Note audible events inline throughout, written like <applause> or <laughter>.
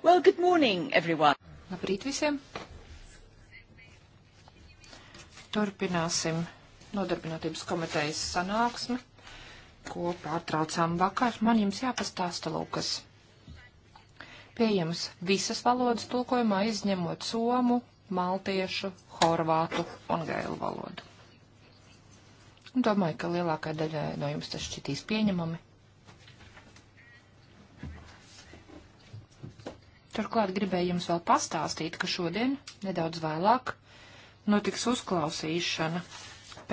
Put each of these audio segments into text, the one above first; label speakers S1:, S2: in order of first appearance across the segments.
S1: Well, good morning, everyone. Labrīt visiem. Turpināsim nodarbinātības komitejas sanāksmi, ko pārtraucām vakar. Man jums jāpastāsta, Lūkas. Pieejams visas valodas tulkojumā, izņemot somu, maltiešu, horvātu un gailu valodu. Un domāju, ka lielākai daļai no jums tas šķitīs pieņemami. Turklāt gribēju jums vēl pastāstīt, ka šodien, nedaudz vēlāk, notiks uzklausīšana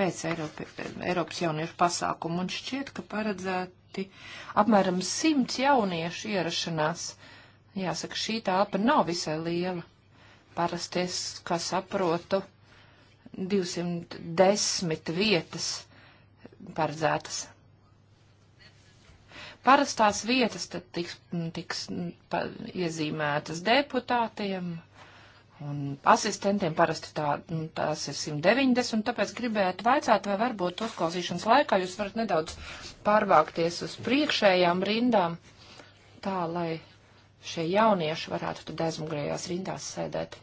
S1: pēc Eiropi, Eiropas jauniešu pasākumu un šķiet, ka paredzēti apmēram simts jauniešu ierašanās. Jāsaka, šī tāpa nav visai liela. Parasti es, kā saprotu, 210 vietas paredzētas Parastās vietas tad tiks, tiks mm, pa, iezīmētas deputātiem un asistentiem, parasti tā, mm, tās ir 190, tāpēc gribētu vaicāt, vai varbūt uzklausīšanas laikā jūs varat nedaudz pārvākties uz priekšējām rindām, tā lai šie jaunieši varētu tad aizmugurējās rindās sēdēt.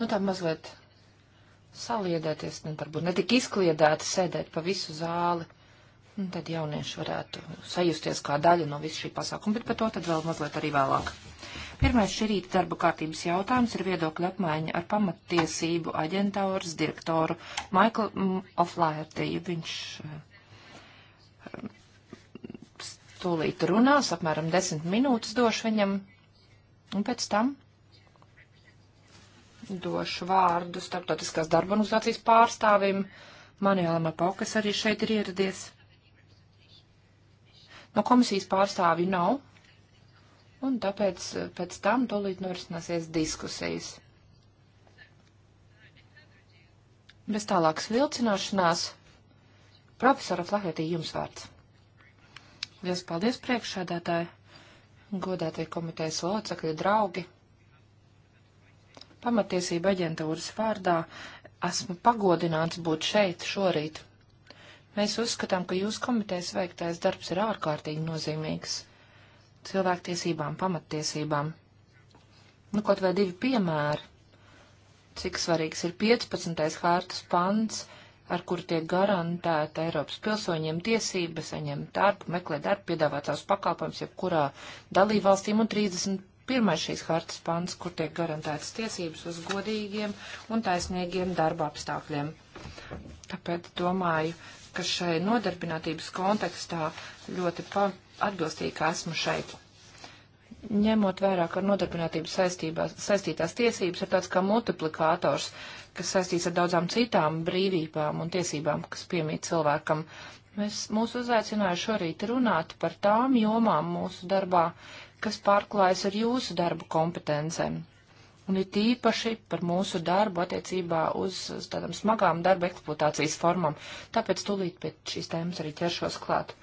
S1: Nu tā mazliet saliedēties, nu, ne, varbūt netik izkliedēti sēdēt pa visu zāli. Un tad jaunieši varētu sajusties kā daļa no visu šī pasākuma, bet par to tad vēl mazliet arī vēlāk. Pirmais šī rīta darba kārtības jautājums ir viedokļa apmaiņa ar pamattiesību aģentūras direktoru Maiklu mm, Oflaherty. Viņš eh, tūlīt runās, apmēram desmit minūtes došu viņam, un pēc tam došu vārdu starptautiskās darba organizācijas pārstāvim. Manuēlam Apaukas arī šeit ir ieradies. No nu, komisijas pārstāvju nav, un tāpēc eh, pēc tam tolīt norisināsies diskusijas. Bez tālākas vilcināšanās, profesora Flahetī jums vārds. Liels paldies priekšsēdētāji, godētie komitejas locekļi, draugi. Pamatiesība aģentūras vārdā esmu pagodināts būt šeit šorīt Mēs uzskatām, ka jūsu komitejas veiktais darbs ir ārkārtīgi nozīmīgs cilvēktiesībām, pamattiesībām. Nu, kaut vai divi piemēri. Cik svarīgs ir 15. hārtas pants, ar kuru tiek garantēta Eiropas pilsoņiem tiesība saņemt darbu, meklēt darbu, piedāvāt savus pakalpojumus jebkurā dalībvalstīm un 30 pirmais šīs hartas pants, kur tiek garantētas tiesības uz godīgiem un taisnīgiem darba apstākļiem. Tāpēc domāju, ka šai nodarbinātības kontekstā ļoti atbilstīgi esmu šeit. Ņemot vērā, ka nodarbinātības saistītās tiesības ir tāds kā multiplikators, kas saistīts ar daudzām citām brīvībām un tiesībām, kas piemīt cilvēkam. Mēs mūs uzaicināju šorīt runāt par tām jomām mūsu darbā, kas pārklājas ar jūsu darbu kompetencēm un it īpaši par mūsu darbu attiecībā uz, uz tādām smagām darba eksploatācijas formām. Tāpēc tūlīt pēc šīs tēmas arī ķeršos klāt.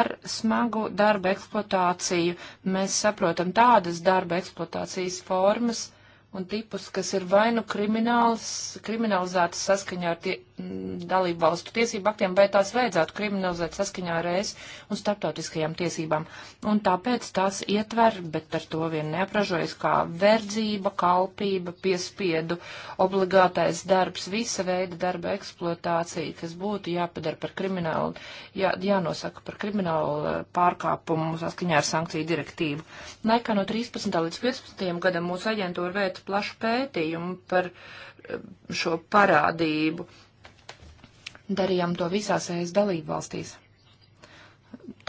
S1: Ar smagu darba eksploatāciju mēs saprotam tādas darba eksploatācijas formas, uh, un tipus, kas ir vai nu kriminalizētas saskaņā ar tie, mm, dalību valstu tiesību aktiem, vai tās vajadzētu kriminalizēt saskaņā ar ES un starptautiskajām tiesībām. Un tāpēc tās ietver, bet ar to vien neapražojas, kā verdzība, kalpība, piespiedu, obligātais darbs, visa veida darba eksploatācija, kas būtu jāpadara par kriminālu, jā, jānosaka par kriminālu eh, pārkāpumu saskaņā ar sankciju direktīvu. Laikā no 13. līdz 15. gadam mūsu aģentūra veic ļoti plašu pētījumu par eh, šo parādību. Darījām to visās ES dalību valstīs.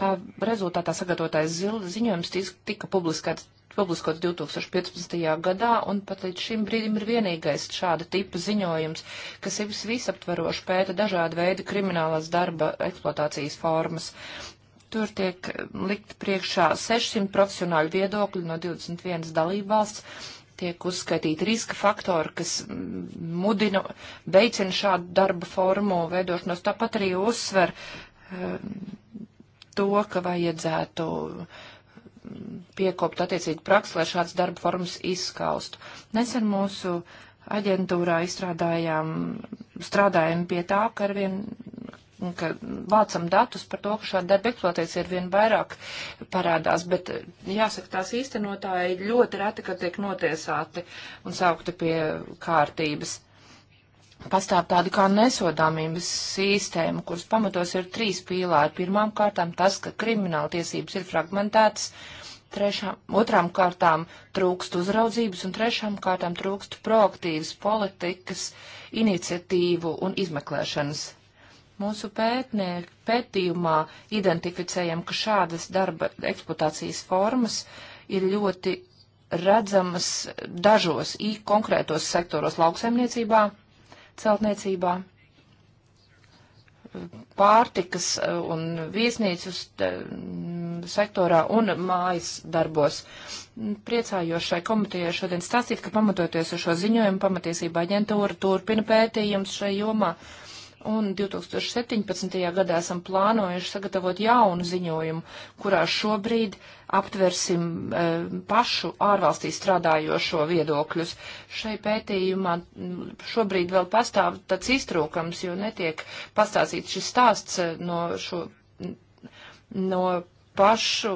S1: Tā rezultātā sagatavotais ziņojums tika publiskāts publiskots 2015. gadā, un pat līdz šim brīdim ir vienīgais šāda tipa ziņojums, kas visaptveroši pēta dažādu veidu kriminālās darba eksploatācijas formas. Tur tiek likt priekšā 600 profesionāļu viedokļu no 21 dalībvalsts, tiek uzskatīti riska faktori, kas mudina, veicina šādu darba formu veidošanos. Tāpat arī uzsver um, to, ka vajadzētu um, piekopt attiecīgi praksi, lai šāds darba formas izskaustu. Nesen mūsu aģentūrā izstrādājām, strādājam pie tā, ka arvien ka vācam datus par to, ka šāda darba eksploatācija ir vien vairāk parādās, bet eh, jāsaka, tās īstenotāji ļoti reti, kad tiek notiesāti un saukti pie kārtības. Pastāv tāda kā nesodāmības sistēma, kuras pamatos ir trīs pīlāri. Pirmām kārtām tas, ka krimināla tiesības ir fragmentētas, trešām, otrām kārtām trūkst uzraudzības un trešām kārtām trūkst proaktīvas politikas, iniciatīvu un izmeklēšanas Mūsu pētnieku pētījumā identificējam, ka šādas darba eksploatācijas formas ir ļoti redzamas dažos konkrētos sektoros lauksaimniecībā, celtniecībā, pārtikas e, un viesnīcas e, sektorā un mājas darbos. Priecājos šai komitejai šodien stāstīt, ka pamatoties uz šo ziņojumu, pamatiesība aģentūra turpina pētījums šai jomā. Uh, un 2017. gadā esam plānojuši sagatavot jaunu ziņojumu, kurā šobrīd aptversim e, pašu ārvalstī strādājošo viedokļus. Šai pētījumā šobrīd vēl pastāv tāds iztrūkums, jo netiek pastāstīts šis stāsts e, no šo, no pašu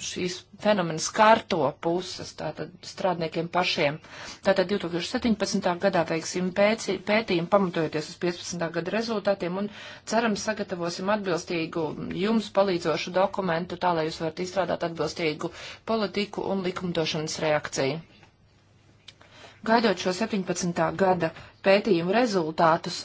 S1: šīs fenomenas kārto puses, tātad strādniekiem pašiem. Tātad 2017. gadā veiksim pēci, pētījumu pamatojoties uz 15. gada rezultātiem un ceram sagatavosim atbilstīgu jums palīdzošu dokumentu, tā lai jūs varat izstrādāt atbilstīgu politiku un likumdošanas reakciju. Gaidot šo 17. gada pētījumu rezultātus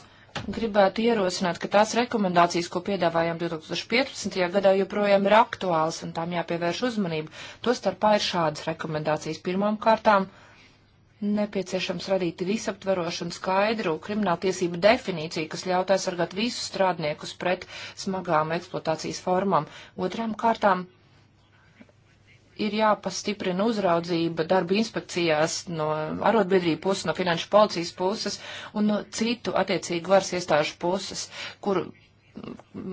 S1: gribētu ierosināt, ka tās rekomendācijas, ko piedāvājām 2015. gadā, joprojām ir aktuāls un tām jāpievērš uzmanība. Tostarpā ir šādas rekomendācijas. Pirmām kārtām nepieciešams radīt visaptverošu un skaidru kriminālu tiesību definīciju, kas ļautu aizsargāt visus strādniekus pret smagām eksploatācijas formām. Otrām kārtām ir jāpastiprina uzraudzība darba inspekcijās no arotbiedrību puses, no finanšu policijas puses un no citu attiecīgu varas iestāžu puses, kur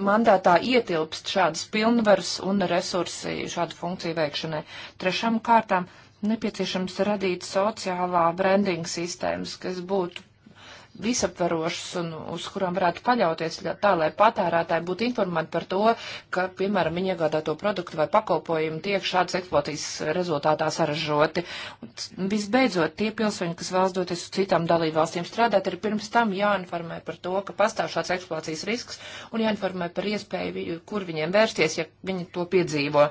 S1: mandātā ietilpst šādas pilnvaras un resursi šādu funkciju veikšanai. Trešām kārtām nepieciešams radīt sociālā brandinga sistēmas, kas būtu visaptvarošas un uz kurām varētu paļauties tā, lai patērētāji būtu informēti par to, ka, piemēram, viņi iegādāto produktu vai pakalpojumu tiek šādas eksploatācijas rezultātā saražoti. Un visbeidzot, tie pilsoņi, kas vēlas doties uz citām dalībvalstīm strādāt, ir pirms tam jāinformē par to, ka pastāv šāds eksploatācijas risks un jāinformē par iespēju, kur viņiem vērsties, ja viņi to piedzīvo.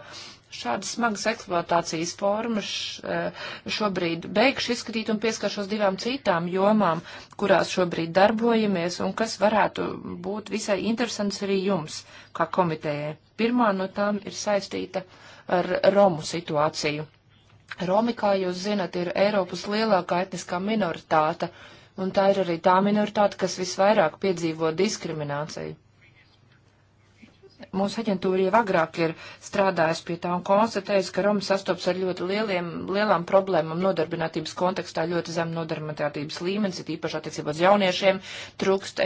S1: Šādas smagas eksploatācijas formas eh, šobrīd beigšu izskatīt un pieskaršos divām citām jomām, kurās šobrīd darbojamies un kas varētu būt visai interesants arī jums, kā komitējai. Pirmā no tām ir saistīta ar Romu situāciju. Romi, kā jūs zinat, ir Eiropas lielākā etniskā minoritāte, un tā ir arī tā minoritāte, kas visvairāk piedzīvo diskrimināciju. Mūsu aģentūra jau agrāk ir strādājusi pie tā un konstatējusi, ka Roma sastopas ar ļoti lieliem, lielām problēmām nodarbinātības kontekstā, ļoti zem nodarbinātības līmenis, ir īpaši attiecībā uz jauniešiem, trūkst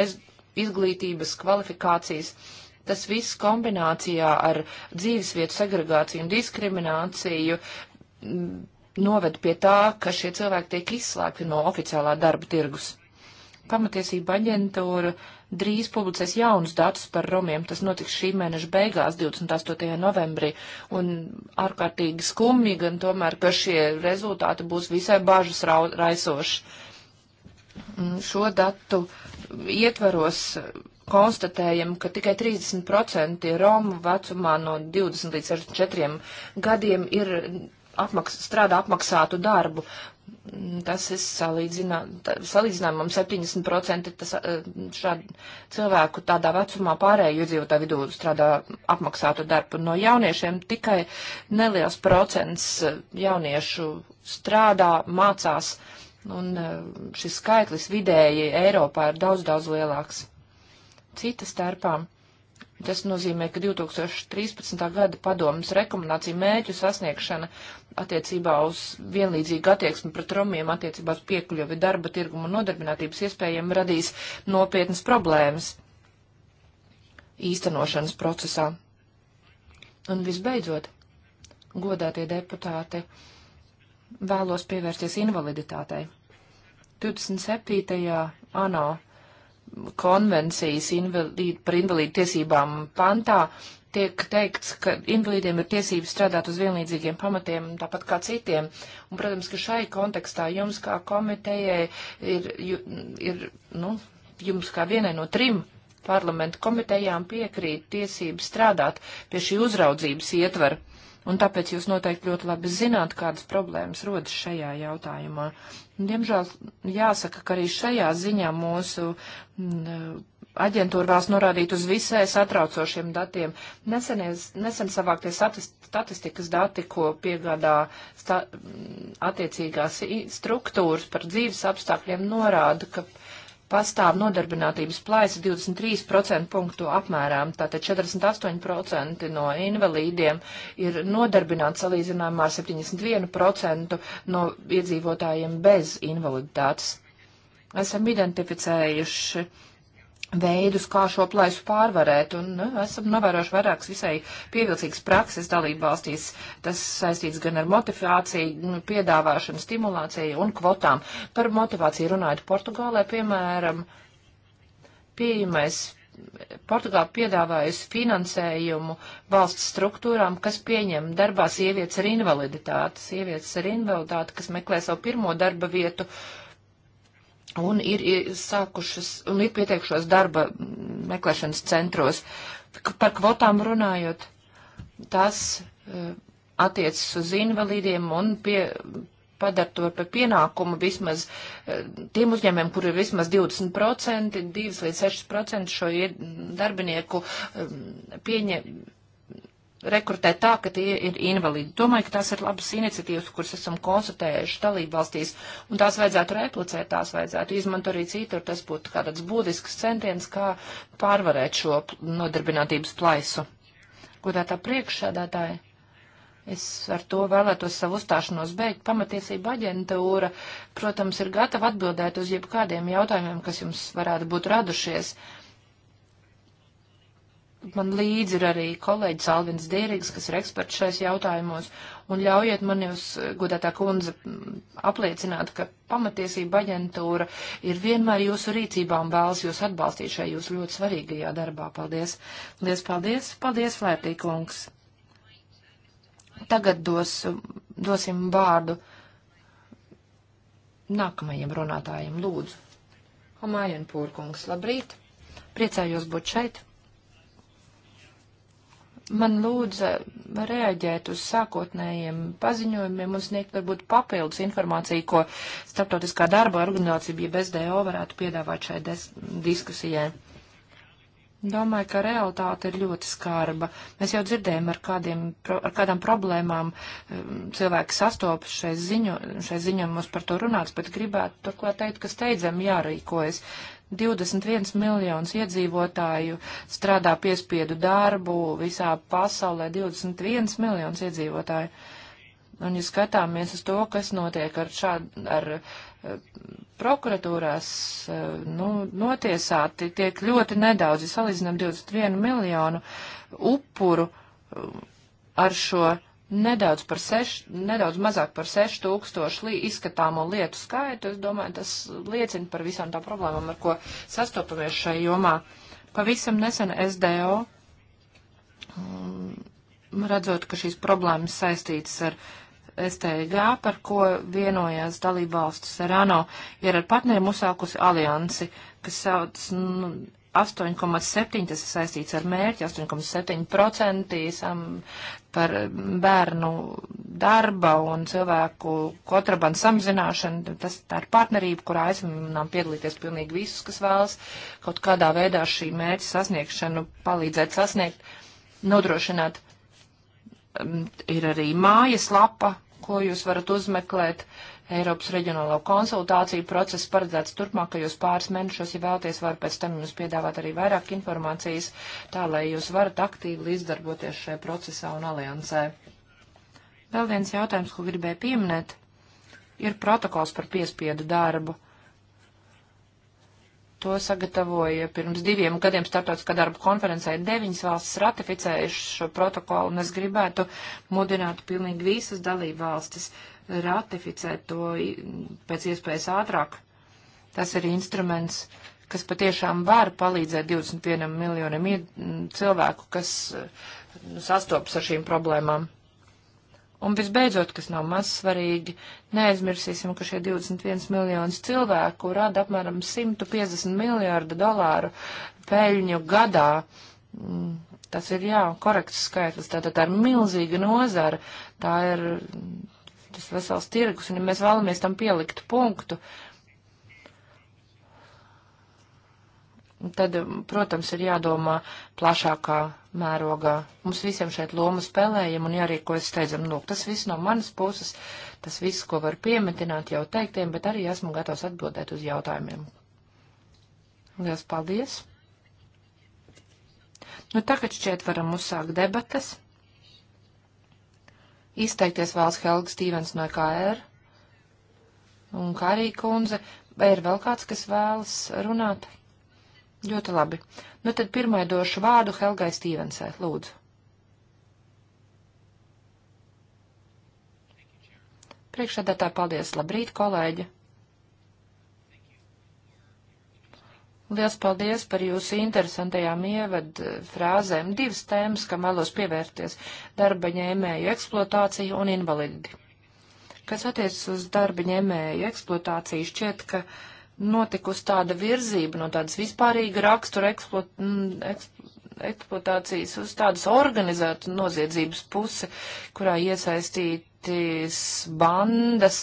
S1: izglītības, kvalifikācijas. Tas viss kombinācijā ar dzīvesvietu segregāciju un diskrimināciju mm, noved pie tā, ka šie cilvēki tiek izslēgti no oficiālā darba tirgus. Pamatiesība aģentūra uh, drīz publicēs jaunus datus par romiem. Tas notiks šī mēneša beigās, 28. novembrī. Un ārkārtīgi skumji, gan tomēr, ka šie rezultāti būs visai bažas raisoši. Mm, šo datu ietvaros konstatējam, ka tikai 30% Romu vecumā no 20 līdz 64 gadiem ir apmaks, strādā apmaksātu darbu, Tas ir salīdzinājumam 70% tas, šādu cilvēku tādā vecumā pārējo iedzīvotāju vidū strādā apmaksātu darbu. No jauniešiem tikai neliels procents jauniešu strādā, mācās, un šis skaitlis vidēji Eiropā ir daudz, daudz lielāks. Cita starpām Tas nozīmē, ka 2013. gada padomas rekomendācija mēķu sasniegšana attiecībā uz vienlīdzīgu attieksmi pret romiem, attiecībā uz piekļuvi darba tirgumu un nodarbinātības iespējām radīs nopietnas problēmas īstenošanas procesā. Un visbeidzot, godātie deputāti, vēlos pievērsties invaliditātei. 27. ANO konvencijas invalīd, par invalīdu tiesībām pantā tiek teikts, ka invalīdiem ir tiesības strādāt uz vienlīdzīgiem pamatiem, tāpat kā citiem. Un, protams, ka šai kontekstā jums kā komitejai ir, ir nu, jums kā vienai no trim parlamentu komitejām piekrīt tiesības strādāt pie šī uzraudzības ietvera. Un tāpēc jūs noteikti ļoti labi zināt, kādas problēmas rodas šajā jautājumā. Diemžēl jāsaka, ka arī šajā ziņā mūsu mm, aģentūra vēlas norādīt uz visai satraucošiem datiem. Nesenies, nesen savāktie statistikas dati, ko piegādā sta, mm, attiecīgās struktūras par dzīves apstākļiem, norāda, ka pastāv nodarbinātības plaisa 23% punktu apmērām, tātad 48% no invalīdiem ir nodarbināti salīdzinājumā ar 71% no iedzīvotājiem bez invaliditātes. Esam identificējuši veidus, kā šo plaisu pārvarēt, un nu, esam novērojuši vairākas visai pievilcīgas prakses dalību valstīs. Tas saistīts gan ar motivāciju, nu, piedāvāšanu, stimulāciju un kvotām. Par motivāciju runājot Portugālē, piemēram, pieejamais Portugāla piedāvājusi finansējumu valsts struktūrām, kas pieņem darbā sievietes ar invaliditāti, sievietes ar invaliditāti, kas meklē savu pirmo darba vietu un ir sākušas un ir pieteikušos darba meklēšanas centros. Par kvotām runājot, tas e, attiecas uz invalīdiem un pie, padara to par pienākumu vismaz e, tiem uzņēmiem, kur ir vismaz 20%, 2 līdz 6% šo darbinieku e, pieņem, rekrutēt tā, ka tie ir invalīdi. Domāju, ka tās ir labas iniciatīvas, kuras esam konstatējuši dalību valstīs, un tās vajadzētu replicēt, tās vajadzētu izmantot arī citur. Tas būtu kā tāds būtisks centiens, kā pārvarēt šo nodarbinātības plaisu. Godātā priekšsēdētāja. Es ar to vēlētos savu uzstāšanos beigt. Pamatiesība aģentūra, protams, ir gatava atbildēt uz jebkādiem jautājumiem, kas jums varētu būt radušies. Uh, man līdzi ir arī kolēģis Alvins Dīrigs, kas ir eksperts šais jautājumos, un ļaujiet man jūs, godētā kundze, apliecināt, ka pamatiesība aģentūra ir vienmēr jūsu rīcībā un vēlas jūs atbalstīt šajā jūsu ļoti svarīgajā darbā. Paldies! Lies paldies! Paldies, Flērtī kungs! Tagad dos, dosim vārdu nākamajiem runātājiem, lūdzu. Homājienpūrkungs, labrīt! Priecājos būt šeit! man lūdza reaģēt uz sākotnējiem paziņojumiem un sniegt varbūt papildus informāciju, ko Startautiskā darba organizācija bija bez DO varētu piedāvāt šai diskusijai. Domāju, ka realitāte ir ļoti skarba. Mēs jau dzirdējām, ar, kādiem, ar kādām problēmām um, cilvēki sastopas šai ziņu, šai ziņam mums par to runāts, bet gribētu turklāt teikt, ka steidzam jārīkojas. 21 miljonus iedzīvotāju strādā piespiedu darbu visā pasaulē, 21 miljonus iedzīvotāju. Uh, Un, ja skatāmies uz to, kas notiek ar šādu, ar, ar eh, prokuratūrās, eh, nu, notiesāti tiek ļoti nedaudz, ja salīdzinām 21 miljonu upuru eh, ar šo nedaudz, par seš, nedaudz mazāk par 6 tūkstošu li, izskatāmo lietu skaitu, es domāju, tas liecina par visām tām problēmām, ar ko sastopamies šai jomā. Pavisam nesen SDO. Um, mm, redzot, ka šīs problēmas saistītas ar STG, par ko vienojās dalībvalstis ar ANO, ir ar partneriem uzsākusi aliansi, kas sauc nu, 8,7, tas ir saistīts ar mērķi, 8,7% esam par bērnu darba un cilvēku kontrabandu samazināšanu. Tas tā ir partnerība, kurā aizminām piedalīties pilnīgi visus, kas vēlas kaut kādā veidā šī mērķa sasniegšanu palīdzēt sasniegt, nodrošināt. Mm, ir arī mājas lapa, ko jūs varat uzmeklēt. Eiropas reģionālo konsultāciju process paredzēts turpmākajos pāris mēnešos, ja vēlaties, var pēc tam jums piedāvāt arī vairāk informācijas, tā lai jūs varat aktīvi līdzdarboties šajā procesā un aliansē. Vēl viens jautājums, ko gribēju pieminēt, ir protokols par piespiedu darbu. To sagatavoja pirms diviem gadiem startautiskā darba konferencē. Deviņas valstis ratificējušas šo protokolu, un es gribētu mudināt pilnīgi visas dalību valstis ratificēt to pēc iespējas ātrāk. Tas ir instruments, kas patiešām var palīdzēt 21 miljoniem cilvēku, kas eh, sastopas ar šīm problēmām. Un visbeidzot, kas nav maz svarīgi, neaizmirsīsim, ka šie 21 miljonus cilvēku rada apmēram 150 miljārdu dolāru peļņu gadā. Mm, tas ir, jā, korekts skaitlis. Tātad tā ir milzīga nozara. Tā ir mm, tas vesels tirgus, un ja mēs vēlamies tam pielikt punktu, uh, tad, protams, ir jādomā plašākā mērogā. Mums visiem šeit lomu spēlējam un jārīkojas steidzam. Lūk, tas viss no manas puses, tas viss, ko var piemetināt jau teiktiem, bet arī esmu gatavs atbildēt uz jautājumiem. Lielas paldies! Nu, tagad šķiet varam uzsākt debatas. Izteikties vēlas Helga Stīvens no KR un Karī kundze, vai ir vēl kāds, kas vēlas runāt? Ļoti labi. Nu tad pirmai došu vārdu Helgai Stīvensai. Lūdzu. Priekšsēdētāji, paldies. Labrīt, kolēģi. Liels paldies par jūsu interesantajām ievad eh, frāzēm. Divas tēmas, kam vēlos pievērties - darba ņēmēju eksploatācija un invalidi. Kas attiecas uz darba ņēmēju eksploatāciju, šķiet, ka. Uh, notikusi tāda virzība no tādas vispārīga rakstura eksploat, eksplo, eksploatācijas uz tādas organizētu noziedzības pusi, kurā iesaistītas bandas,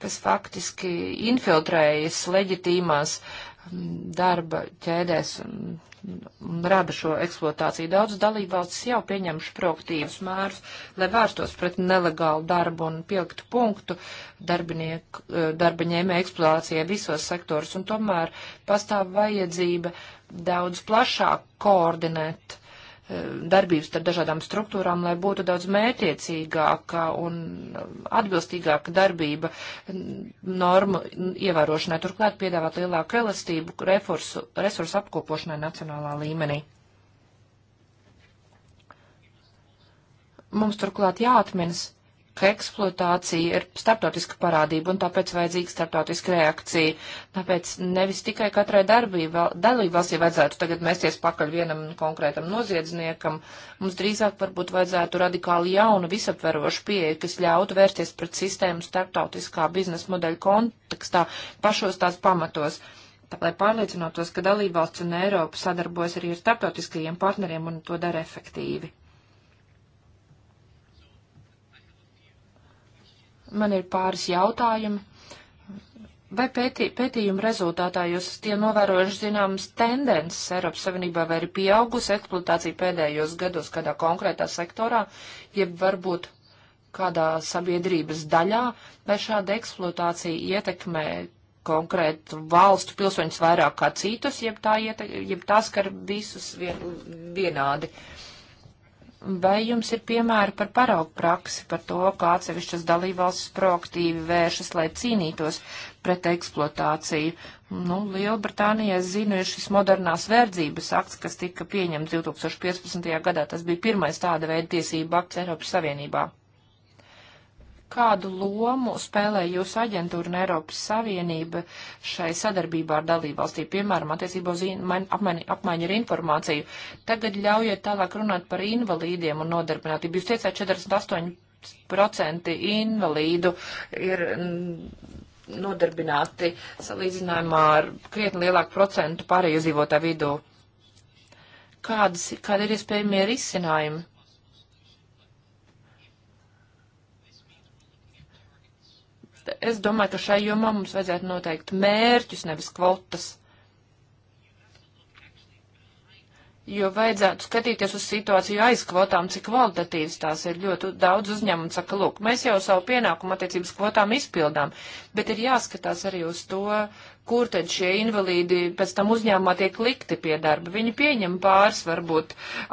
S1: kas faktiski infiltrējas leģitīmās darba ķēdēs un rada šo eksploatāciju. Daudz dalībvalstis jau pieņemšu proaktīvus mērus, lai vērstos pret nelegālu darbu un pieliktu punktu eh, darba ņēmē eksploatācijai visos sektorus, un tomēr pastāv vajadzība daudz plašāk koordinēt darbības ar dažādām struktūrām, lai būtu daudz mētiecīgāka un atbilstīgāka darbība normu ievērošanai. Turklāt piedāvāt lielāku elastību resursu, resursu apkopošanai nacionālā līmenī. Mums turklāt jāatminas, ka eksploatācija ir starptautiska parādība un tāpēc vajadzīga starptautiska reakcija. Tāpēc nevis tikai katrai darbība, dalībvalstī vajadzētu tagad mēsties pakaļ vienam konkrētam noziedzniekam, mums drīzāk varbūt vajadzētu radikāli jaunu visapverošu pieeju, kas ļautu vērsties pret sistēmu starptautiskā biznesa modeļa kontekstā pašos tās pamatos. Tā, lai pārliecinātos, ka dalībvalsts un Eiropa sadarbojas arī ar starptautiskajiem partneriem un to dara efektīvi. Man ir pāris jautājumi. Vai pētī, pētījuma rezultātā jūs tie novērojuši zināmas tendences Eiropas Savienībā vai ir pieaugusi eksploatācija pēdējos gados kādā konkrētā sektorā, jeb varbūt kādā sabiedrības daļā, vai šāda eksploatācija ietekmē konkrētu valstu pilsoņus vairāk kā citus, jeb tā, ietek, jeb tā skar visus vien, vienādi? Uh, Vai jums ir piemēri par paraugu praksi, par to, kā atsevišķas dalībvalstis proaktīvi vēršas, lai cīnītos pret eksploatāciju? Nu, Lielbritānijā, es zinu, ir šis modernās verdzības akts, kas tika pieņemts 2015. gadā. Tas bija pirmais tāda veida tiesība akts Eiropas Savienībā. Kādu lomu spēlē jūsu aģentūra un Eiropas Savienība šai sadarbībā ar dalībvalstī, piemēram, attiecībā uz apmaiņu ar informāciju? Tagad ļaujiet tālāk runāt par invalīdiem un nodarbinātību. Jūs teicāt 48% invalīdu ir mm, nodarbināti salīdzinājumā ar krietni lielāku procentu pārējo iedzīvotāju vidū. Kādas, kāda ir iespējamie risinājumi? Es domāju, ka šai jomā mums vajadzētu noteikt mērķus, nevis kvotas. Jo vajadzētu skatīties uz situāciju aiz kvotām, cik kvalitatīvas tās ir. Ļoti daudz uzņēmumu saka, lūk, mēs jau savu pienākumu attiecības kvotām izpildām, bet ir jāskatās arī uz to, kur tad šie invalīdi pēc tam uzņēmumā tiek likti pie darba. Viņi pieņem pāris varbūt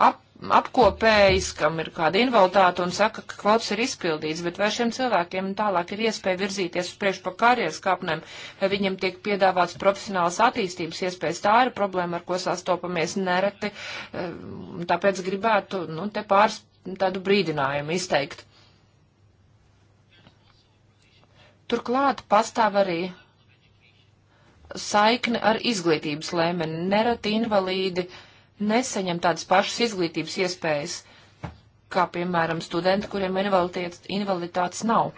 S1: ap, apkopējs, kam ir kāda invaliditāte un saka, ka kvots ir izpildīts, bet vai šiem cilvēkiem tālāk ir iespēja virzīties uz priekšu pa karjeras kāpnēm, vai viņiem tiek piedāvāts profesionāls attīstības iespējas, tā ir problēma, ar ko sastopamies nereti, ehm, tāpēc gribētu, nu, te pāris tādu brīdinājumu izteikt. Turklāt pastāv arī saikne ar izglītības lēmeni. Nereti invalīdi nesaņem tādas pašas izglītības iespējas, kā, piemēram, studenti, kuriem invaliditātes nav.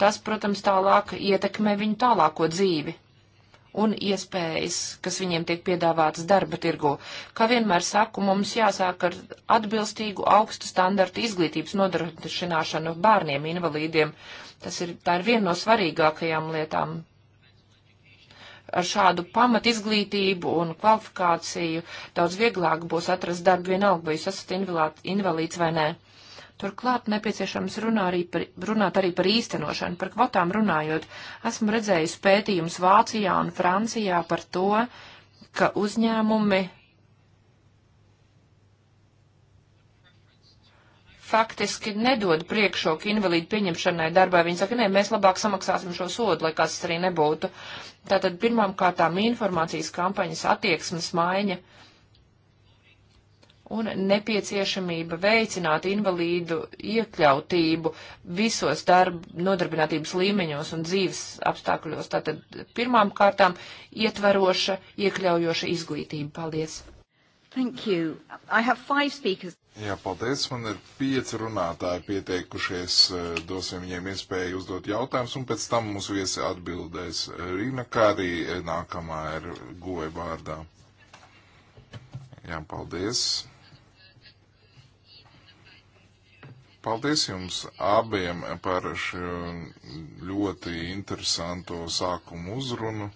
S1: Tas, protams, tālāk ietekmē viņu tālāko dzīvi un iespējas, kas viņiem tiek piedāvātas darba tirgu. Kā vienmēr saku, mums jāsāk ar atbilstīgu augstu standartu izglītības nodrošināšanu bērniem, invalīdiem. Tas ir, tā ir viena no svarīgākajām lietām, ar šādu pamat izglītību un kvalifikāciju daudz vieglāk būs atrast darbu vienalga, vai jūs esat invalīds vai nē. Turklāt nepieciešams runā arī par, runāt arī par īstenošanu, par kvotām runājot. Esmu redzējusi pētījumus Vācijā un Francijā par to, ka uzņēmumi faktiski nedod priekšroku invalīdu pieņemšanai darbā. Viņi saka, nē, mēs labāk samaksāsim šo sodu, lai kāds tas arī nebūtu. Tātad pirmām kārtām informācijas kampaņas attieksmes maiņa un nepieciešamība veicināt invalīdu iekļautību visos darba nodarbinātības līmeņos un dzīves apstākļos. Tātad pirmām kārtām ietveroša, iekļaujoša izglītība. Paldies! Thank you. I have five speakers.
S2: Jā, paldies. Man ir pieci runātāji pieteikušies. Eh, dosim viņiem iespēju uzdot jautājumus, un pēc tam mūsu viesi atbildēs. Eh, Rīna Kārī eh, nākamā ir goja vārdā. Jā, paldies. Paldies jums abiem par šo ļoti interesanto sākumu uzrunu.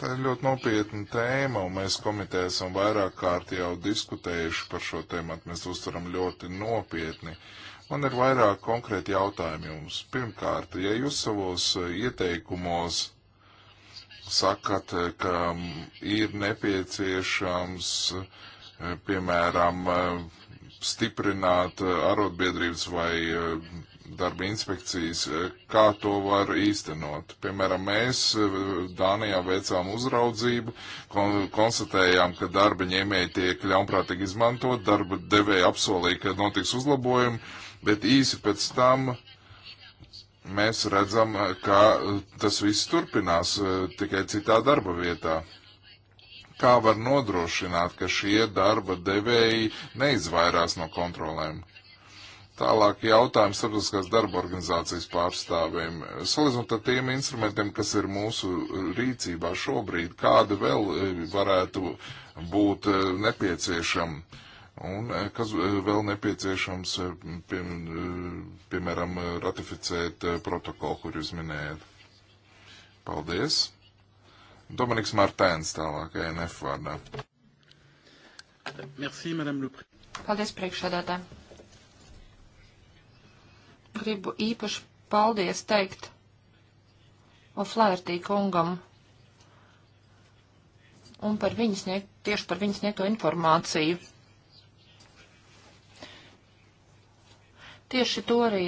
S2: Tā ir ļoti nopietna tēma, un mēs komitē esam vairāk kārt jau diskutējuši par šo tēmu, mēs uztveram ļoti nopietni. Man ir vairāk konkrēti jautājumi jums. Pirmkārt, ja jūs savos ieteikumos sakat, ka mm, ir nepieciešams, eh, piemēram, eh, stiprināt eh, arotbiedrības vai darba inspekcijas, e, kā to var īstenot. Piemēram, mēs e, Dānijā veicām uzraudzību, kon konstatējām, ka darba ņēmēji tiek ļaunprātīgi izmantot, darba devēja apsolīja, ka notiks uzlabojumi, bet īsi pēc tam mēs redzam, e, ka tas viss turpinās tikai citā darba vietā kā var nodrošināt, ka šie darba devēji neizvairās no kontrolēm? Tālāk jautājums starptautiskās darba organizācijas pārstāvjiem. Salīdzinot ar tiem instrumentiem, kas ir mūsu rīcībā šobrīd, kādi vēl e, varētu būt e, nepieciešami un e, kas vēl nepieciešams, pie, piemēram, ratificēt protokolu, kur jūs minējat. Paldies. Dominiks Martēns tālāk, ENF vārdā. Merci,
S1: Paldies, priekšsādātāji gribu īpaši paldies teikt Oflērtī kungam un par viņas, ne, tieši par viņas neto informāciju. Tieši to arī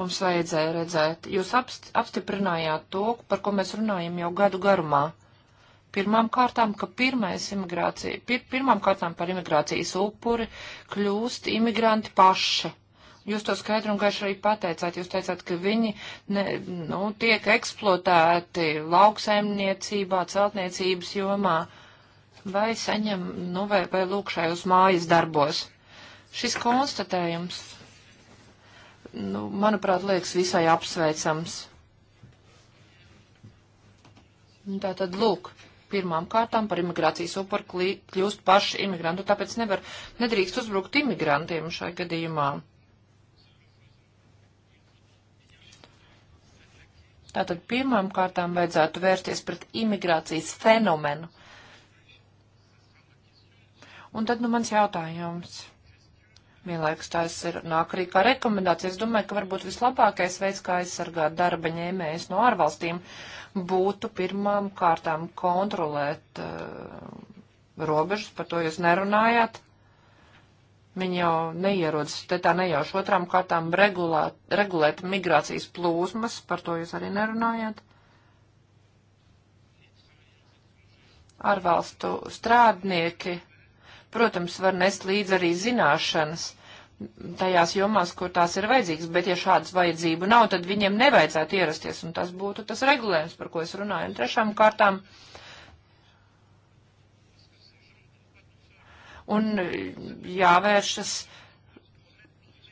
S1: mums vajadzēja redzēt. Jūs apst, apstiprinājāt to, par ko mēs runājam jau gadu garumā. Pirmām kārtām, ka pirmais imigrācija, pir, pirmām kārtām par imigrācijas upuri kļūst imigranti paši Jūs to skaidru un gaišu arī pateicāt. Jūs teicāt, ka viņi ne, nu, tiek eksploatēti lauksaimniecībā, celtniecības jomā vai saņem, nu, vai, vai lūk šajos mājas darbos. Šis konstatējums, nu, manuprāt, liekas visai apsveicams. Tā tad lūk, pirmām kārtām par imigrācijas upuru kļūst paši imigrantu, tāpēc nevar, nedrīkst uzbrukt imigrantiem šai gadījumā. Tātad pirmām kārtām vajadzētu vērsties pret imigrācijas fenomenu. Un tad nu mans jautājums. Vienlaikus tās ir nāk arī kā rekomendācija. Es domāju, ka varbūt vislabākais veids, kā aizsargāt darba ņēmējus no ārvalstīm, būtu pirmām kārtām kontrolēt uh, robežas, par to jūs nerunājāt. Viņi jau neierodas te tā nejauši otrām kārtām regulēt, regulēt migrācijas plūsmas, par to jūs arī nerunājāt. Ārvalstu strādnieki, protams, var nest līdz arī zināšanas tajās jomās, kur tās ir vajadzīgas, bet ja šādas vajadzību nav, tad viņiem nevajadzētu ierasties, un tas būtu tas regulējums, par ko es runāju. Un trešām kārtām. Uh, un eh, jāvēršas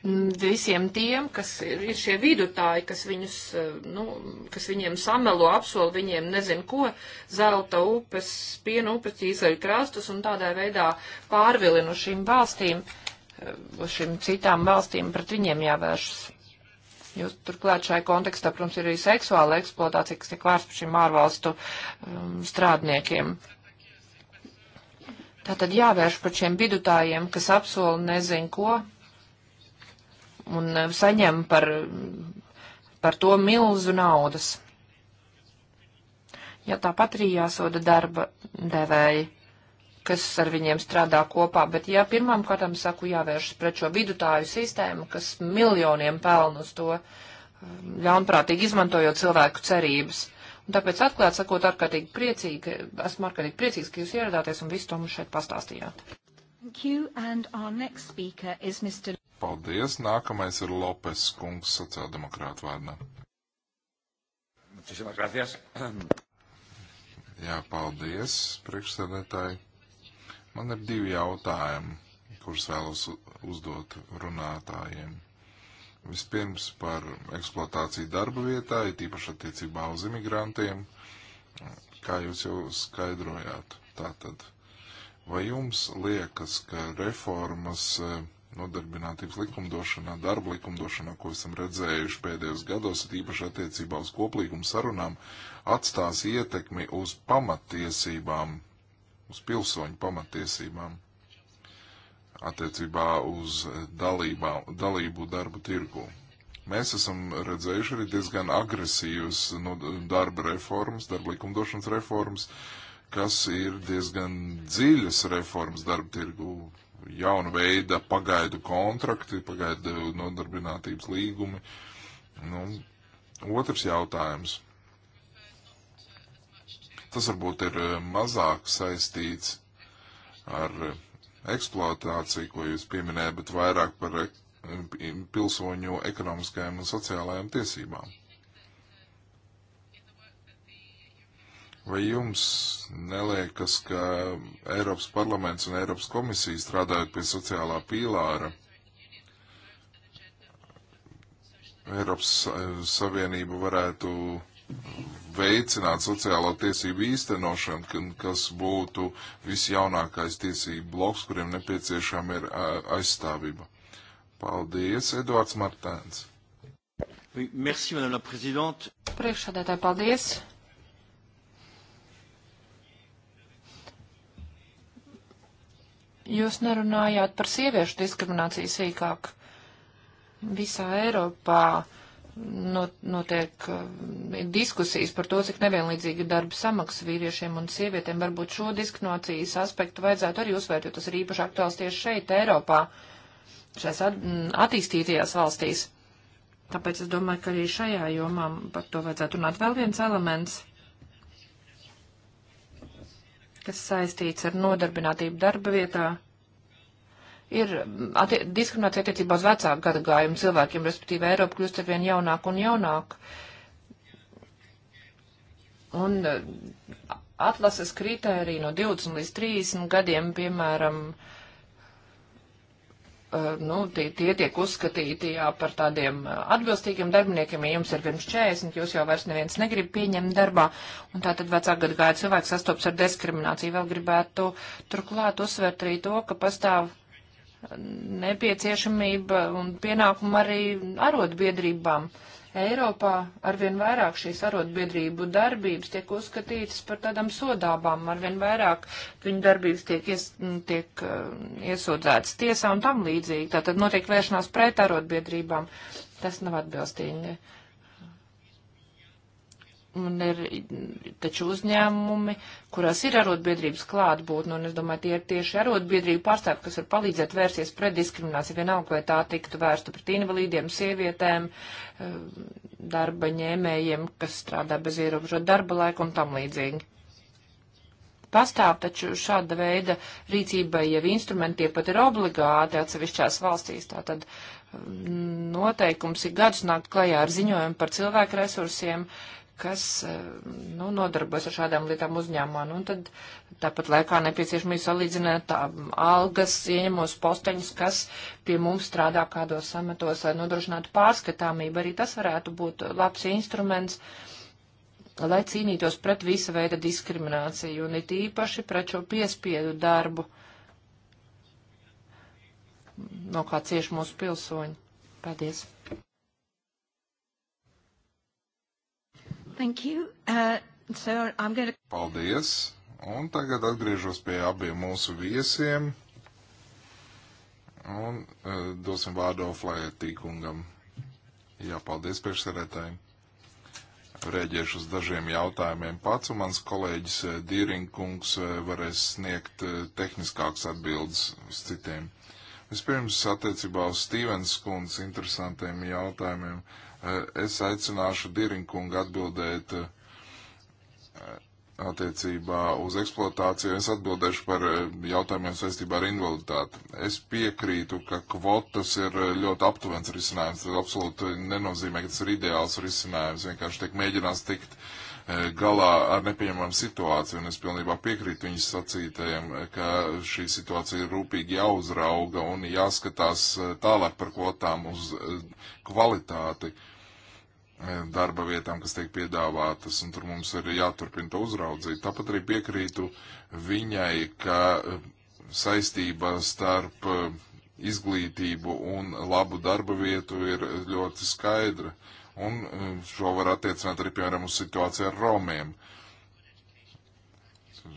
S1: mm, visiem tiem, kas ir, ir šie vidutāji, kas, viņus, eh, nu, kas viņiem samelo, apsol viņiem nezinu ko, zelta upes, piena upes, īzaļu krastus un tādā veidā pārvilinu šīm valstīm, eh, šīm citām valstīm pret viņiem jāvēršas. Jūs turklāt šai kontekstā, protams, ir arī seksuāla eksploatācija, kas tiek vērsta par šiem ārvalstu um, strādniekiem. Uh, Tātad jāvērš par šiem vidutājiem, kas apsola nezin ko un e, saņem par, par to milzu naudas. Ja tāpat arī jāsoda darba devēji, kas ar viņiem strādā kopā, bet ja pirmām kārtām saku jāvēršas pret šo vidutāju sistēmu, kas miljoniem peln uz to e, ļaunprātīgi izmantojot cilvēku cerības. Uh, Un tāpēc atklāt sakot, ārkārtīgi priecīgi, esmu ārkārtīgi priecīgs, ka jūs ieradāties un visu to mums šeit pastāstījāt.
S3: Mr...
S2: Paldies. Nākamais ir Lopes kungs sociāldemokrāta vārdā. Muchísimas gracias. <clears throat> Jā, paldies, priekšsēdētāji. Man ir divi jautājumi, kurus vēlos uzdot runātājiem. Vispirms par eksploatāciju darba vietā, ir tīpaši attiecībā uz imigrantiem, kā jūs jau skaidrojāt. Tātad, vai jums liekas, ka reformas e, nodarbinātības likumdošanā, darba likumdošanā, ko esam redzējuši pēdējos gados, ir īpaši attiecībā uz koplīgumu sarunām, atstās ietekmi uz pamatiesībām, uz pilsoņu pamatiesībām? attiecībā uz dalībā, dalību darbu tirgu. Mēs esam redzējuši arī diezgan agresīvas no darba reformas, darba likumdošanas reformas, kas ir diezgan dziļas reformas darba tirgu, jauna veida pagaidu kontrakti, pagaidu nodarbinātības līgumi. Nu, otrs jautājums. Tas varbūt ir eh, mazāk saistīts ar eksploatāciju, ko jūs pieminējat, bet vairāk par pilsoņu ekonomiskajām un sociālajām tiesībām. Vai jums neliekas, ka Eiropas parlaments un Eiropas komisija strādājot pie sociālā pīlāra, Eiropas eh, Savienība varētu veicināt sociālo tiesību īstenošanu, kas būtu visjaunākais tiesību bloks, kuriem nepieciešama ir aizstāvība. Paldies, Eduards Martēns. Merci,
S4: madame la présidente.
S1: Priekšsādētāji, paldies. Jūs nerunājāt par sieviešu diskrimināciju sīkāk. Visā Eiropā uh, notiek eh, diskusijas par to, cik nevienlīdzīgi darba samaksa vīriešiem un sievietēm. Varbūt šo diskriminācijas aspektu vajadzētu arī uzsvērt, jo tas ir īpaši aktuāls tieši šeit, Eiropā, šajās at attīstītajās valstīs. Tāpēc es domāju, ka arī šajā jomā par to vajadzētu runāt. Vēl viens elements, kas saistīts ar nodarbinātību darba vietā ir atti diskriminācija attiecībā uz vecāku gadagājumu cilvēkiem, respektīvi Eiropa kļūst ar vien jaunāku un jaunāku. Un eh, atlases kritērija no 20 līdz 30 gadiem, piemēram, eh, nu, tie, tie tiek uzskatīti jā, par tādiem eh, atbilstīgiem darbiniekiem, ja jums ir pirms 40, jūs jau vairs neviens negrib pieņemt darbā, un tā tad vecāka gada gāja cilvēks sastops ar diskrimināciju. Vēl gribētu turklāt uzsvērt arī to, ka pastāv nepieciešamība un pienākuma arī arotbiedrībām. Eiropā arvien vairāk šīs arotbiedrību darbības tiek uzskatītas par tādām sodābām, arvien vairāk viņu darbības tiek, ies, tiek eh, iesūdzētas tiesā un tam līdzīgi. Tātad notiek vēršanās pret arotbiedrībām. Tas nav atbilstīgi. Uh, Un ir taču uzņēmumi, kurās ir arotbiedrības klātbūtne, un es domāju, tie ir tieši arotbiedrību pārstāvji, kas var palīdzēt vērsties pret diskrimināciju, vienalga, vai tā tiktu vērsta pret invalīdiem, sievietēm, eh, darba ņēmējiem, kas strādā bez ierobežot darba laika un tam līdzīgi. Pastāv taču šāda veida rīcībai, ja instrumenti pat ir obligāti atsevišķās valstīs, tātad mm, noteikums ir gadus nākt klajā ar ziņojumu par cilvēku resursiem, uh, kas eh, nu, nodarbojas ar šādām lietām uzņēmumā. Nu, tad tāpat laikā nepieciešami salīdzināt algas, ieņemos posteņus, kas pie mums strādā kādos sametos, lai nodrošinātu pārskatāmību. Arī tas varētu būt labs instruments, lai cīnītos pret visa veida diskrimināciju un it īpaši pret šo piespiedu darbu, no kā cieši mūsu pilsoņi. Paldies! Thank you. Uh, so I'm gonna...
S2: Paldies. Un tagad atgriežos pie abiem mūsu viesiem. Un uh, dosim vārdu Oflaietī kungam. Jā, paldies priekšsarētājiem. Rēģēšu uz dažiem jautājumiem pats, un mans kolēģis uh, Dīrinkungs uh, varēs sniegt uh, tehniskāks atbildes uz citiem. Vispirms attiecībā uz Stīvens kundas interesantiem jautājumiem. Uh, Es aicināšu Dirinkungu atbildēt eh, attiecībā uz eksploatāciju. Es atbildēšu par eh, jautājumiem saistībā ar invaliditāti. Es piekrītu, ka kvotas ir eh, ļoti aptuvens risinājums. Tas absolūti nenozīmē, ka tas ir ideāls risinājums. Vienkārši tiek mēģinās tikt galā ar nepieņemamu situāciju, un es pilnībā piekrītu viņas sacītajiem, ka šī situācija ir rūpīgi jāuzrauga un jāskatās tālāk par kvotām uz kvalitāti. Uh, darba vietām, kas tiek piedāvātas, un tur mums ir jāturpina to uzraudzīt. Tāpat arī piekrītu viņai, ka eh, saistība starp eh, izglītību un labu darba vietu ir ļoti skaidra, un eh, šo var attiecināt arī, piemēram, uz situāciju ar romiem.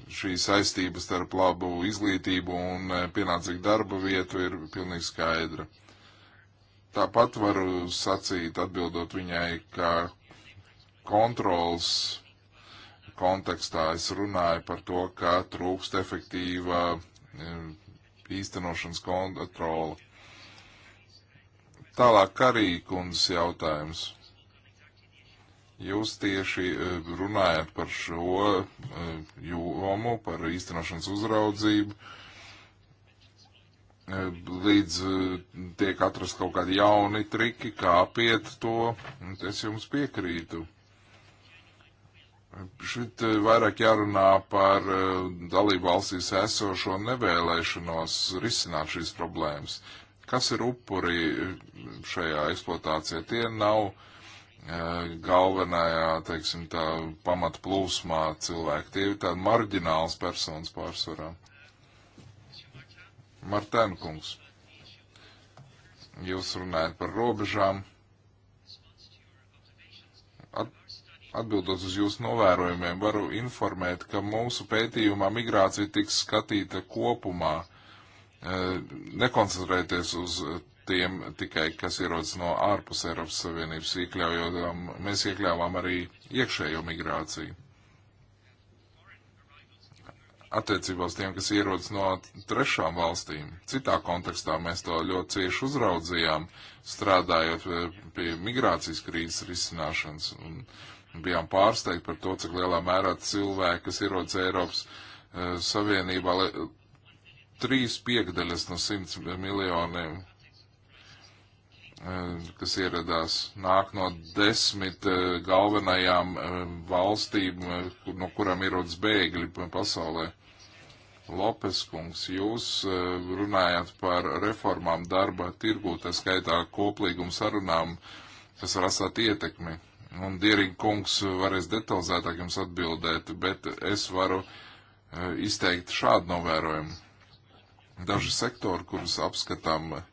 S2: Šī saistība starp labu izglītību un pienācīgu darba vietu ir pilnīgi skaidra. Tāpat varu sacīt, atbildot viņai, ka kontrols kontekstā es runāju par to, ka trūkst efektīva īstenošanas kontrola. Tālāk arī kundzes jautājums. Jūs tieši eh, runājat par šo eh, jomu, par īstenošanas uzraudzību. Uh, Eh, līdz eh, tiek atrast kaut kādi jauni triki, kā apiet to, es jums piekrītu. Šit eh, vairāk jārunā par dalību valstīs esošo nevēlēšanos risināt šīs problēmas. Kas ir upuri šajā eksploatācijā? Tie nav galvenajā, teiksim, tā pamat plūsmā cilvēki. Tie ir tādi marģināls personas pārsvarā. Martēnu kungs, jūs runājat par robežām. Atbildot uz jūsu novērojumiem, varu informēt, ka mūsu pētījumā migrācija tiks skatīta kopumā, e, nekoncentrēties uz tiem tikai, kas ierodas no ārpus Eiropas Savienības iekļaujot, um, mēs iekļāvām arī iekšējo migrāciju attiecībā uz tiem, kas ierodas no trešām valstīm. Citā kontekstā mēs to ļoti cieši uzraudzījām, strādājot eh, pie migrācijas krīzes risināšanas. Un bijām pārsteigti par to, cik lielā mērā cilvēki, kas ierodas Eiropas uh, Savienībā, trīs piekdaļas no simts miljoniem, uh, kas ieradās, nāk no desmit uh, galvenajām valstīm, no kurām ierodas bēgļi pasaulē. Lopes kungs, jūs eh, runājāt par reformām darba tirgū, tā skaitā koplīgumu sarunām, kas var atstāt ietekmi. Un Dierīgi kungs varēs detalizētāk jums atbildēt, bet es varu eh, izteikt šādu novērojumu. Daži sektori, kurus apskatām eh,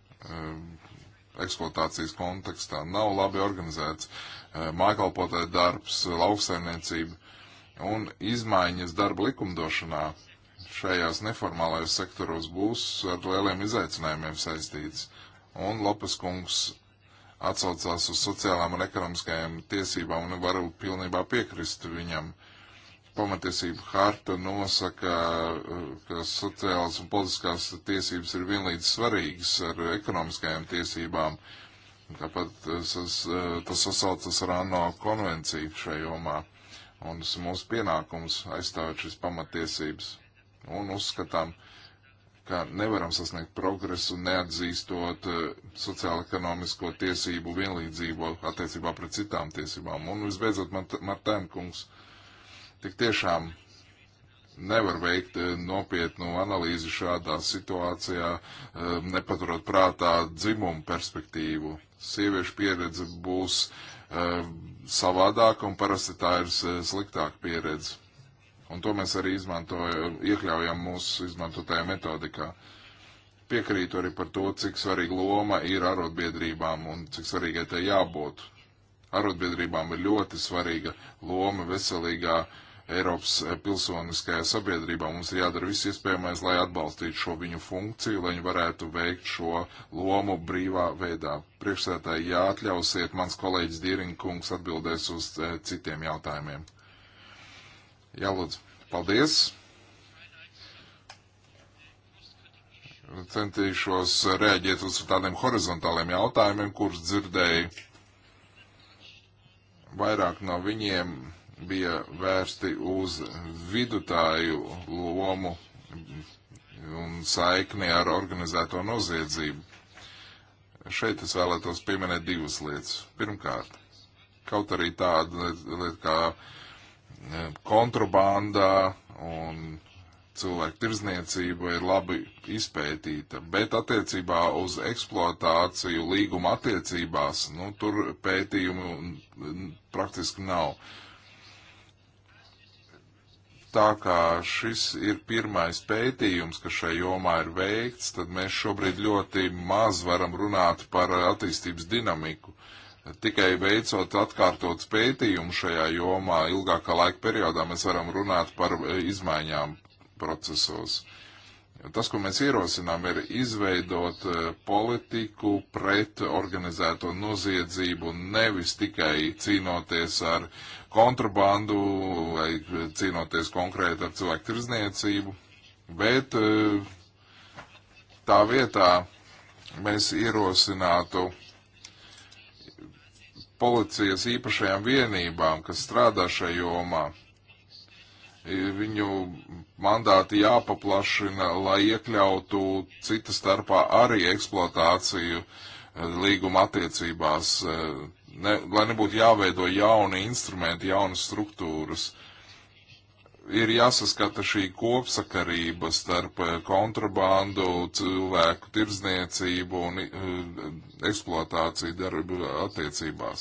S2: eksploatācijas kontekstā, nav labi organizēts. Mākalpotāja darbs, lauksaimniecība un izmaiņas darba likumdošanā šajās neformālajos sektoros būs ar lieliem izaicinājumiem saistīts. Un Lopes kungs atsaucās uz sociālām un ekonomiskajām tiesībām, un varu pilnībā piekrist viņam. Pamatiesība harta nosaka, ka sociālās un politiskās tiesības ir vienlīdz svarīgas ar ekonomiskajām tiesībām. Tāpat tas, tas sasaucas ar ANO konvenciju šajā jomā. Un tas ir mūsu pienākums aizstāvēt šīs pamatiesības un uzskatām, ka nevaram sasniegt progresu neatzīstot eh, sociālo-ekonomisko tiesību vienlīdzību attiecībā pret citām tiesībām. Un visbeidzot, Martēn kungs, tik tiešām nevar veikt eh, nopietnu analīzi šādā situācijā, eh, nepaturot prātā dzimumu perspektīvu. Sieviešu pieredze būs savādāka un parasti tā ir sliktāka pieredze. Un to mēs arī izmantojam, iekļaujam mūsu izmantotajā metodikā. Piekrītu arī par to, cik svarīga loma ir arotbiedrībām un cik svarīgai tai jābūt. Arotbiedrībām ir ļoti svarīga loma veselīgā Eiropas eh, pilsoniskajā sabiedrībā. Mums ir jādara viss iespējamais, lai atbalstītu šo viņu funkciju, lai viņi varētu veikt šo lomu brīvā veidā. Priekšsētāji, ja atļausiet, mans kolēģis Dīrinkungs atbildēs uz eh, citiem jautājumiem. Jā, lūdzu. Paldies. Centīšos rēģēt uz tādiem horizontāliem jautājumiem, kurus dzirdēju. Vairāk no viņiem bija vērsti uz vidutāju lomu un saikni ar organizēto noziedzību. Šeit es vēlētos pieminēt divas lietas. Pirmkārt, kaut arī tāda lieta kā kontrabandā un cilvēku tirzniecība ir labi izpētīta, bet attiecībā uz eksploatāciju līguma attiecībās, nu, tur pētījumu praktiski nav. Tā kā šis ir pirmais pētījums, kas šai jomā ir veikts, tad mēs šobrīd ļoti maz varam runāt par attīstības dinamiku. Tikai veicot atkārtots pētījumu šajā jomā ilgākā laika periodā mēs varam runāt par e, izmaiņām procesos. Tas, ko mēs ierosinām, ir izveidot e, politiku pret organizēto noziedzību, nevis tikai cīnoties ar kontrabandu vai cīnoties konkrēti ar cilvēku tirzniecību, bet e, tā vietā mēs ierosinātu policijas īpašajām vienībām, kas strādā šajā jomā. Viņu mandāti jāpaplašina, lai iekļautu cita starpā arī eksploatāciju e, līguma attiecībās, e, ne, lai nebūtu jāveido jauni instrumenti, jaunas struktūras ir jāsaskata šī kopsakarība starp eh, kontrabandu, cilvēku tirdzniecību un eh, eksploatāciju darbu attiecībās.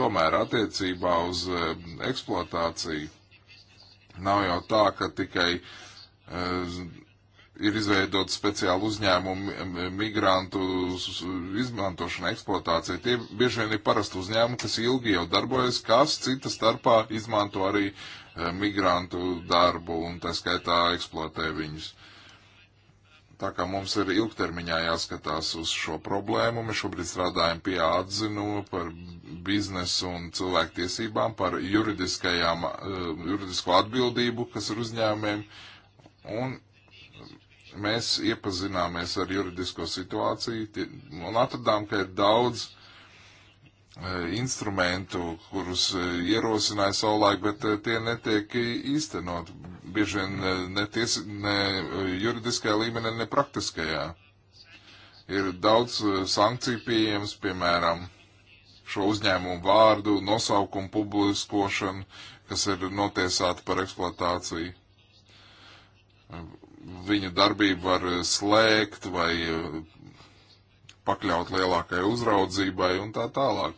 S2: Tomēr attiecībā uz eh, eksploatāciju nav jau tā, ka tikai ir izveidot speciālu uzņēmumu migrantu izmantošana, eksploatācija. Tie bieži vien ir parasti uzņēmumi, kas ilgi jau darbojas, kas cita starpā izmanto arī uh, Eh, migrantu darbu un tā skaitā eksploatē viņus. Tā kā mums ir ilgtermiņā jāskatās uz šo problēmu, mēs šobrīd strādājam pie atzinumu par biznesu un cilvēktiesībām, par juridiskajām, eh, juridisko atbildību, kas ir uzņēmējiem, un mēs iepazināmies ar juridisko situāciju un atradām, ka ir daudz Eh, instrumentu, kurus eh, ierosināja savulaik, bet eh, tie netiek īstenot. Bieži vien ne, ties, ne juridiskajā līmenī, ne praktiskajā. Ir daudz sankciju pieejams, piemēram, šo uzņēmumu vārdu, nosaukumu publiskošanu, kas ir notiesāti par eksploatāciju. Viņu darbību var slēgt vai pakļaut lielākai uzraudzībai un tā tālāk.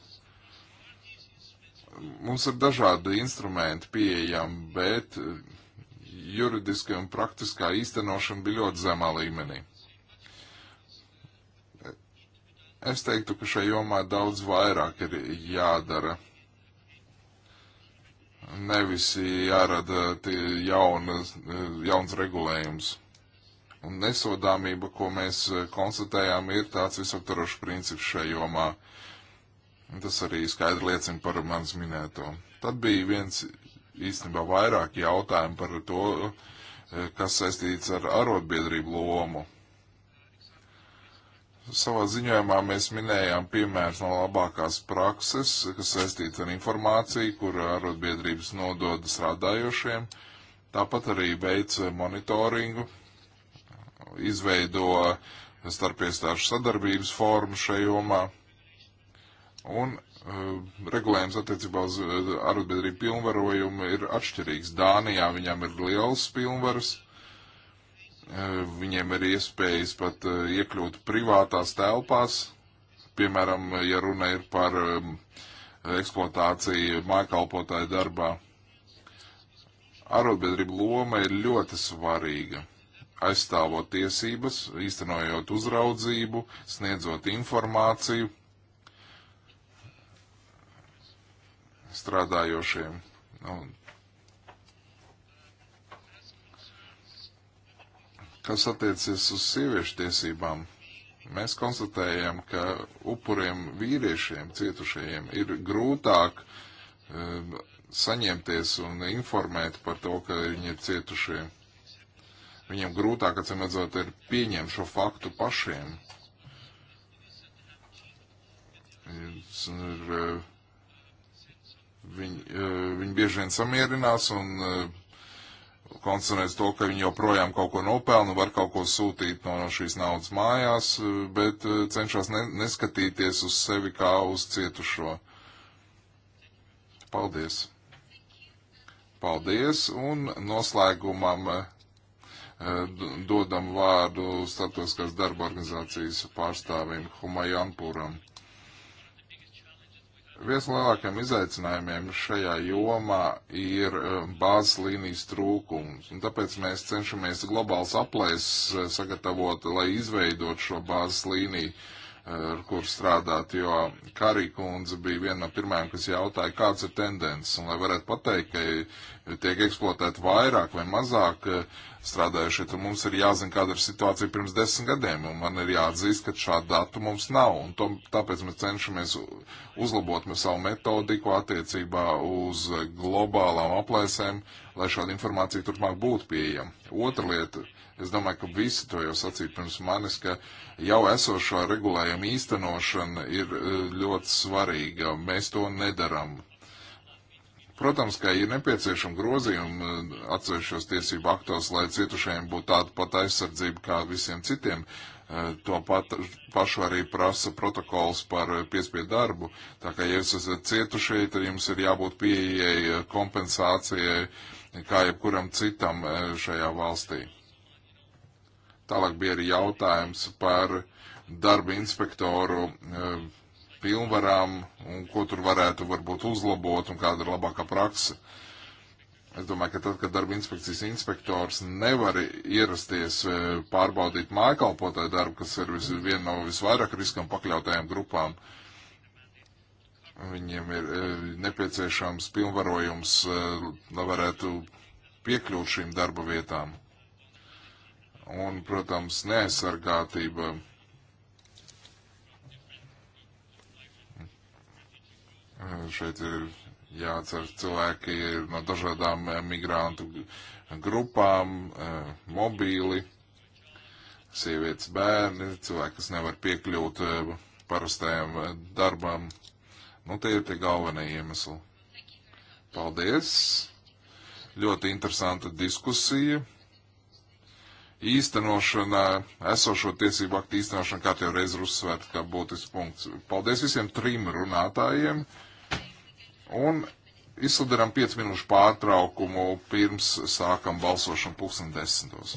S2: Mums ir dažādi instrumenti pieejami, bet eh, juridiskā un praktiskā īstenošana bija ļoti zemā līmenī. Es teiktu, ka šajā jomā daudz vairāk ir jādara. Nevis jārada jaunas, eh, jauns regulējums. Un nesodāmība, ko mēs e, konstatējām, ir tāds visaptarošs princips šajā jomā. Un tas arī skaidri liecina par manis minēto. Tad bija viens īstenībā vairāk jautājumu par to, e, kas saistīts ar arotbiedrību lomu. Savā ziņojumā mēs minējām piemērus no labākās prakses, kas saistīts ar informāciju, kur arotbiedrības nodod strādājošiem. Tāpat arī veic monitoringu izveido starpiestāšu sadarbības formu šajā jomā un uh, regulējums attiecībā uz uh, arotbiedrību pilnvarojumu ir atšķirīgs. Dānijā viņam ir liels pilnvaras, uh, eh, viņiem ir iespējas pat iekļūt privātās telpās, piemēram, ja runa ir par um, eksploatāciju mājkalpotāju darbā. Arotbiedrību loma ir ļoti svarīga aizstāvot tiesības, īstenojot uzraudzību, sniedzot informāciju strādājošiem. Un nu, kas attiecas uz sieviešu tiesībām, mēs konstatējam, ka upuriem vīriešiem, cietušajiem, ir grūtāk um, saņemties un informēt par to, ka viņi ir cietušie. Viņiem grūtāk, atcīmredzot, ir pieņemt šo faktu pašiem. Ir, eh, viņi, eh, viņi bieži vien samierinās un eh, koncentrēs to, ka viņi joprojām kaut ko nopelna, var kaut ko sūtīt no šīs naudas mājās, bet cenšas ne, neskatīties uz sevi kā uz cietušo. Paldies! Paldies! Un noslēgumam dodam vārdu starptautiskās darba organizācijas pārstāvim Humajanpuram. Viens no lielākajiem izaicinājumiem šajā jomā ir e, bāzes līnijas trūkums, un tāpēc mēs cenšamies globāls aplēs e, sagatavot, lai izveidot šo bāzes līniju. Uh, ar kur strādāt, jo Karī kundze bija viena no pirmajām, kas jautāja, kāds ir tendences, un lai varētu pateikt, ka e, tiek eksploatēt vairāk vai mazāk e, strādājušie, tad mums ir jāzina, kāda ir situācija pirms desmit gadiem, un man ir jāatzīst, ka šādu datu mums nav, un to, tāpēc mēs cenšamies uzlabot mēs savu metodiku attiecībā uz globālām aplēsēm, lai šāda informācija turpmāk būtu pieejama. Otra lieta Es domāju, ka visi to jau sacīja pirms manis, ka jau esošā regulējuma īstenošana ir e, ļoti svarīga. Mēs to nedaram. Protams, ka ir nepieciešama grozījuma e, atsevišķos tiesību aktos, lai cietušajiem būtu tāda pat aizsardzība kā visiem citiem. E, to pat, pašu arī prasa protokols par piespiedu darbu. Tā kā, ja jūs esat cietušie, tad jums ir jābūt pieejai kompensācijai kā jebkuram citam šajā valstī. Tālāk bija arī jautājums par darba inspektoru e, pilnvarām un ko tur varētu varbūt uzlabot un kāda ir labākā praksa. Es domāju, ka tad, kad darba inspekcijas inspektors nevar ierasties e, pārbaudīt mājkalpotāju darbu, kas ir vis, viena no visvairāk riskam pakļautajām grupām, viņiem ir e, nepieciešams pilnvarojums, lai varētu piekļūt šīm darba vietām un, protams, neaizsargātība. Šeit ir jāatcer cilvēki ir no dažādām eh, migrantu grupām, eh, mobīli, sievietes bērni, cilvēki, kas nevar piekļūt eh, parastajam darbam. Nu, tie ir tie galvenie iemesli. Paldies! Ļoti interesanta diskusija īstenošanā, esošo tiesību aktu īstenošana, kā jau reiz ir uzsvērta, kā būtisks punkts. Paldies visiem trim runātājiem. Un izsludinām 5 minūšu pārtraukumu pirms sākam balsošanu pusdien desmitos.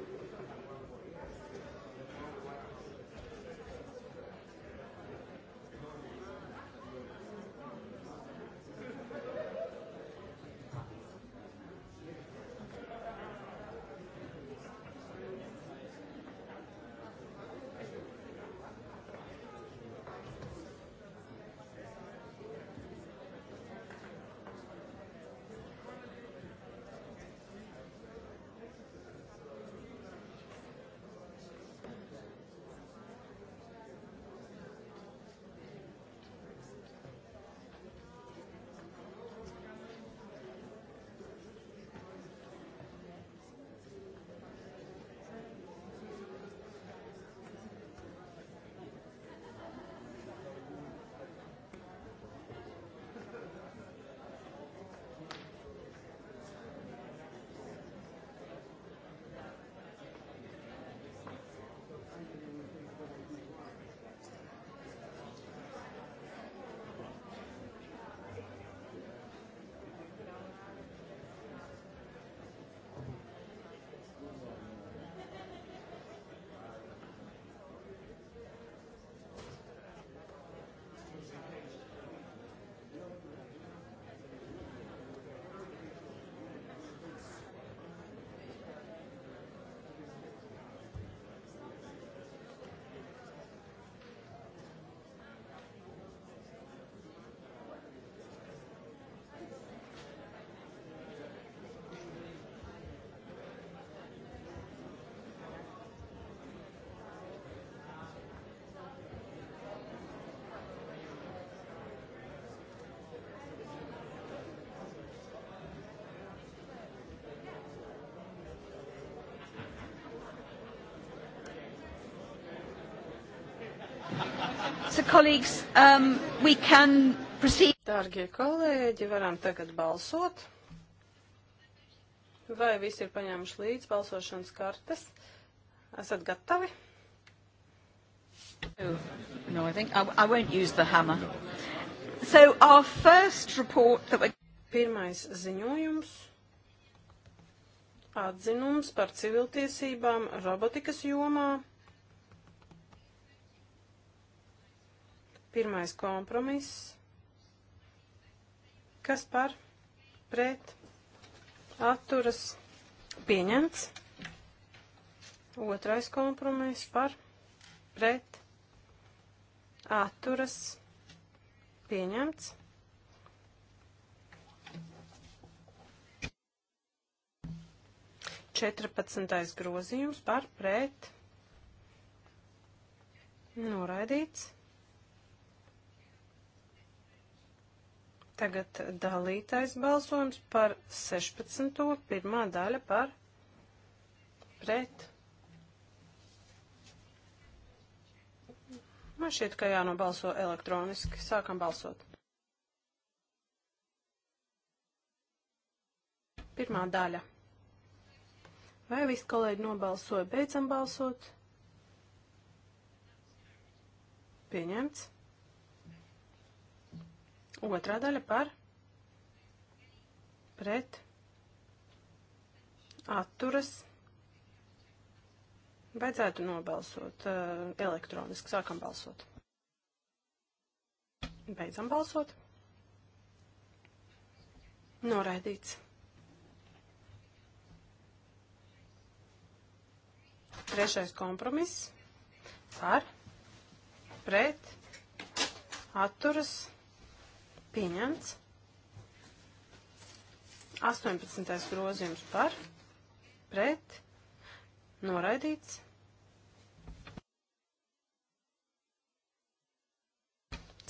S5: So, colleagues, um, we can proceed. Dārgie kolēģi, varam tagad balsot. Vai visi ir paņēmuši līdz balsošanas kartes? Esat gatavi?
S4: Oh, no, I think I, I won't use
S5: the hammer. So our first report that we... Pirmais ziņojums atzinums par civiltiesībām robotikas jomā. Pirmais kompromiss. Kas par? Pret. Atturas. Pieņemts. Otrais kompromiss par. Pret. Atturas. Pieņemts. Četrpadsmitais grozījums par pret noraidīts. Tagad dalītais balsojums par 16. pirmā daļa par pret. Man šķiet, ka jānobalso elektroniski. Sākam balsot. Pirmā daļa. Vai visi kolēģi nobalsoja? Beidzam balsot. Pieņemts. Otrā daļa par pret atturas. Vajadzētu nobalsot eh, elektroniski. Sākam balsot. Beidzam balsot. Noraidīts. Trešais kompromiss par pret atturas Pieņemts. 18. grozījums par, pret, noraidīts.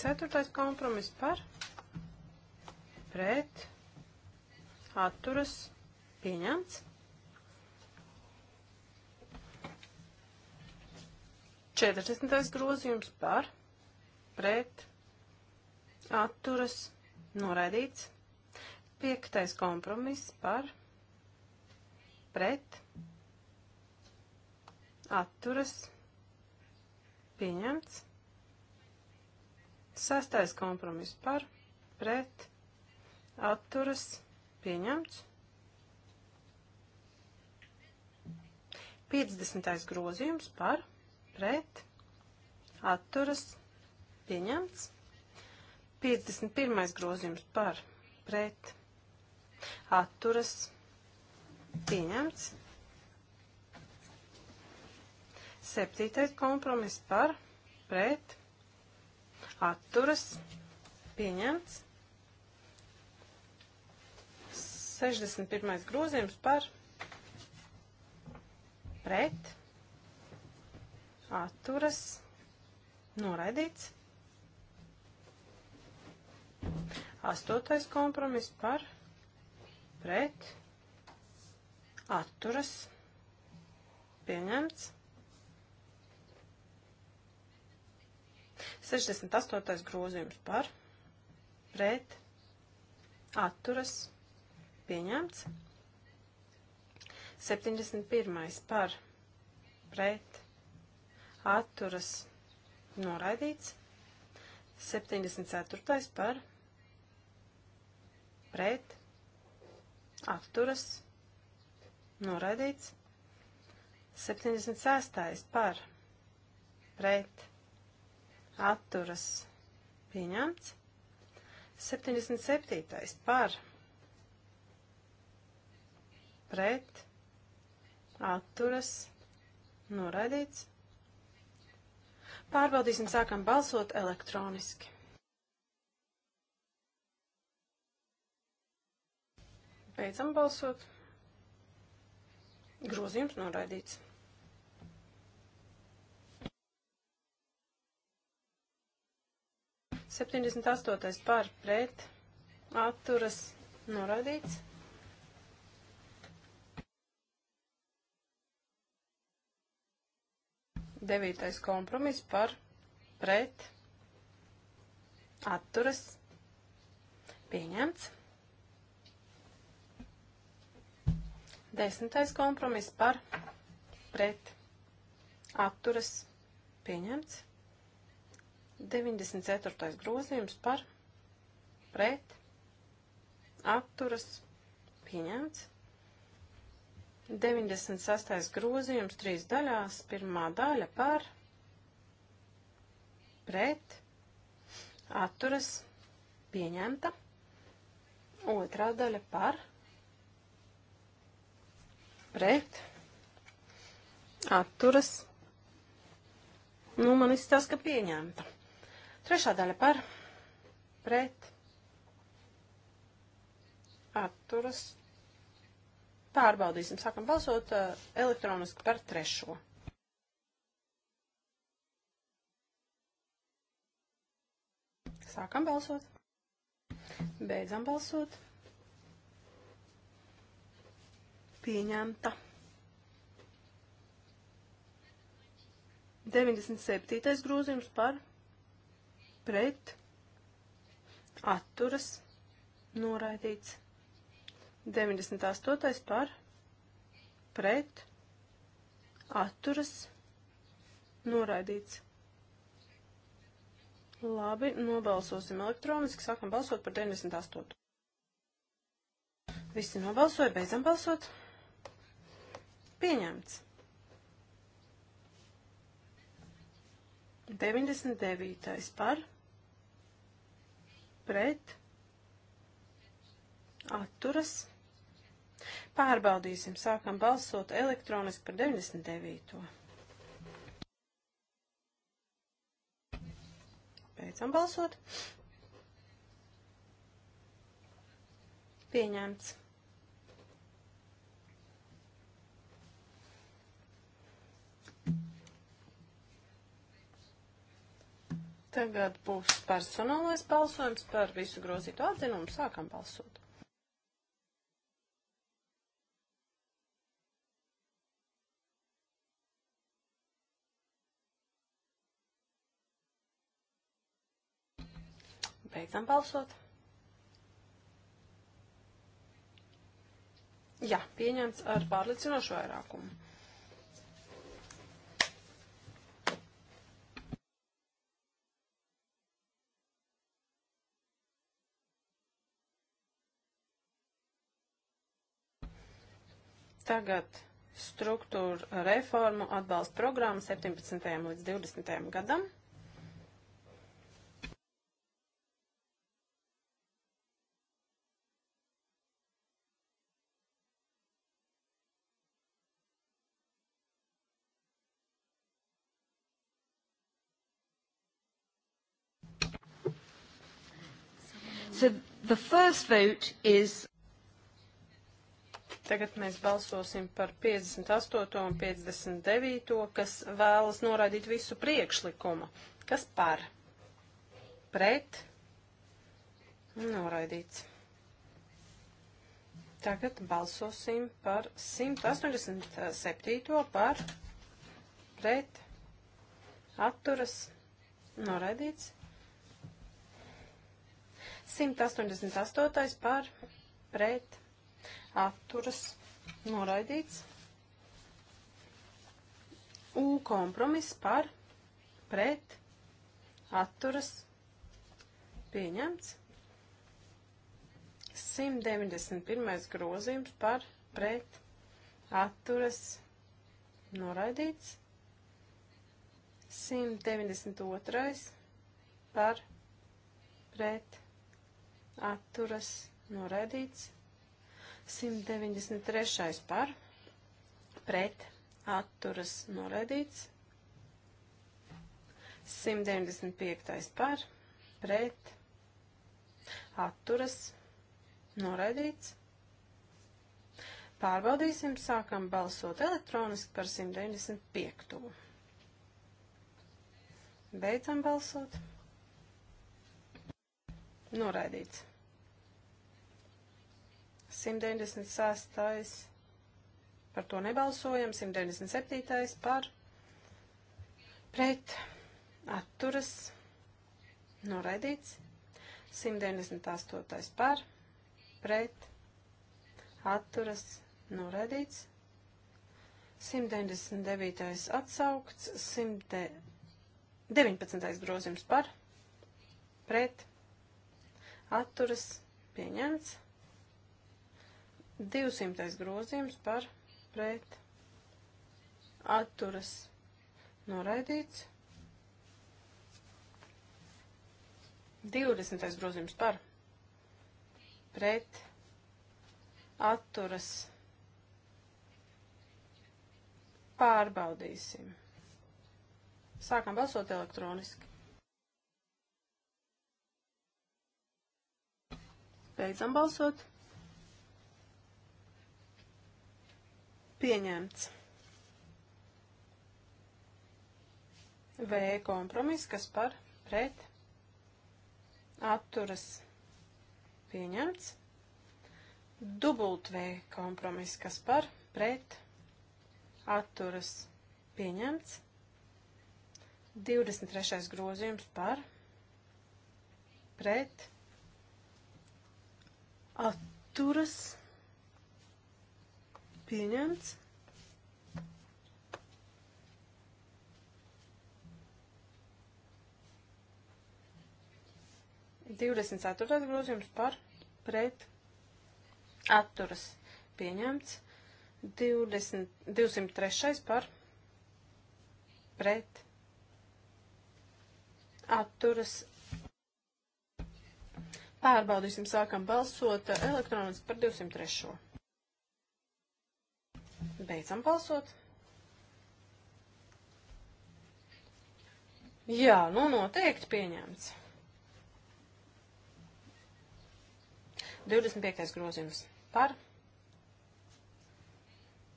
S5: Ceturtais kompromiss par, pret, atturas, pieņemts. Četrdesmitais grozījums par, pret, atturas noraidīts. Piektais kompromiss par pret atturas pieņemts. Sastais kompromiss par pret atturas pieņemts. 50. grozījums par pret atturas pieņemts. 51. grozījums par pret atturas pieņemts. 7. kompromiss par pret atturas pieņemts. 61. grozījums par pret atturas noraidīts. Astotais kompromiss par pret atturas pieņemts. 68. grozījums par pret atturas pieņemts. 71. par pret atturas noraidīts. 74. par pret pret, atturas, noraidīts. 76. par, pret, atturas, pieņemts. 77. par, pret, atturas, noraidīts. Pārbaudīsim, sākam balsot elektroniski. Beidzam balsot. Grozījums noraidīts. Septiņdesmit astotais pār pret atturas noraidīts. Devītais kompromiss par pret atturas pieņemts. Desmitais kompromiss par pret atturas pieņemts. 94. grozījums par pret atturas pieņemts. 96. grozījums trīs daļās. Pirmā daļa par pret atturas pieņemta. Otrā daļa par pret pret, atturas. Nu, man izstās, ka pieņemta. Trešā daļa par, pret, atturas. Pārbaudīsim, sākam balsot uh, elektroniski par trešo. Sākam balsot. Beidzam balsot. pieņemta. 97. grozījums par pret atturas noraidīts. 98. par pret atturas noraidīts. Labi, nobalsosim elektroniski, sākam balsot par 98. Visi nobalsoja, beidzam balsot. Pieņemts. 99. par pret atturas. Pārbaudīsim, sākam balsot elektroniski par 99. Beidzam balsot. Pieņemts. Tagad būs personālais balsojums par visu grozīto atzinumu. Sākam balsot. Beidzam balsot. Jā, pieņemts ar pārliecinošu vairākumu. tagad struktūra reformu atbalsta programmu 17. līdz 20. gadam. So the first vote is Tagad mēs balsosim par 58 un 59, kas vēlas noraidīt visu priekšlikumu. Kas par? Pret? Noraidīts. Tagad balsosim par 187. par pret atturas noraidīts. 188. par pret atturas noraidīts. U kompromiss par pret atturas pieņemts. 191. grozījums par pret atturas noraidīts. 192. par pret atturas noraidīts. 193. par pret atturas noraidīts. 195. par pret atturas noraidīts. Pārbaudīsim, sākam balsot elektroniski par 195. Beidzam balsot. Noraidīts. 196. Par to nebalsojam. 197. par pret atturas noraidīts. 198. par pret atturas noraidīts. 199. atsaukts, 119. grozījums par, pret, atturas, pieņemts, 200. grozījums par pret atturas noraidīts. 20. grozījums par pret atturas pārbaudīsim. Sākam balsot elektroniski. Beidzam balsot. Pieņemts. V kompromiss, kas par pret atturas pieņemts. Dubult V kompromiss, kas par pret atturas pieņemts. 23. grozījums par pret atturas pieņemts Pieņemts. Divdesmit ceturtais grozījums par pret atturas pieņemts. 20, 203 par pret atturas Pārbaudīsim, sākam balsot elektronis par 203. Beidzam balsot. Jā, nu noteikti pieņemts. 25. grozījums par,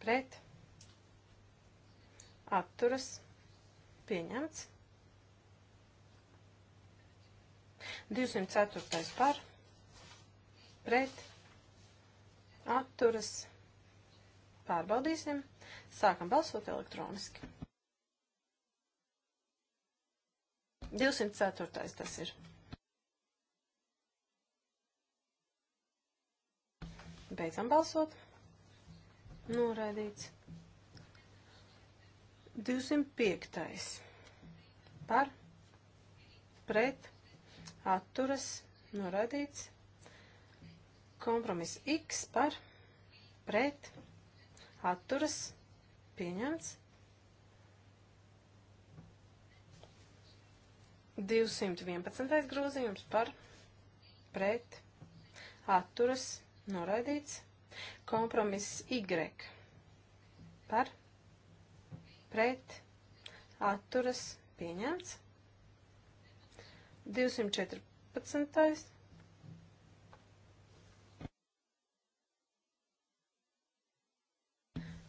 S5: pret, atturas, pieņemts. 204. par, pret, atturas, pieņemts Pārbaudīsim. Sākam balsot elektroniski. 204. tas ir. Beidzam balsot. Noraidīts. 205. Par, pret, atturas, noraidīts. Kompromiss X par, pret, atturas atturas pieņemts. 211. grozījums par pret atturas noraidīts. Kompromiss Y par pret atturas pieņemts. 214.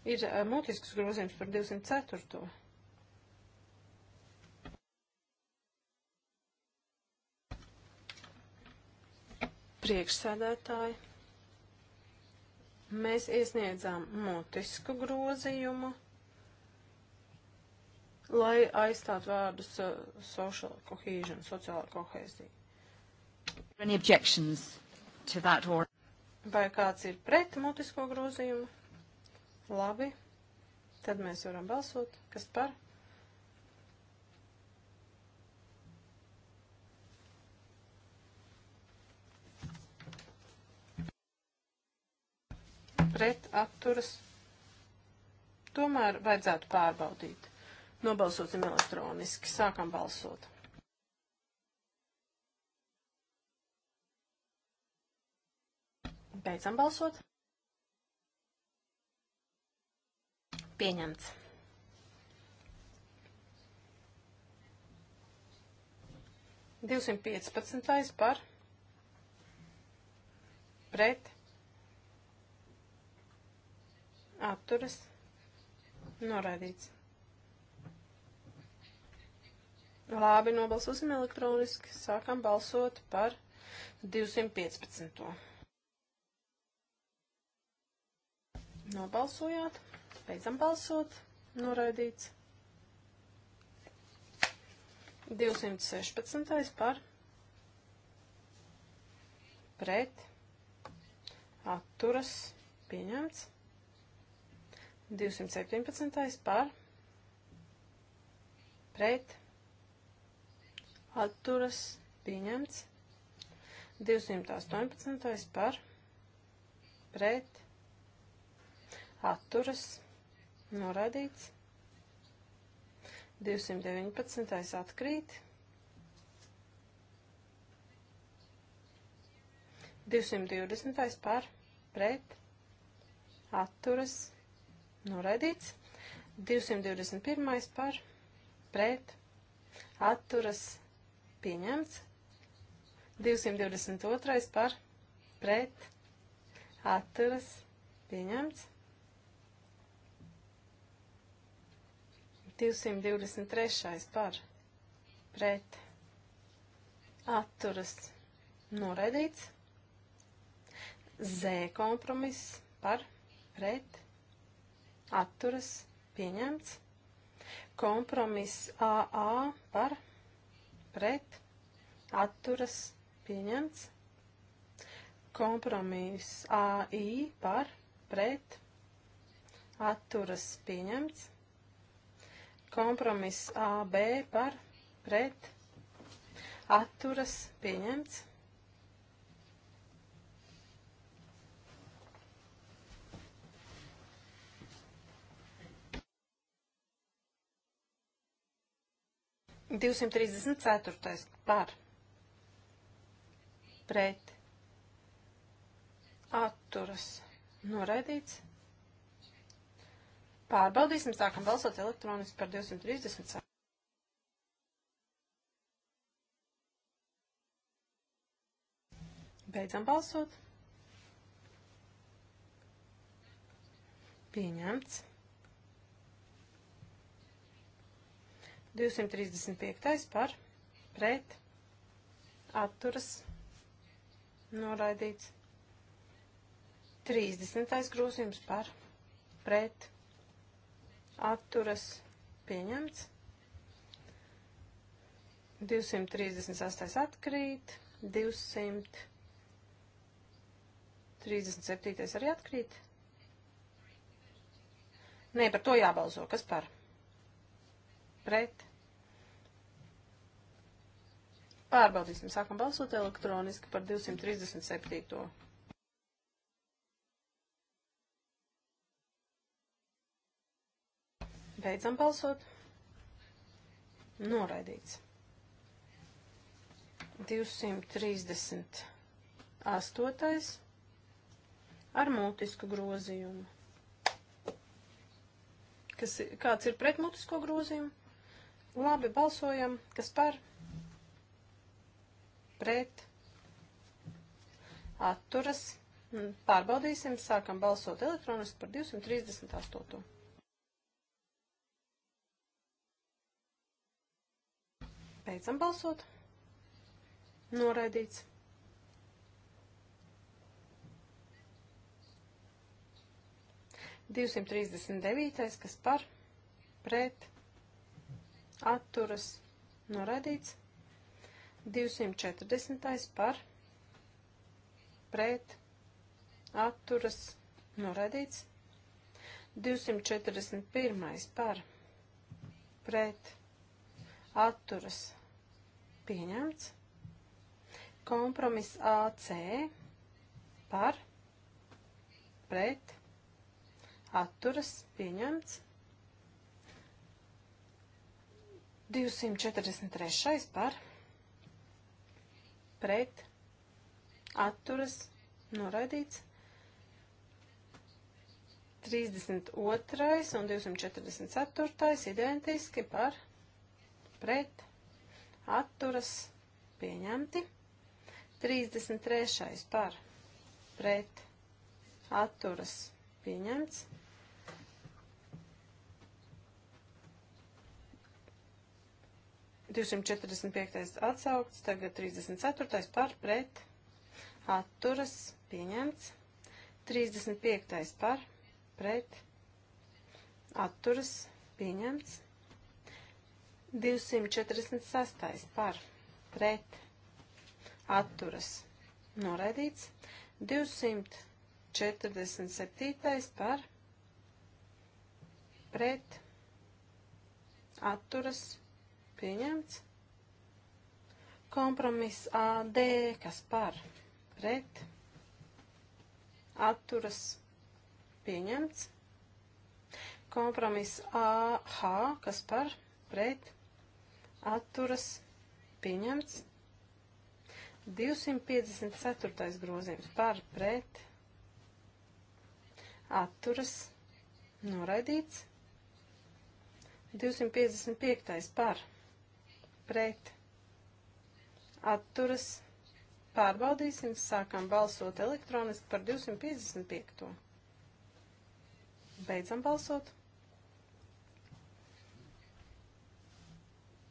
S5: Ir mutisks grozījums par 204. Priekšsēdētāji, mēs iesniedzām mutisku grozījumu, lai aizstātu vārdus uh, social cohesion, sociālā kohēzija. Any objections to that or? Vai kāds ir pret mutisko grozījumu? Labi. Tad mēs varam balsot. Kas par? Pret atturas. Tomēr vajadzētu pārbaudīt. Nobalsosim elektroniski. Sākam balsot. Beidzam balsot. Pieņemts. Divsimt piecpadsmitais par pret atturas noraidīts. Labi, nobalsosim elektroniski. Sākam balsot par 215. Nobalsojāt. Beidzam balsot. Noraidīts. 216. par pret atturas pieņemts. 217. par pret atturas pieņemts. 218. par pret atturas pieņemts Noraidīts. 219. atkrīt. 220. par pret atturas noraidīts. 221. par pret atturas pieņemts. 222. par pret atturas pieņemts. 223. par pret atturas noraidīts. Z kompromiss par pret atturas pieņemts. Kompromiss AA par pret atturas pieņemts. Kompromiss AI par pret atturas pieņemts Kompromiss AB par pret atturas pieņemts. Divsimt trīsdesmit ceturtais par pret atturas noraidīts. Pārbaudīsim, sākam balsot elektroniski par 230. Beidzam balsot. Pieņemts. 235. par pret atturas noraidīts. 30. grozījums par pret atturas atturas pieņemts. 238 atkrīt, 237 arī atkrīt. Nē, par to jābalzo. Kas par? Pret. Pārbaudīsim, sākam balsot elektroniski par 237. Beidzam balsot. Noraidīts. 238. ar mutisku grozījumu. Kas, kāds ir pret mutisko grozījumu? Labi, balsojam. Kas par? Pret. Atturas. Pārbaudīsim. Sākam balsot elektroniski par 238. Beidzam balsot. Noraidīts. Divsimt trīsdesmit devītais, kas par, pret, atturas, noraidīts. Divsimt četrdesmitais par, pret, atturas, noraidīts. 241. par pret atturas pieņemts. Kompromiss AC par pret atturas pieņemts. 243 par pret atturas noraidīts. 32 un 244 identiski par pret pret, atturas, pieņemti. 33. par, pret, atturas, pieņemts. Divsimt četrdesmit piektais atsaukts, tagad trīsdesmit ceturtais par pret, atturas, pieņemts. Trīsdesmit piektais par pret, atturas, pieņemts. 246. par pret atturas noraidīts. 247. par pret atturas pieņemts. Kompromiss AD, kas par pret atturas pieņemts. Kompromiss AH, kas par pret atturas pieņemts. 254. grozījums par pret atturas noraidīts. 255. par pret atturas pārbaudīsim. Sākam balsot elektroniski par 255. Beidzam balsot.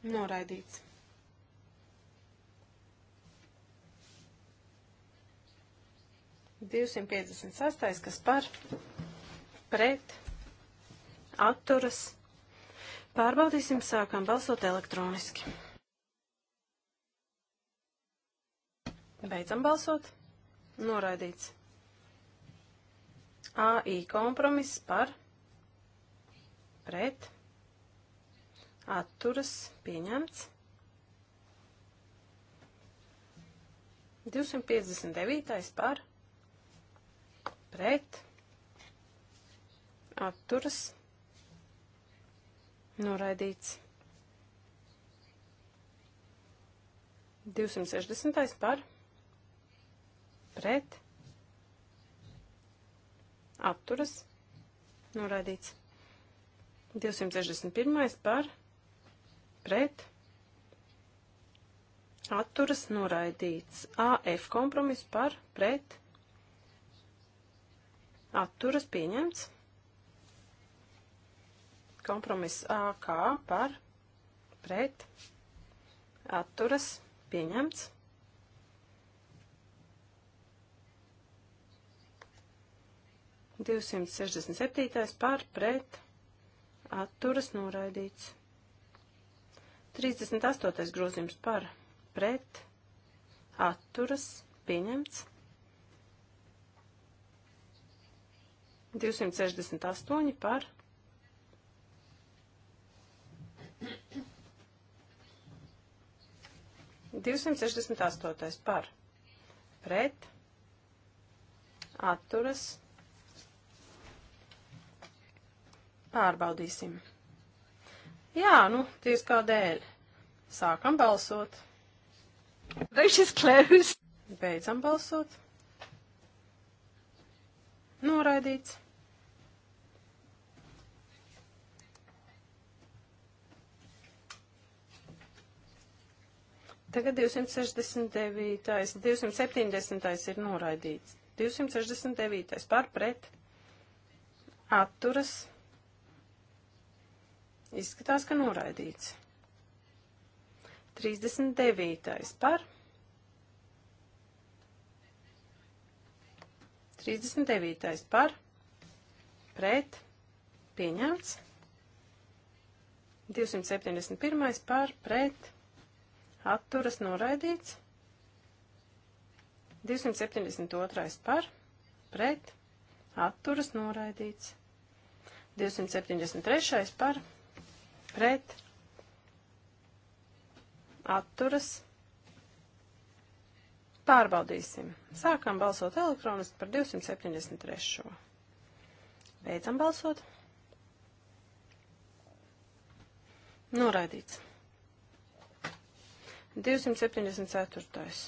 S5: Noraidīts. Divsimt piecdesmit sastais, kas par pret atturas. Pārbaudīsim, sākam balsot elektroniski. Beidzam balsot. Noraidīts. AI kompromiss par pret atturas pieņemts. 259. par pret atturas noraidīts. 260. par pret atturas noraidīts. 261. par pret pret atturas noraidīts. AF kompromiss par pret atturas pieņemts. Kompromiss AK par pret atturas pieņemts. 267. par pret atturas noraidīts. 38. grozījums par pret atturas pieņemts. 268 par Divsimt sešdesmit astotais par pret atturas pārbaudīsim. 268. Jā, nu, tieši kādēļ. Sākam balsot. Vote is closed. Beidzam balsot. Noraidīts. Tagad 269. 270. ir noraidīts. 269. par pret atturas Izskatās, ka noraidīts. 39. par. 39. par. Pret. Pieņemts. 271. par. Pret. Atturas noraidīts. 272. par. Pret. Atturas noraidīts. 273. par. Pret pret, atturas. Pārbaudīsim. Sākam balsot elektroniski par 273. Beidzam balsot. Noraidīts. 274.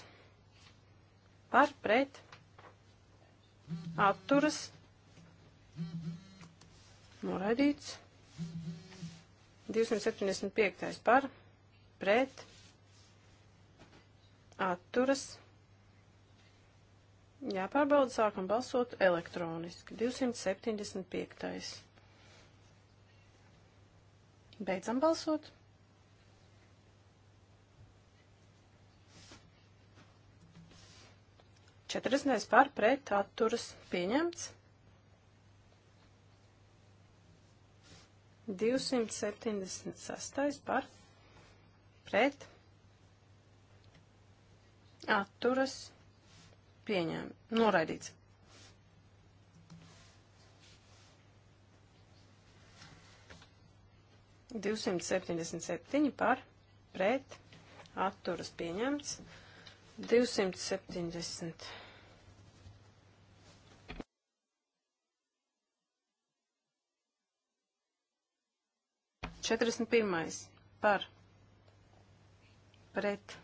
S5: Par pret atturas noraidīts. 275. par pret atturas. Jāpārbauda sākam balsot elektroniski. 275. Beidzam balsot. Četrdesmitais par pret atturas pieņemts. 276 par pret atturas pieņēma. Noraidīts. Divsimt septiņdesmit septiņi par pret atturas pieņemts. Divsimt septiņdesmit septiņi. 41. par pret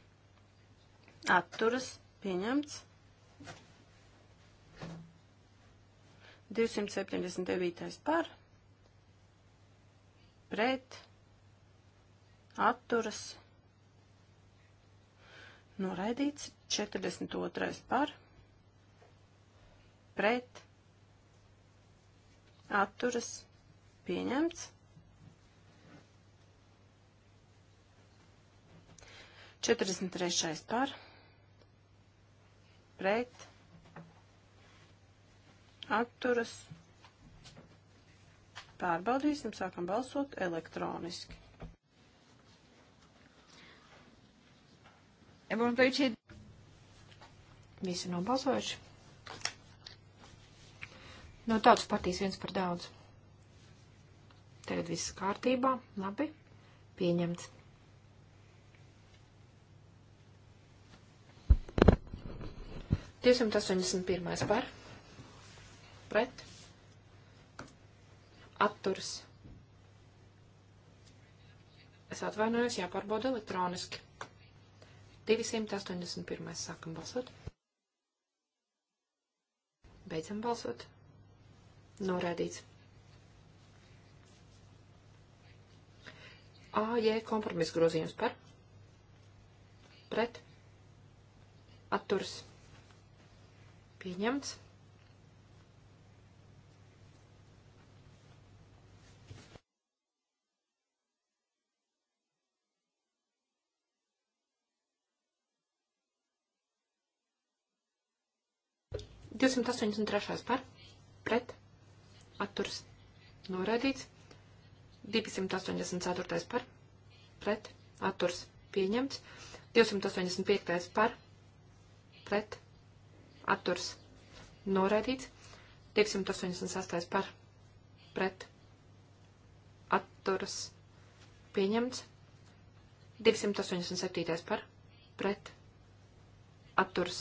S5: atturas pieņemts. 279. par pret atturas noraidīts. 42. par pret atturas pieņemts. 43. par, pret, atturas, pārbaudīsim, sākam balsot elektroniski.
S1: Visi nobalsojuši. No nu, tautas partijas viens par daudz. Tagad viss kārtībā, labi, pieņemts. 281. par, pret, atturs. Es atvainojos, jāpārbauda elektroniski. 281. sākam balsot. Beidzam balsot. Norādīts. AJ kompromisa grozījums par, pret, atturs Pieņemts. Divsimt astoņdesmit trešais par, pret, atturs, noraidīts. 284. par, pret, atturs, pieņemts, 285. par, pret, atturs noraidīts, 288 par pret atturs pieņemts, 287 par pret atturs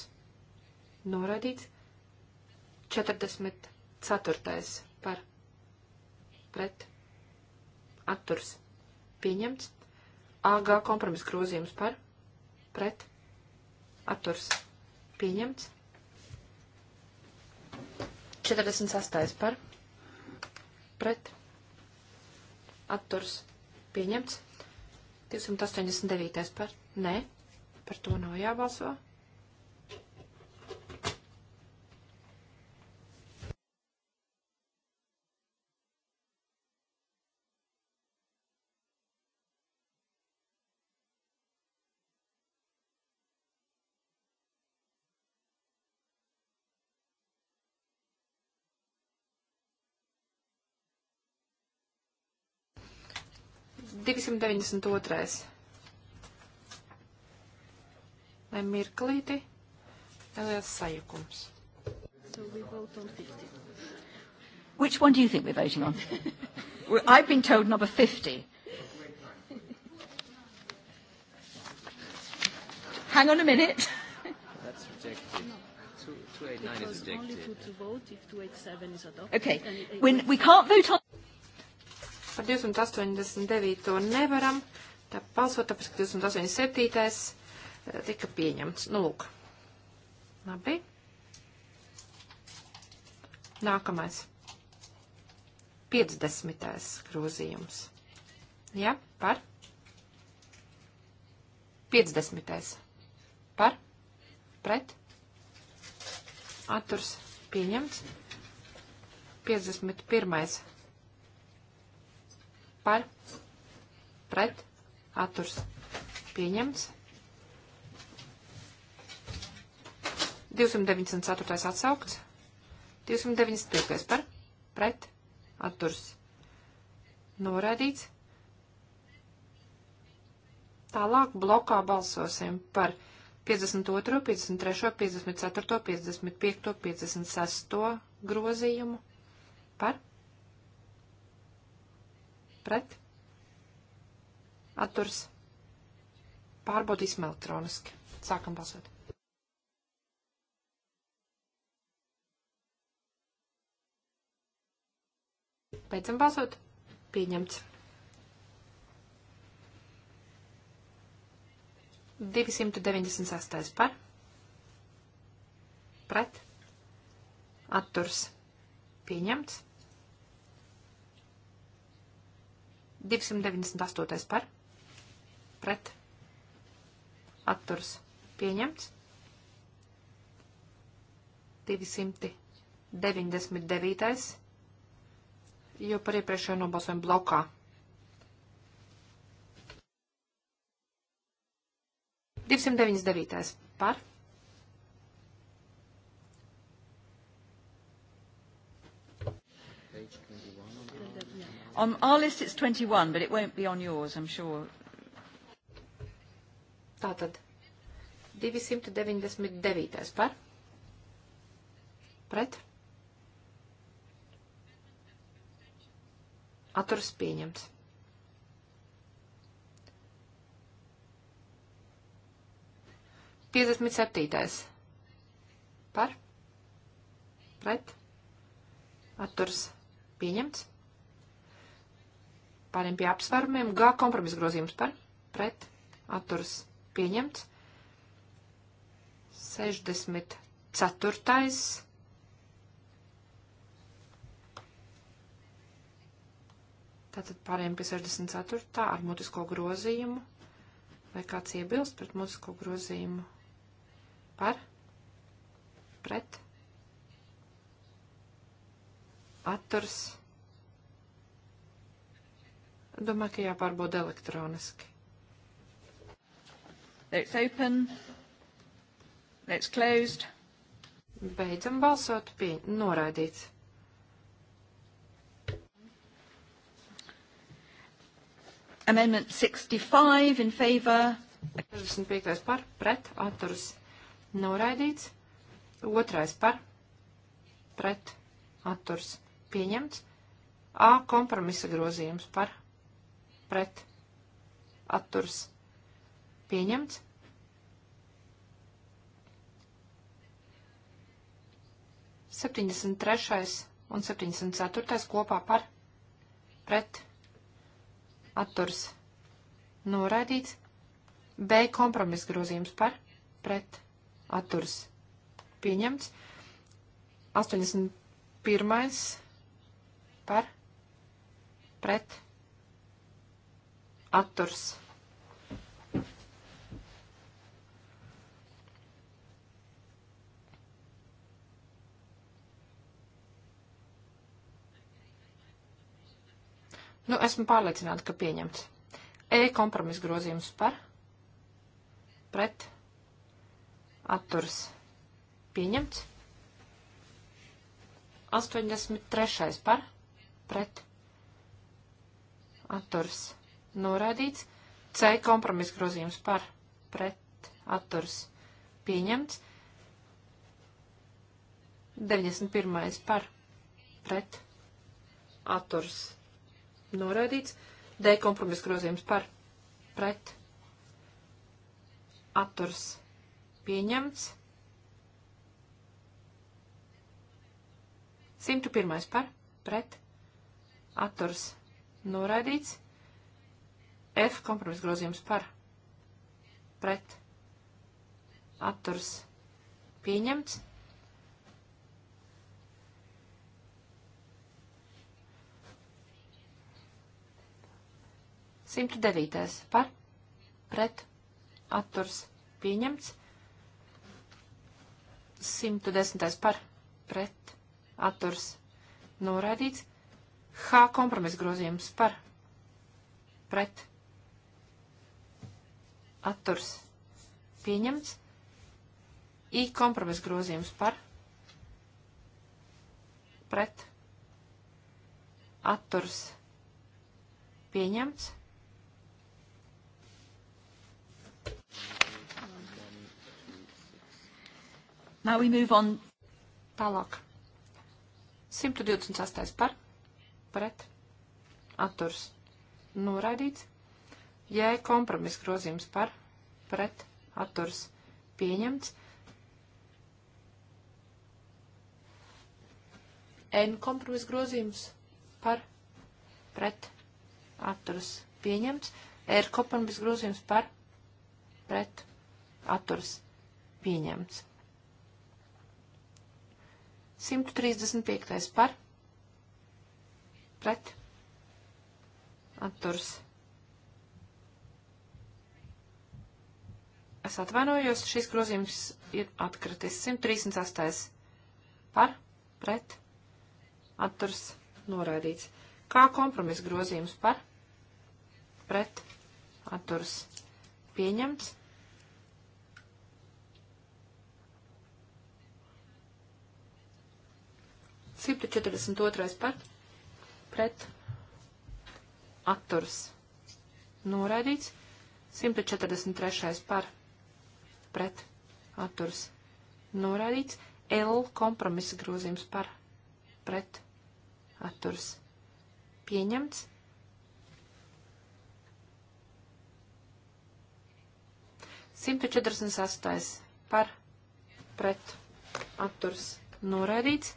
S1: noraidīts, 44 par pret atturs pieņemts, AG kompromis grozījums par pret atturs pieņemts. 48. par pret atturs pieņemts. 289. par nē, par to nav jābalso. 292. Lai mirklīti neliels sajukums.
S3: So we vote on 50. Which one do you think we're voting on? <laughs> well, I've been told number 50. Hang on a minute. That's rejected. No. 289 is rejected. Only put
S5: to vote if 287 is adopted. Okay. We, we can't vote
S1: on Par 289. nevaram. Tā balsot, tāpēc, ka 287. Eh, tika pieņemts. Nu, lūk. Labi. Nākamais. 50. grozījums. Ja, par? 50. Par? Pret? Atturs pieņemts. 51 par pret atturs pieņemts. 294. atsaukts. 295. par pret atturs noraidīts. Tālāk blokā balsosim par 52., 53., 54., 55., 56. grozījumu par pret, atturs, pārbaudīsim elektroniski. Sākam balsot. Beidzam balsot. Pieņemts. 296 par, pret, atturs, pieņemts. 298. par pret atturs pieņemts. 299. jo par iepriekšējo nobalsojumu blokā. 299. par On our list it's 21, but it won't be on yours, I'm sure. Tātad 299. par? Pret? Atturas pieņemts. Piecdesmit septītais. Par? Pret? Atturs pieņemts. Pāriem pie apsvērumiem. G kompromisa grozījums par, pret, atturas pieņemts. 64. Tātad pāriem pie 64. ar mutisko grozījumu. Vai kāds iebilst pret mutisko grozījumu? Par? Pret? Atturs? Domāju, ka jāpārbauda elektroniski. It's open. It's closed. Beidzam balsot. Pieņ noraidīts. Amendment 65 in favor. 65. par, pret, atturas noraidīts. Otrais par, pret, atturas pieņemts. A kompromisa grozījums par, pret atturs pieņemts. Septiņdesmit trešais un 74. kopā par pret atturs noraidīts, B kompromis grozījums par pret atturs pieņemts, 81. par pret atturs. Nu, esmu pārliecināta, ka pieņemts. E kompromis grozījums par, pret, atturs pieņemts. 83. par, pret, atturs pieņemts. Atturs. Noraidīts. C kompromisa grozījums par pret atturs pieņemts. 91. par pret atturs noraidīts. D kompromisa grozījums par pret atturs pieņemts. 101. par pret atturs noraidīts. F kompromisa grozījums par pret atturs pieņemts. Simt devītais par pret atturs pieņemts. 110. par pret atturs noraidīts. H kompromisa grozījums par pret atturs pieņemts. I kompromis grozījums par pret atturs pieņemts. Now we move on. Tālāk. 128 par, pret, atturs, noraidīts. Jē, kompromis grozījums par, pret, atturs pieņemts. N kompromis grozījums par, pret, atturs pieņemts. R kompromis grozījums par, pret, atturs pieņemts. 135. par, pret, atturs pieņemts. Es atvainojos, šis grozījums ir atkritis. 138. Par, pret, atturs, noraidīts. Kā kompromis grozījums par, pret, atturs, pieņemts. Simta četrdesmit otrais par, pret, atturs, noraidīts. Simta četrdesmit trešais par, pret pret atturs norādīts. L kompromisa grozījums par pret atturs pieņemts. Simta četrdesmit sastais par pret atturs norādīts.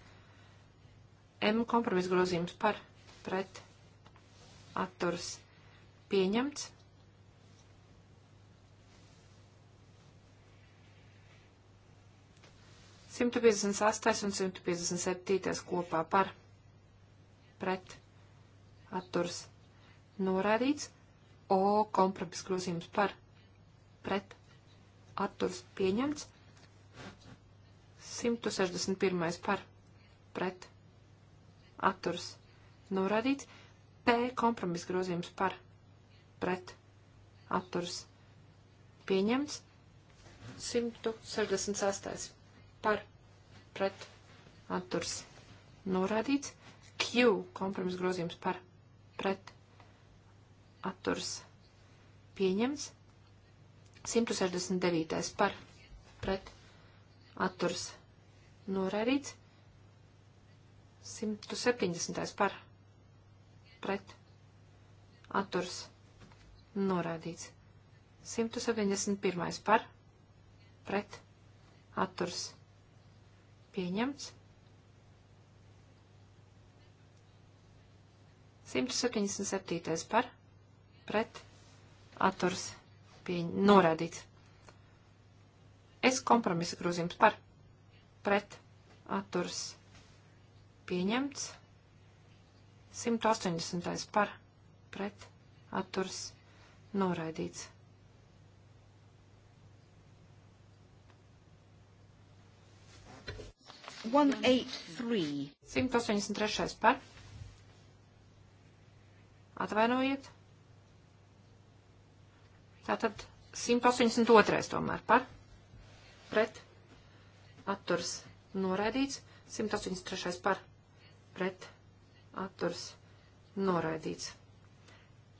S1: M kompromisa grozījums par pret atturs pieņemts. 158 un 157 kopā par pret atturs norādīts. O kompromis grozījums par pret atturs pieņemts. 161 par pret atturs norādīts. P kompromis grozījums par pret atturs pieņemts. 168 par pret atturs norādīts. Q kompromis grozījums par pret atturs pieņems. 169. par pret atturs norādīts. 170. par pret atturs norādīts. 171. par pret atturs norādīts. Pieņemts. 177. par pret atturs pieņ... norādīts. Es kompromisa grozījums par pret atturs pieņemts. 180. par pret atturs noraidīts. 183. 183. par. Atvainojiet. Tātad 182. tomēr par. Pret. Atturs noraidīts. 183. par. Pret. Atturs noraidīts.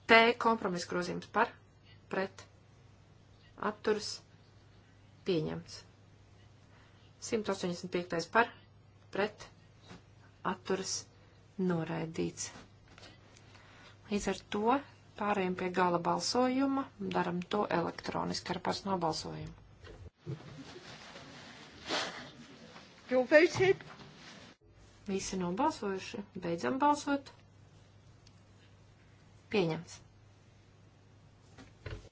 S1: T kompromisa grozījums par. Pret. Atturs pieņemts. 185. par pret atturas noraidīts. Līdz ar to pārējiem pie gala balsojuma, daram to elektroniski ar personālu balsojumu. You're voted. Visi nobalsojuši. Beidzam balsot. Pieņemts.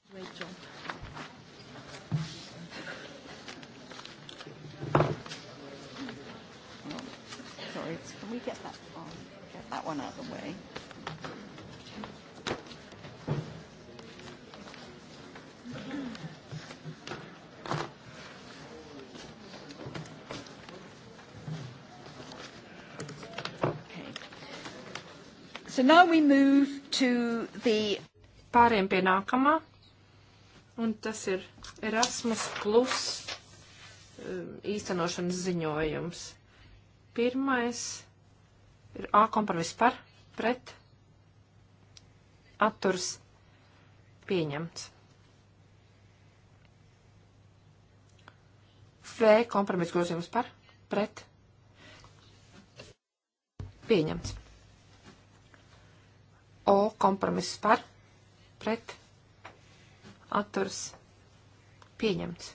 S1: Great job.
S3: we get that one? Get that one
S4: out of the way.
S1: Okay. So now we move to the pāriem pie nākamā, un tas ir Erasmus plus um, īstenošanas ziņojums. Pirmais Ir A kompromiss par, pret, atturs pieņemts. V kompromiss grozījums par, pret, pieņemts. O kompromiss par, pret, atturs pieņemts.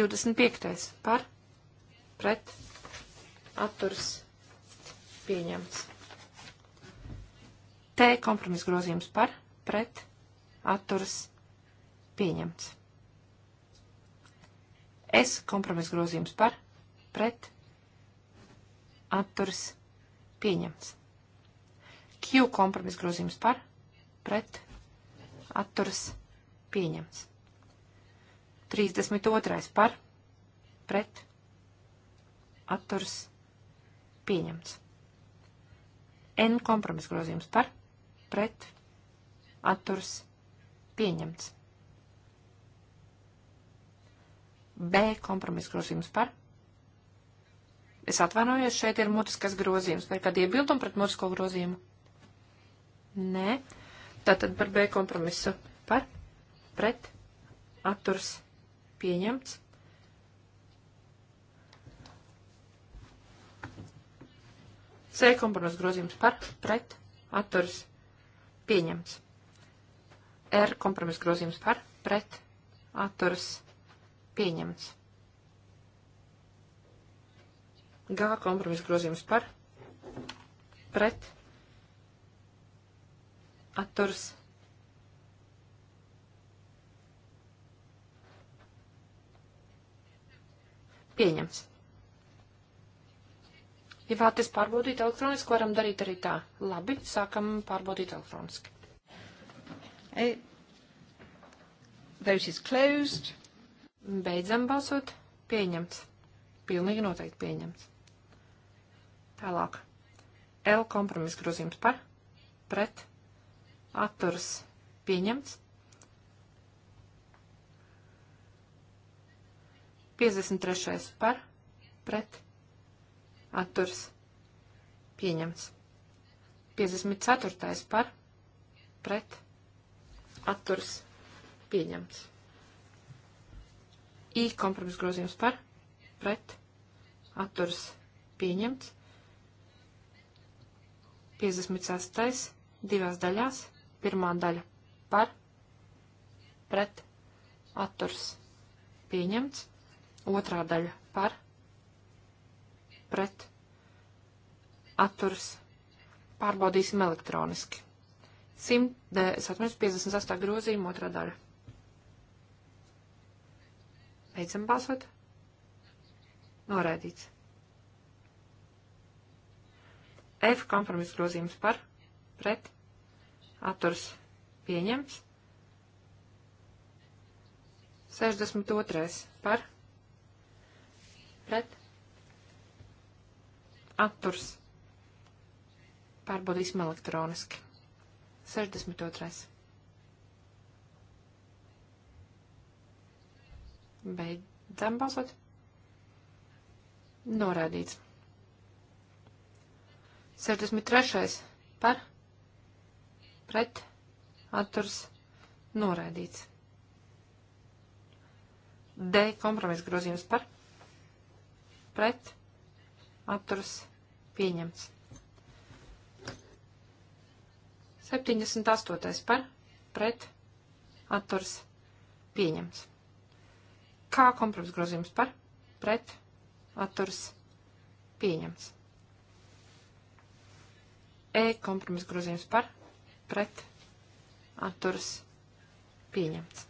S1: 25. par, pret, atturs pieņemts pieņemts. T kompromis grozījums par, pret, atturas, pieņemts. S kompromis grozījums par, pret, atturas, pieņemts. Q kompromis grozījums par, pret, atturas, pieņemts. 32. par, pret, atturas, pieņemts. N kompromis grozījums par, pret, atturs, pieņemts. B kompromis grozījums par. Es atvainojos, šeit ir mutiskas grozījums. Vai kādi iebildumi pret mutisko grozījumu? Nē. Tātad par B kompromisu par, pret, atturs, pieņemts. C kompromis grozījums par, pret, atturas, pieņemts. R kompromis grozījums par, pret, atturas, pieņemts. G kompromis grozījums par, pret, atturas, pieņemts. Ja vēlaties pārbaudīt elektroniski, varam darīt arī tā. Labi, sākam pārbaudīt elektroniski. Hey. Vote is closed. Beidzam balsot. Pieņemts. Pilnīgi noteikti pieņemts. Tālāk. L kompromis grozījums par, pret, atturs pieņemts. 53. par, pret, atturs pieņemts. 54. par pret atturs pieņemts. I kompromis grozījums par pret atturs pieņemts. 56. divās daļās. Pirmā daļa par pret atturs pieņemts. Otrā daļa par pret atturs pārbaudīsim elektroniski. 158 grozījuma otrā daļa. Beidzam balsot. Noraidīts. F kompromiss grozījums par, pret, atturs pieņemts. 62. par, pret, atturs. Pārbaudīsim elektroniski. 62. Beidzam balsot. Norādīts. 63. par, pret, atturs, norādīts. D kompromisa grozījums par, pret, atturs atturas pieņemts. 78. par pret atturas pieņemts. Kā kompromis grozījums par pret atturas pieņemts. E kompromis grozījums par pret atturas pieņemts.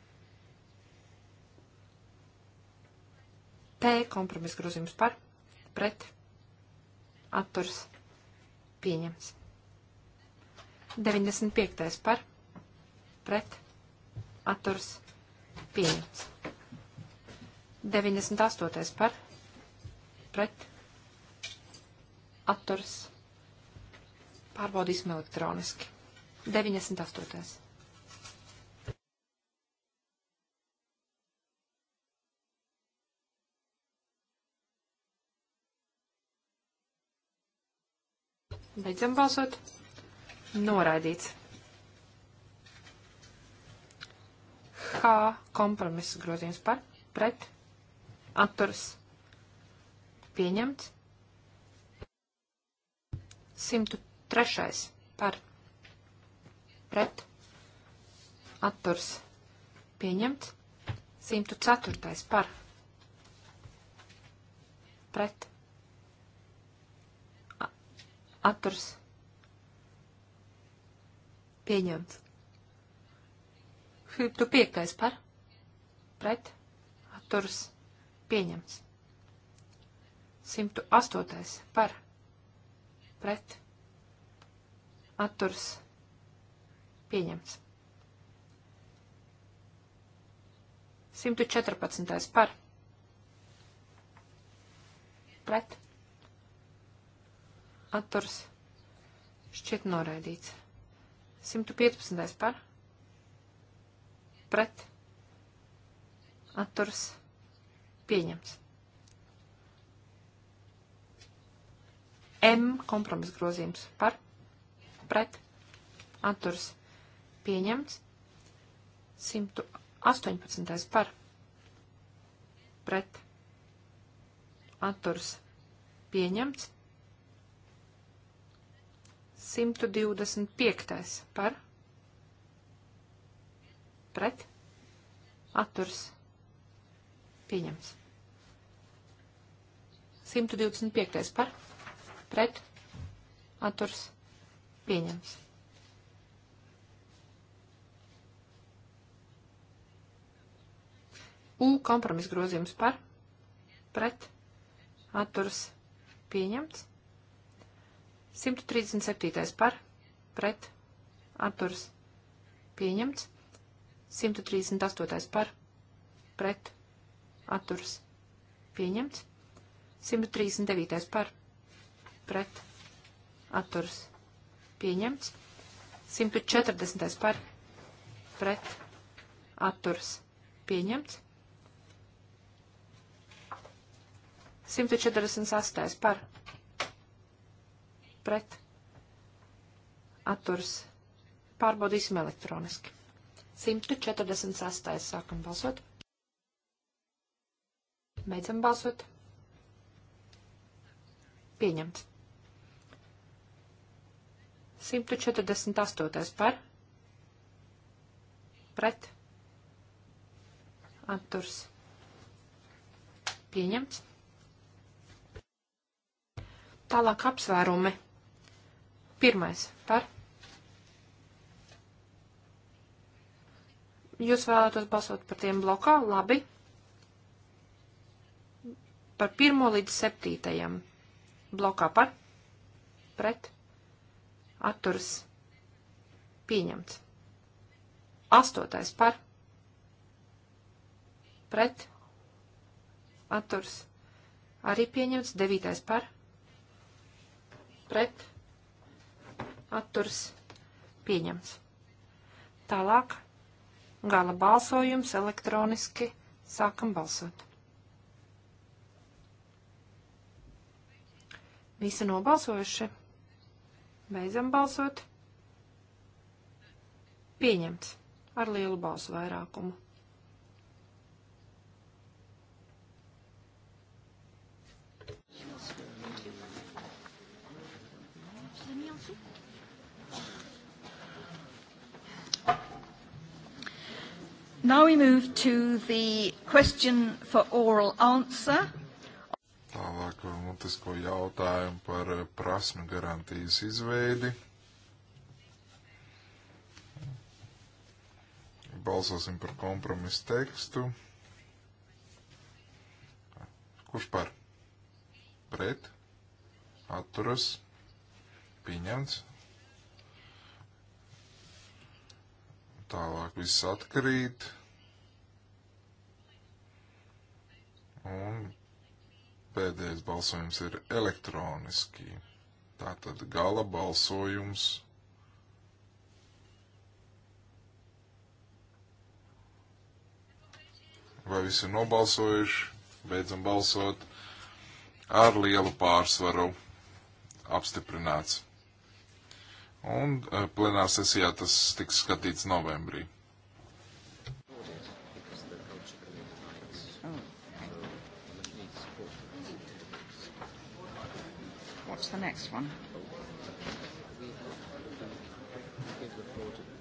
S1: P kompromis grozījums par pret atturas pieņemts atturs pieņems. 95. par pret atturs pieņems. 98. par pret atturs pārbaudīsim elektroniski. 98. Beidzam balsot. Noraidīts. H kompromisa grozījums par, pret, atturas. Pieņemts. 103. par, pret, atturas. Pieņemts. 104. par, pret, atturs pieņemts. 105. par pret atturs pieņemts. 108. par pret atturs pieņemts. 114. par pret atturs šķiet noraidīts. 115. par pret atturs pieņemts. M kompromis grozījums par pret atturs pieņemts. 118. par pret atturs pieņemts. 125. par pret atturs pieņems. 125. par pret atturs pieņems. U kompromis grozījums par pret atturs pieņemts. 137. par, pret, atturs, pieņemts. 138. par, pret, atturs, pieņemts. 139. par, pret, atturs, pieņemts. 140. par, pret, atturs, pieņemts. 148. par, pret atturs pārbaudīsim elektroniski. 146. sākam balsot. Beidzam balsot. Pieņemts. 148. par pret atturs pieņemts. Tālāk apsvērumi Pirmais par. Jūs vēlētos balsot par tiem blokā? Labi. Par pirmo līdz septītajam blokā par. Pret. Atturs. Pieņemts. Astotais par. Pret. Atturs. Arī pieņemts. Devītais par. Pret atturs pieņems. Tālāk gala balsojums elektroniski sākam balsot. Visi nobalsojuši. Beidzam balsot. Pieņemts ar lielu balsu vairākumu.
S3: Now we move to the question for oral answer.
S2: Tālāk mutisko jautājumu par eh, prasme garantijas izveidi. Balsosim par kompromisu tekstu. Kurš par? Pret? Atturas? Pieņemts? Tālāk viss atkarīt. Un pēdējais balsojums ir elektroniski. Tātad gala balsojums. Vai visi ir nobalsojuši? Beidzam balsot. Ar lielu pārsvaru apstiprināts. Un e, plenā sesijā tas tiks skatīts novembrī.
S3: What's the next one? We have, um, give the floor to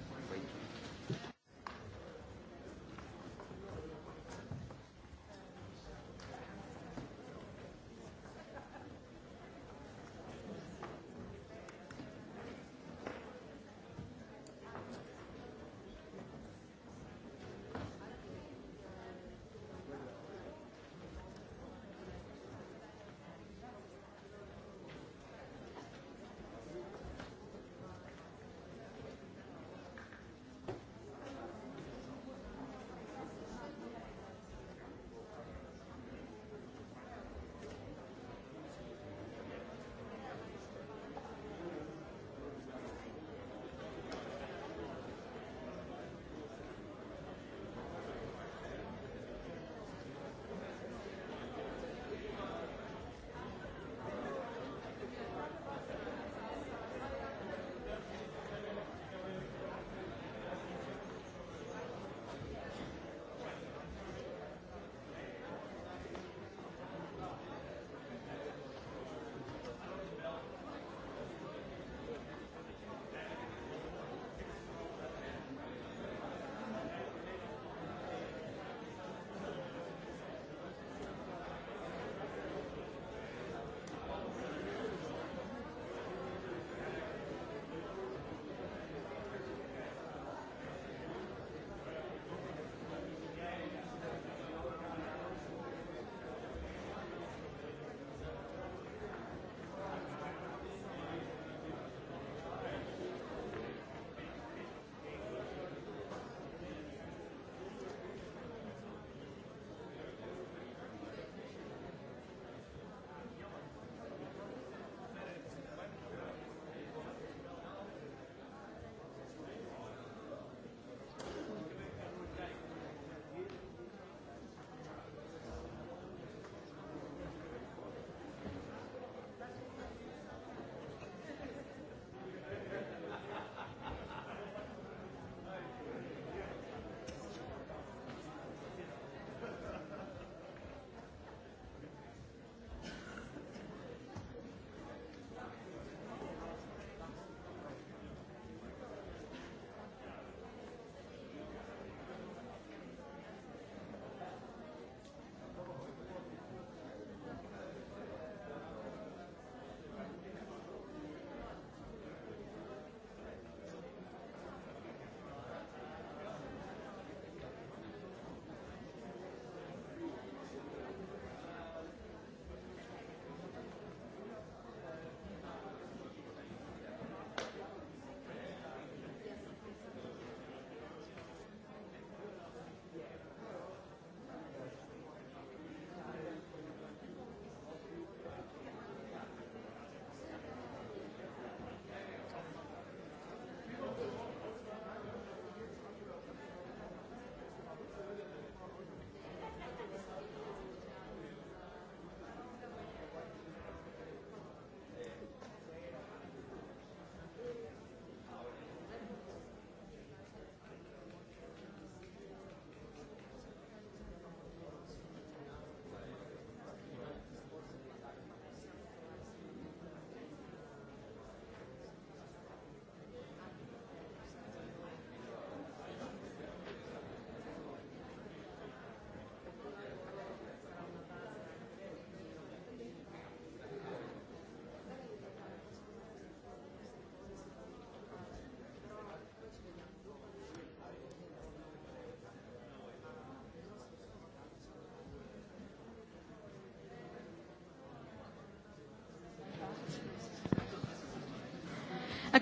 S3: Uh,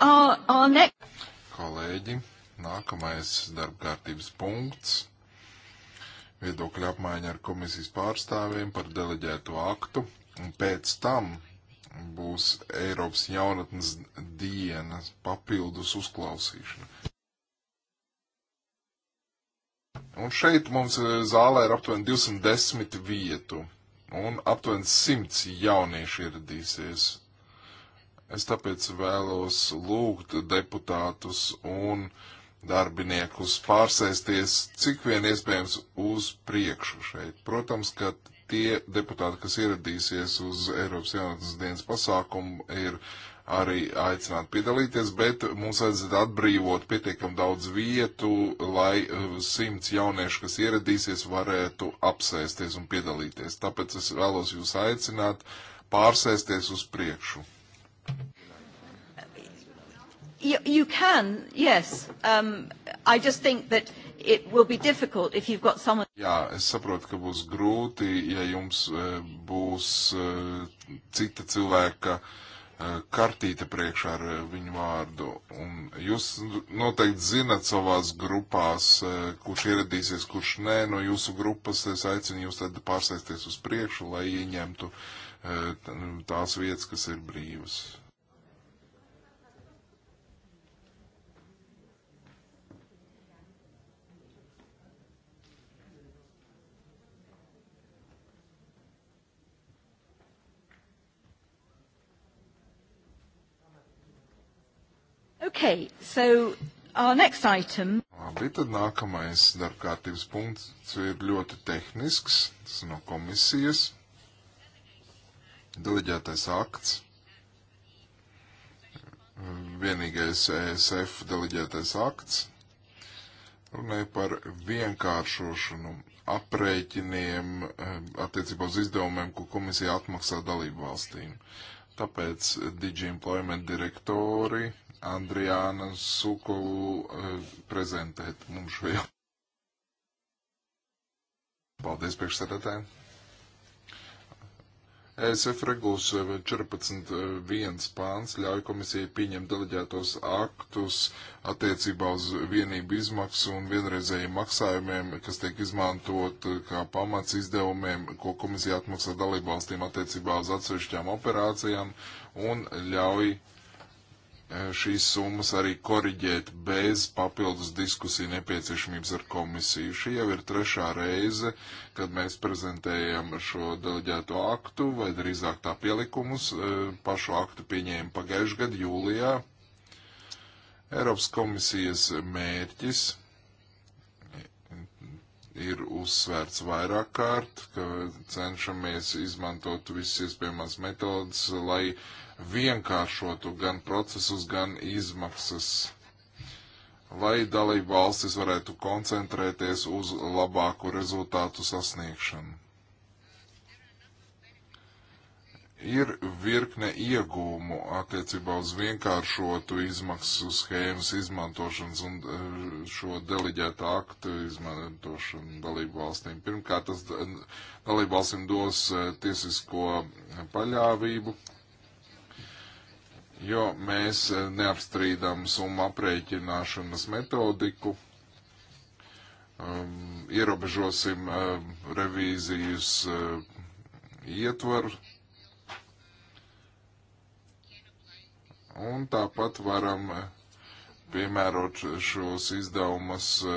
S3: are, are next...
S2: Kolēģi, nākamais darba kārtības punkts - viedokļa apmaiņa ar komisijas pārstāvjiem par deleģēto aktu, un pēc tam būs Eiropas jaunatnes dienas papildus uzklausīšana. Un šeit mums uh, zālē ir aptuveni 210 vietu, un aptuveni 100 jaunieši ieradīsies. Es tāpēc vēlos lūgt deputātus un darbiniekus pārsēsties cik vien iespējams uz priekšu šeit. Protams, ka tie deputāti, kas ieradīsies uz Eiropas jaunatnes dienas pasākumu, ir arī aicināti piedalīties, bet mums vajadzētu atbrīvot pietiekam daudz vietu, lai uh, simts jauniešu, kas ieradīsies, varētu apsēsties un piedalīties. Tāpēc es vēlos jūs aicināt pārsēsties uz priekšu.
S3: You, you can, yes. Um, I just think that it will be difficult if you've got someone.
S2: Jā, es saprotu, ka būs grūti, ja jums e, būs e, cita cilvēka e, kartīte priekšā ar viņu vārdu. Un jūs noteikti zinat savās grupās, kurš ieradīsies, kurš nē no jūsu grupas. Es aicinu jūs tad pārsēsties uz priekšu, lai ieņemtu tās vietas, kas ir brīvas.
S3: Okay, so our next item.
S2: Labi, tad nākamais darbkārtības punkts ir ļoti tehnisks. Tas no komisijas. Deleģētais akts. Vienīgais ESF deleģētais akts. Runāja par vienkāršošanu aprēķiniem eh, attiecībā uz izdevumiem, ko komisija atmaksā dalību valstīm. Tāpēc Digi Employment direktori Andrijāna Sukovu eh, prezentēt mums šo jau. Paldies, priekšsēdētāji. ESF regulas 14.1 pāns ļauj komisijai pieņemt deleģētos aktus attiecībā uz vienību izmaksu un vienreizējiem maksājumiem, kas tiek izmantot eh, kā pamats izdevumiem, ko komisija atmaksā dalībvalstīm attiecībā uz atsevišķām operācijām un ļauj šīs summas arī koriģēt bez papildus diskusiju nepieciešamības ar komisiju. Šī jau ir trešā reize, kad mēs prezentējam šo deleģēto aktu, vai drīzāk tā pielikumus. E, pašu aktu pieņēma pagājušajā gadā, jūlijā. Eiropas komisijas mērķis ir uzsvērts vairāk kārt, ka cenšamies izmantot visas iespējamās metodas, lai vienkāršotu gan procesus, gan izmaksas, lai dalību valstis varētu koncentrēties uz labāku rezultātu sasniegšanu. ir virkne iegūmu attiecībā uz vienkāršotu izmaksu schēmas izmantošanas un eh, šo deliģētu aktu izmantošanu dalību valstīm. Pirmkārt, tas eh, dalību valstīm dos eh, tiesisko paļāvību, jo mēs neapstrīdam summu aprēķināšanas metodiku. Um, ierobežosim um, revīzijas um, ietvaru, Un tāpat varam eh, piemērot šos izdevumus eh,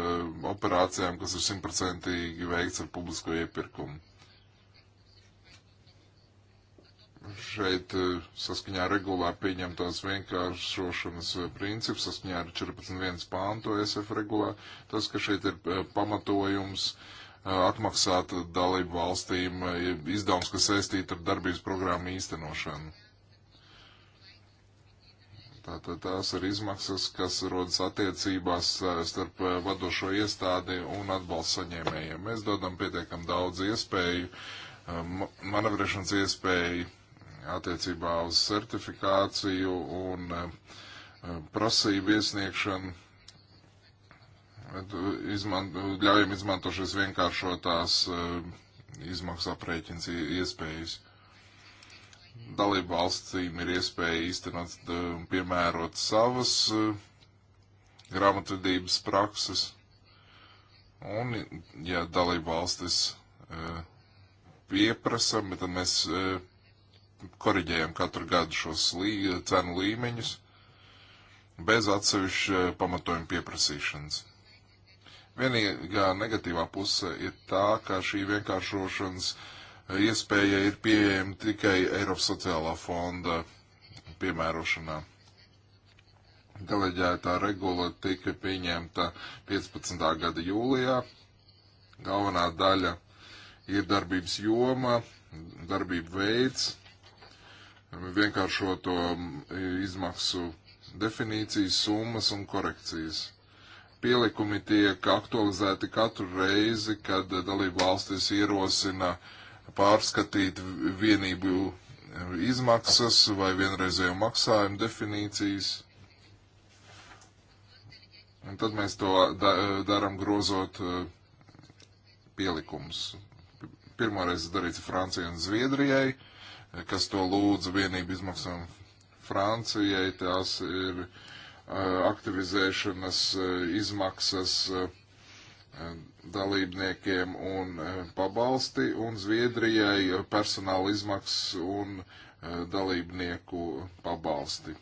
S2: operācijām, kas ir simtprocentīgi veikts ar publisko iepirkumu. Šeit eh, saskaņā ar regulā pieņemtās vienkāršošanas princips, saskaņā ar 14.1 pāntu e SF regulā, tas, ka šeit ir pamatojums atmaksāt dalību valstīm izdevums, kas saistīta ar darbības programmu īstenošanu. Tātad tās ir izmaksas, kas rodas attiecībās eh, starp eh, vadošo iestādi un atbalsta saņēmējiem. Mēs dodam pietiekam daudz iespēju, eh, manevrēšanas iespēju attiecībā uz certifikāciju un prasību iesniegšanu. Izman, ļaujam izmanto šīs vienkāršotās izmaksu aprēķins iespējas. Dalību valstīm ir iespēja īstenot eh, un piemērot savas eh, grāmatvedības prakses. Un, ja dalību valstis eh, pieprasam, tad mēs koriģējam katru gadu šos lī, cenu līmeņus bez atsevišķa pamatojuma pieprasīšanas. Vienīgā negatīvā puse ir tā, ka šī vienkāršošanas uh, iespēja ir pieejama tikai Eiropas sociālā fonda piemērošanā. Deleģētā regula tika pieņemta 15. gada jūlijā. Galvenā daļa ir darbības joma, darbība veids, vienkāršoto izmaksu definīcijas, summas un korekcijas. Pielikumi tiek aktualizēti katru reizi, kad dalību valstis ierosina uh, pārskatīt vienību izmaksas vai vienreizējo maksājumu definīcijas. Un tad mēs to da darām grozot eh, pielikumus. Pirmoreiz darīts Francijai un Zviedrijai, kas to lūdza vienību izmaksām Francijai. Tās ir eh, aktivizēšanas eh, izmaksas. Uh, Um, dalībniekiem un um, pabalsti, un Zviedrijai personāla izmaksas un uh, dalībnieku pabalsti.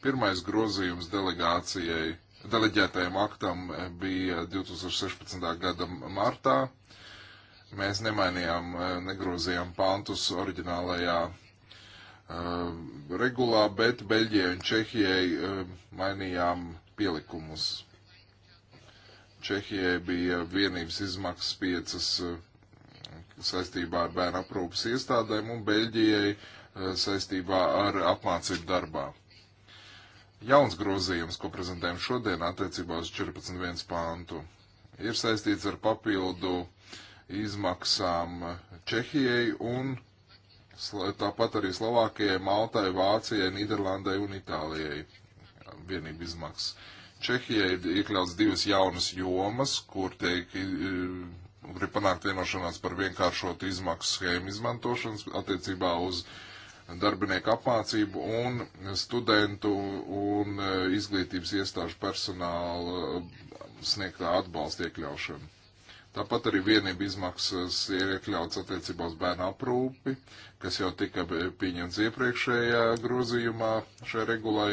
S2: Pirmais grozījums delegācijai, deleģētajam aktam bija 2016. gada martā. Mēs nemainījām, uh, negrozījām pantus oriģinālajā uh, regulā, bet Beļģijai un Čehijai mainījām pielikumus Čehijai bija vienības izmaksas piecas eh, saistībā ar bērnu aprūpas iestādēm un Beļģijai eh, saistībā ar apmācību darbā. Jauns grozījums, ko prezentējam šodien attiecībā uz 14.1 pāntu, ir saistīts ar papildu izmaksām Čehijai un tāpat arī Slovākijai, Maltai, Vācijai, Nīderlandai un Itālijai vienību izmaksas. Čehijai ir iekļauts divas jaunas jomas, kur tiek grib panākt vienošanās par vienkāršotu izmaksu schēmu izmantošanas attiecībā uz darbinieku apmācību un studentu un e, izglītības iestāžu personāla sniegtā atbalsta iekļaušanu. Tāpat arī vienība izmaksas ir iekļauts attiecībā uz bērnu aprūpi, kas jau tika pieņemts iepriekšējā grozījumā šai regulai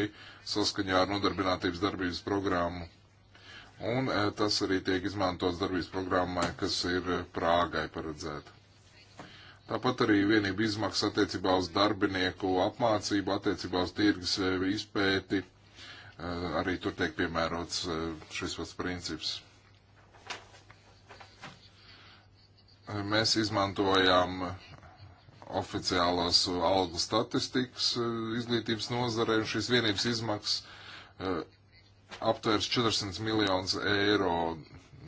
S2: saskaņā ar nodarbinātības darbības programmu. Un e, tas arī tiek izmantots darbības programmai, kas ir Prāgai paredzēta. Tāpat arī vienība izmaksas attiecībā uz darbinieku apmācību, attiecībā uz tirgus e, izpēti, e, arī tur tiek piemērots šis pats princips. Mēs izmantojām oficiālās algu statistikas eh, izglītības nozarē, un šīs vienības izmaksas eh, aptvērs 400 miljonus eiro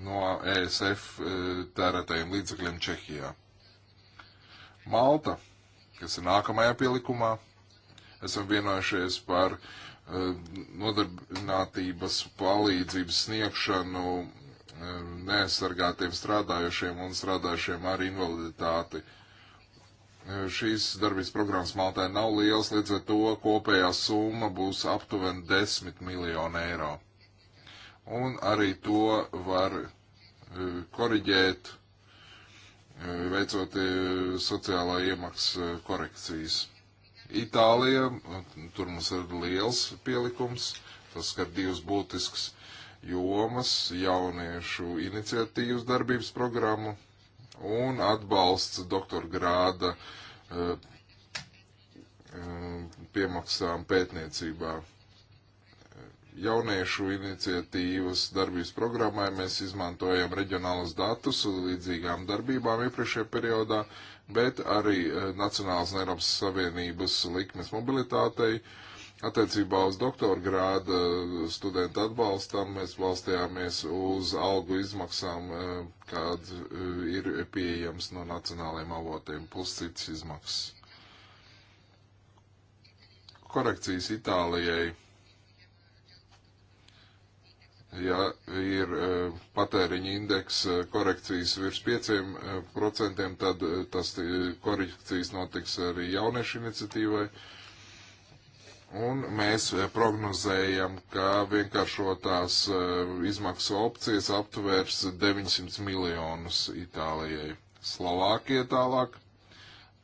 S2: no ESF eh, tērētajiem līdzekļiem Čehijā. Malta, kas ir nākamajā pielikumā, esam vienojušies par nodarbinātības palīdzības sniegšanu neaizsargātiem strādājušiem un strādājušiem ar invaliditāti. Šīs darbības programmas Maltē nav liels, līdz ar to kopējā summa būs aptuveni 10 miljonu eiro. Un arī to var eh, koriģēt, eh, veicot eh, sociālā iemaksa korekcijas. Itālija, tur mums ir liels pielikums, tas skar divus būtiskus jomas, jauniešu iniciatīvas darbības programmu un atbalsts doktora grāda eh, eh, piemaksām pētniecībā. Jauniešu iniciatīvas darbības programmai mēs izmantojam reģionālus datus līdzīgām darbībām iepriekšējā periodā, bet arī eh, Nacionālas un Eiropas Savienības likmes mobilitātei uh, Attiecībā uz doktora grāda studentu atbalstam mēs balstījāmies uz algu izmaksām, eh, kāds eh, ir pieejams no nacionālajiem avotiem, plus citas izmaksas. Korekcijas Itālijai. Ja ir eh, patēriņa indeks korekcijas virs 5%, tad tas korekcijas notiks arī jauniešu iniciatīvai. Uh, Un mēs eh, prognozējam, ka vienkāršotās eh, izmaksu opcijas aptvērs 900 miljonus Itālijai. Slovākie tālāk.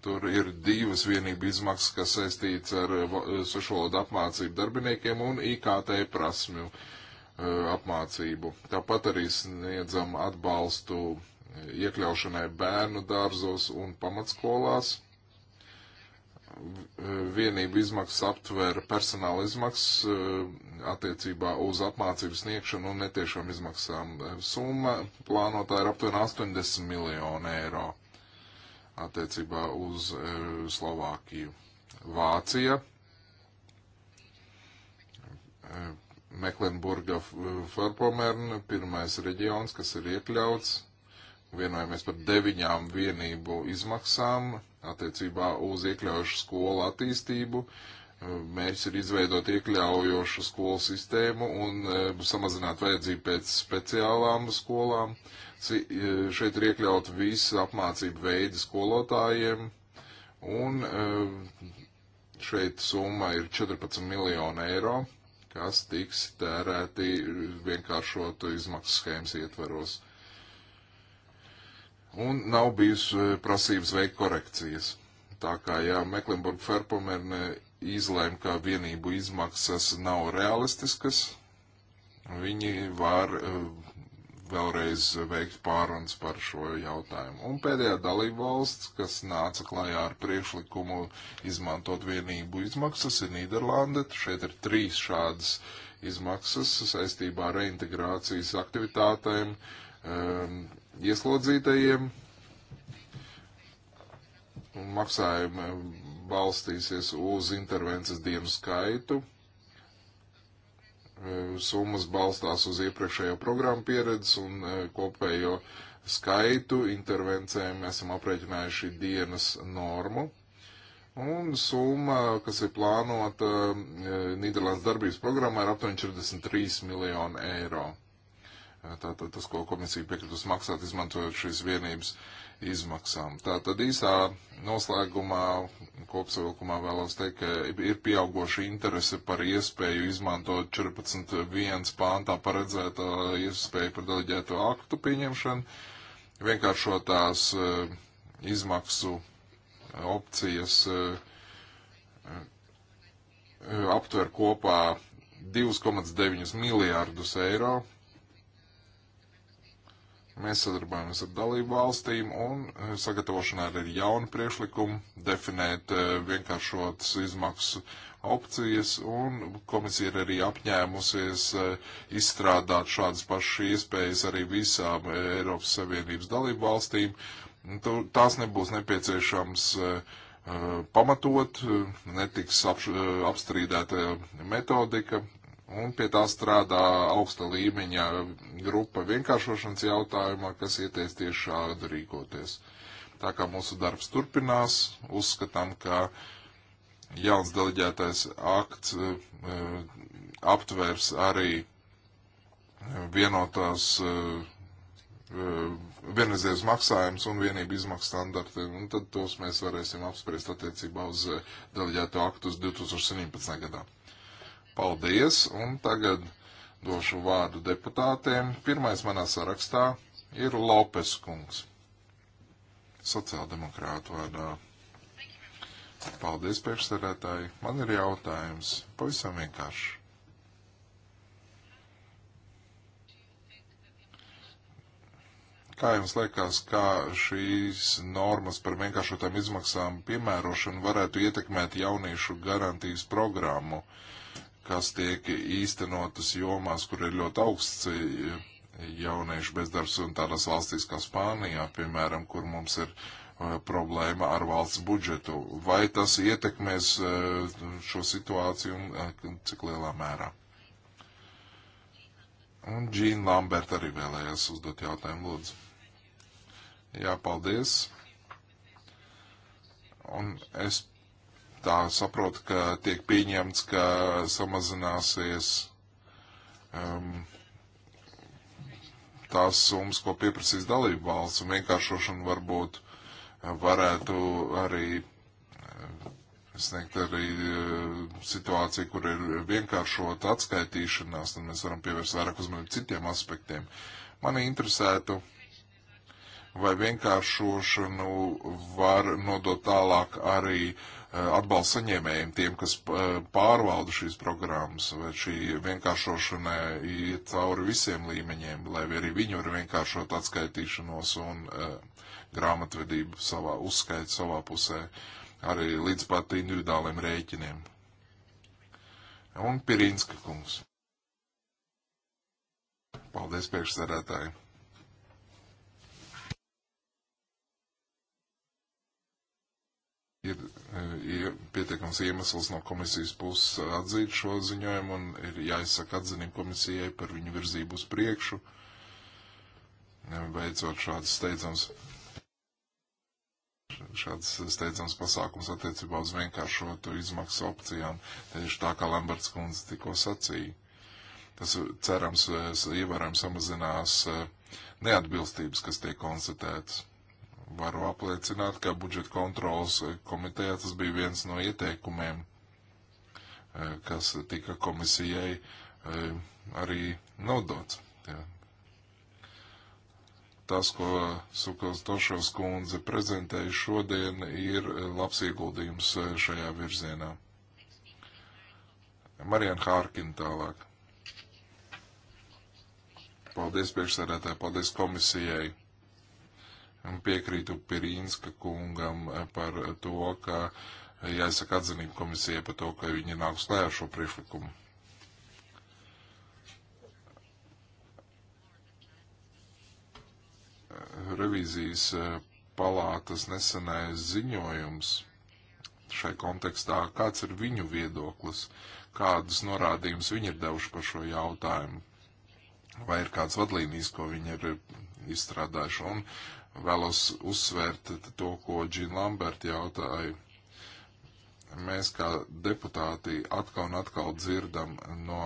S2: Tur ir divas vienība izmaksas, kas saistīts ar eh, svešvalodu apmācību darbiniekiem un IKT prasmju apmācību. Tāpat arī sniedzam atbalstu iekļaušanai bērnu dārzos un pamatskolās vienību izmaksas aptver personāla izmaksas eh, attiecībā uz apmācības sniegšanu un netiešām izmaksām. Summa plānotā ir aptuveni 80 miljonu eiro attiecībā uz eh, Slovākiju. Vācija, eh, Meklenburga Farpomerne, pirmais reģions, kas ir iekļauts. Vienojamies par deviņām vienību izmaksām attiecībā uz iekļaujušu skolu attīstību. Mērķis ir izveidot iekļaujošu skolu sistēmu un samazināt vajadzību pēc speciālām skolām. Šeit ir iekļaut visu apmācību veidu skolotājiem un šeit summa ir 14 miljonu eiro, kas tiks tērēti vienkāršotu izmaksu schēmas ietveros un nav bijusi e, prasības veikt korekcijas. Tā kā, ja Mecklenburg-Ferpomerne izlēma, ka vienību izmaksas nav realistiskas, viņi var e, vēlreiz veikt pārunas par šo jautājumu. Un pēdējā dalība valsts, kas nāca klajā ar priekšlikumu izmantot vienību izmaksas, ir Nīderlanda. Šeit ir trīs šādas izmaksas saistībā ar reintegrācijas aktivitātēm. Um, ieslodzītajiem. Maksājumi balstīsies uz intervences dienu skaitu. E, summas balstās uz iepriekšējo programmu pieredzes un e, kopējo skaitu intervencēm esam aprēķinājuši dienas normu. Un summa, kas ir plānota e, Nīderlandes darbības programmā, ir aptuveni 43 miljoni eiro. Tātad tas, ko komisija piekritus maksāt, izmantojot šīs vienības izmaksām. Tātad īsā noslēgumā, kopsavilkumā vēlos teikt, ka ir pieaugoša interese par iespēju izmantot 14.1 pāntā paredzētā iespēju par deleģēto aktu pieņemšanu, vienkāršotās izmaksu opcijas aptver kopā 2,9 miljārdus eiro Mēs sadarbojamies ar dalību valstīm un eh, sagatavošanā ir jauni priekšlikumi, definēt eh, vienkāršotas izmaksu opcijas, un komisija ir arī apņēmusies eh, izstrādāt šādas pašas iespējas arī visām Eiropas Savienības dalību valstīm. Tās nebūs nepieciešams pamatot, netiks apstrīdēta metodika, Un pie tā strādā augsta līmeņa grupa vienkāršošanas jautājumā, kas ieties tieši šādi rīkoties. Tā kā mūsu darbs turpinās, uzskatām, ka jauns deleģētais akts e, aptvērs arī vienotās e, e, vienreizējais maksājums un vienība izmaksu standarti, un tad tos mēs varēsim apspriest attiecībā uz deleģēto aktu uz 2017. gadā. Paldies, un tagad došu vārdu deputātiem. Pirmais manā sarakstā ir Lopes kungs, sociāldemokrātu vārdā. Paldies, priekšsēdētāji. Man ir jautājums, pavisam vienkārši. Kā jums liekas, kā šīs normas par vienkāršotām izmaksām piemērošanu varētu ietekmēt jauniešu garantijas programmu? Uh, kas tiek īstenotas jomās, kur ir ļoti augsts eh, jauniešu bezdarbs un tādās valstīs kā Spānijā, piemēram, kur mums ir eh, problēma ar valsts budžetu. Vai tas ietekmēs eh, šo situāciju un cik lielā mērā? Un Džīna Lambert arī vēlējās uzdot jautājumu, lūdzu. Jā, paldies. Un es tā saprotu, ka tiek pieņemts, ka samazināsies um, tās summas, ko pieprasīs dalību valsts, un vienkāršošana varbūt varētu arī uh, sniegt arī uh, situāciju, kur ir vienkāršot atskaitīšanās, tad mēs varam pievērst vairāk uzmanību citiem aspektiem. Mani interesētu, vai vienkāršošanu var nodot tālāk arī uh, Eh, atbalsta saņēmējiem, tiem, kas eh, pārvalda šīs programmas, vai šī vienkāršošana iet cauri visiem līmeņiem, lai arī viņi var vienkāršot atskaitīšanos un uh, grāmatvedību savā uzskaitu savā pusē, arī līdz pat individuāliem rēķiniem. Un Pirinska kungs. Paldies priekšsēdētāji. ir, eh, ir pietiekams iemesls no komisijas puses atzīt šo ziņojumu un ir jāizsaka atzinība komisijai par viņu virzību uz priekšu, veicot šādas steidzams, šādas steidzams pasākums attiecībā uz vienkāršotu izmaksu opcijām, tieši tā kā Lamberts kundze tikko sacīja. Tas cerams, ievērojami samazinās eh, neatbilstības, kas tiek konstatētas varu apliecināt, ka budžeta kontrolas komitejā tas bija viens no ieteikumiem, eh, kas tika komisijai eh, arī nodots. Jā. Tas, ko Sukos Tošos kundze prezentēja šodien, ir labs ieguldījums eh, šajā virzienā. Marijana Hārkina tālāk. Paldies priekšsēdētāji, paldies komisijai Piekrītu Pirīnska kungam eh, par to, ka jāizsaka atzinība komisija par to, ka viņi nāk slēgā šo priekšlikumu. Eh, revīzijas eh, palātas nesenais ziņojums šai kontekstā, kāds ir viņu viedoklis, kādus norādījumus viņi ir devuši par šo jautājumu, vai ir kāds vadlīnijas, ko viņi ir izstrādājuši. Un vēlos uzsvērt to, ko Džina Lamberta jautāja. Mēs kā deputāti atkal un atkal dzirdam no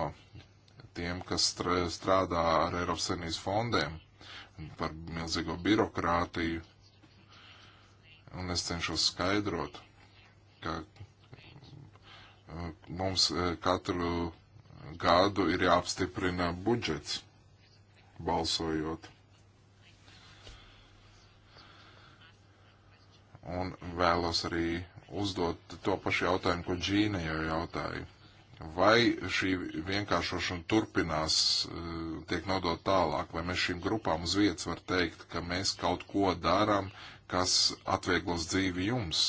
S2: tiem, kas strādā ar Eiropas Savienības fondiem par milzīgo birokrātiju. Un es cenšos skaidrot, ka uh, mums uh, katru gadu ir jāapstiprina budžets balsojot. Un vēlos arī uzdot to pašu jautājumu, ko Džīna jau jautāja. Vai šī vienkāršošana turpinās, eh, tiek nodot tālāk, vai mēs šīm grupām uz vietas var teikt, ka mēs kaut ko darām, kas atvieglos dzīvi jums?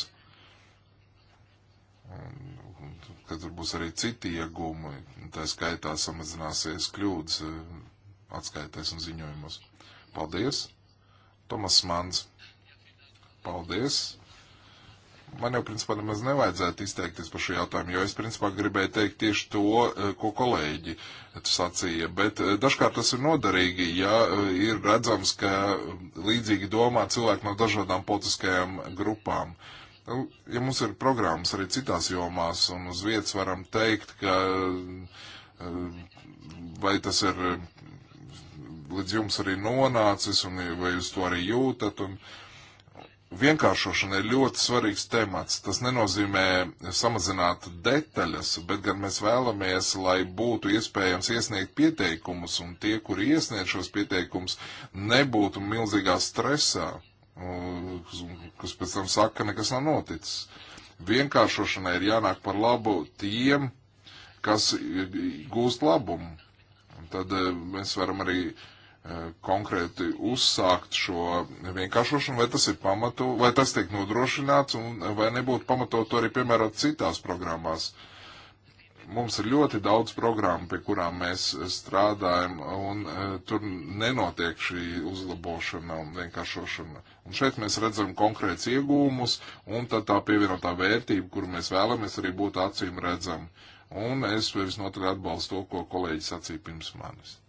S2: Un, kad būs arī citi iegūmi, tā skaitā samazināsies kļūdas eh, atskaitēs un ziņojumos. Paldies! Tomas Mans. Paldies! Man jau, principā, nemaz nevajadzētu izteikties par šo jautājumu, jo es, principā, gribēju teikt tieši to, eh, ko kolēģi sacīja. Bet eh, dažkārt tas ir noderīgi, ja eh, ir redzams, ka mm, līdzīgi domā cilvēki no dažādām politiskajām grupām. Nu, ja mums ir programmas arī citās jomās un uz vietas varam teikt, ka mm, vai tas ir mm, līdz jums arī nonācis un vai jūs to arī jūtat. Un, uh, Vienkāršošana ir ļoti svarīgs temats. Tas nenozīmē samazināt detaļas, bet gan mēs vēlamies, lai būtu iespējams iesniegt pieteikumus, un tie, kuri iesniedz šos pieteikumus, nebūtu milzīgā stresā, kas pēc tam saka, ka nekas nav noticis. Vienkāršošanai ir jānāk par labu tiem, kas gūst labumu. Un tad eh, mēs varam arī uh, Eh, konkrēti uzsākt šo vienkāršošanu, vai tas ir pamatu, vai tas tiek nodrošināts, un vai nebūtu pamatot to arī, piemēram, citās programmās. Mums ir ļoti daudz programmu, pie kurām mēs strādājam, un uh, tur nenotiek šī uzlabošana un vienkāršošana. Un šeit mēs redzam konkrēts iegūmus, un tad tā pievienotā vērtība, kuru mēs vēlamies, arī būtu acīm redzama. Un es visnotaļ atbalstu to, ko kolēģis sacīja pirms manis.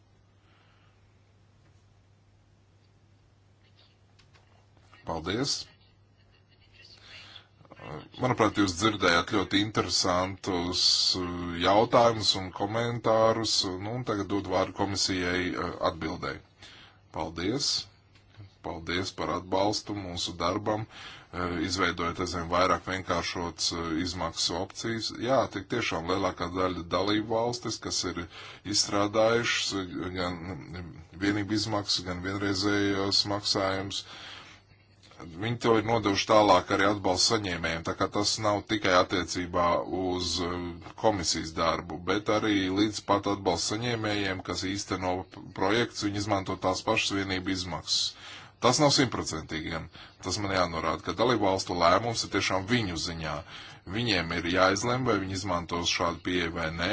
S2: Paldies! Manuprāt, jūs dzirdējāt ļoti interesantus uh, jautājumus un komentārus, nu, un tagad dod vārdu komisijai uh, atbildēji. Paldies! Paldies par atbalstu mūsu darbam, uh, izveidojot aizvien vairāk vienkāršots izmaksu opcijas. Jā, tik tiešām lielākā daļa dalību valstis, kas ir izstrādājušas gan vienību izmaksu, gan vienreizējos maksājumus, uh, Viņi to ir nodevuši tālāk arī atbalstu saņēmējiem, tā kā tas nav tikai attiecībā uz eh, komisijas darbu, bet arī līdz pat atbalstu saņēmējiem, kas īsteno projekts, viņi izmanto tās pašas vienību izmaksas. Tas nav simtprocentīgi, gan tas man jānorāda, ka dalībvalstu lēmums ir tiešām viņu ziņā. Viņiem ir jāizlem, vai viņi izmantos šādu pieeju vai nē,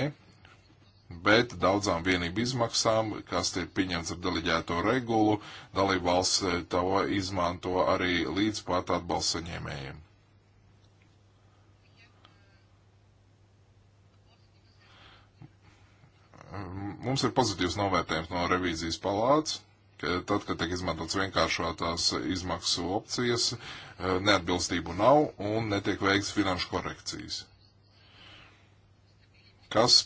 S2: bet daudzām vienību izmaksām, kas ir pieņemts ar deleģēto regulu, dalību valsts eh, to izmanto arī līdz pat atbalstsaņēmējiem. Mums ir pozitīvs novērtējums no revīzijas palāts, ka tad, kad tiek izmantots vienkāršotās izmaksu opcijas, eh, neatbilstību nav un netiek veikts finanšu korekcijas. Kas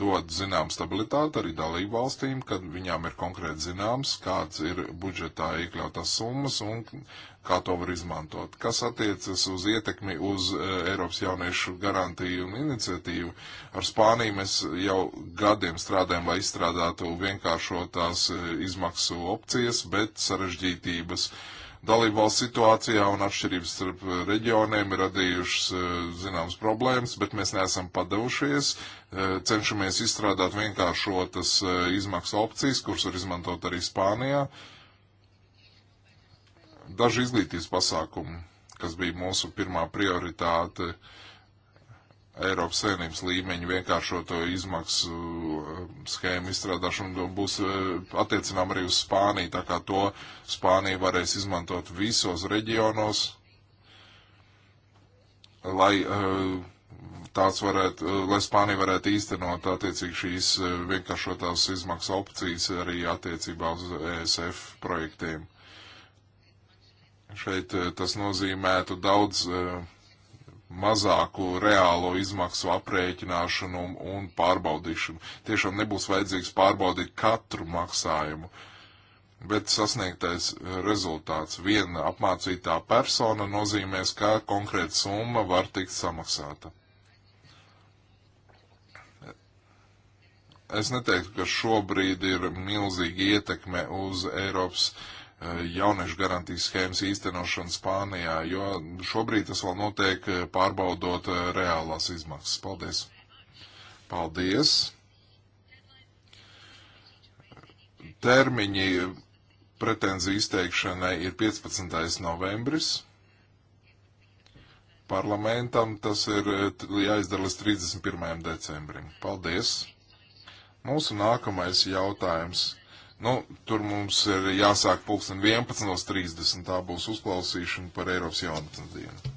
S2: dod zinām stabilitāti arī dalību valstīm, kad viņām ir konkrēti zināms, kāds ir budžetā iekļautās summas un kā to var izmantot. Kas attiecas uz ietekmi uz e, Eiropas jauniešu garantiju un iniciatīvu, ar Spāniju mēs jau gadiem strādājam, lai izstrādātu vienkāršotās e, izmaksu opcijas, bet sarežģītības uh, Dalībvalsts situācijā un atšķirības starp eh, reģioniem ir radījušas eh, zināmas problēmas, bet mēs neesam padevušies. Eh, cenšamies izstrādāt vienkāršotas izmaksu opcijas, kuras var izmantot arī Spānijā. Daži izglītības pasākumi, kas bija mūsu pirmā prioritāte uh, Eiropas Savienības līmeņa vienkāršoto izmaksu um, schēmu izstrādāšanu būs uh, attiecinām arī uz Spāniju, tā kā to Spānija varēs izmantot visos reģionos, lai uh, tāds varētu, uh, lai Spānija varētu īstenot attiecīgi šīs vienkāršotās izmaksu opcijas arī attiecībā uz ESF projektiem. Šeit tas nozīmētu daudz uh, mazāku reālo izmaksu aprēķināšanu un pārbaudīšanu. Tiešām nebūs vajadzīgs pārbaudīt katru maksājumu, bet sasniegtais rezultāts viena apmācītā persona nozīmēs, ka konkrēta summa var tikt samaksāta. Es neteiktu, ka šobrīd ir milzīga ietekme uz Eiropas uh, Eh, jauniešu garantijas schēmas īstenošanu Spānijā, jo šobrīd tas vēl notiek eh, pārbaudot eh, reālās izmaksas. Paldies! Paldies! Termiņi pretenziju izteikšanai ir 15. novembris. Parlamentam tas ir jāizdara līdz 31. decembrim. Paldies! Mūsu nākamais jautājums Nu, tur mums ir jāsāk pulksten 11.30. Tā būs uzklausīšana par Eiropas jaunatnes dienu.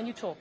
S1: when you talk.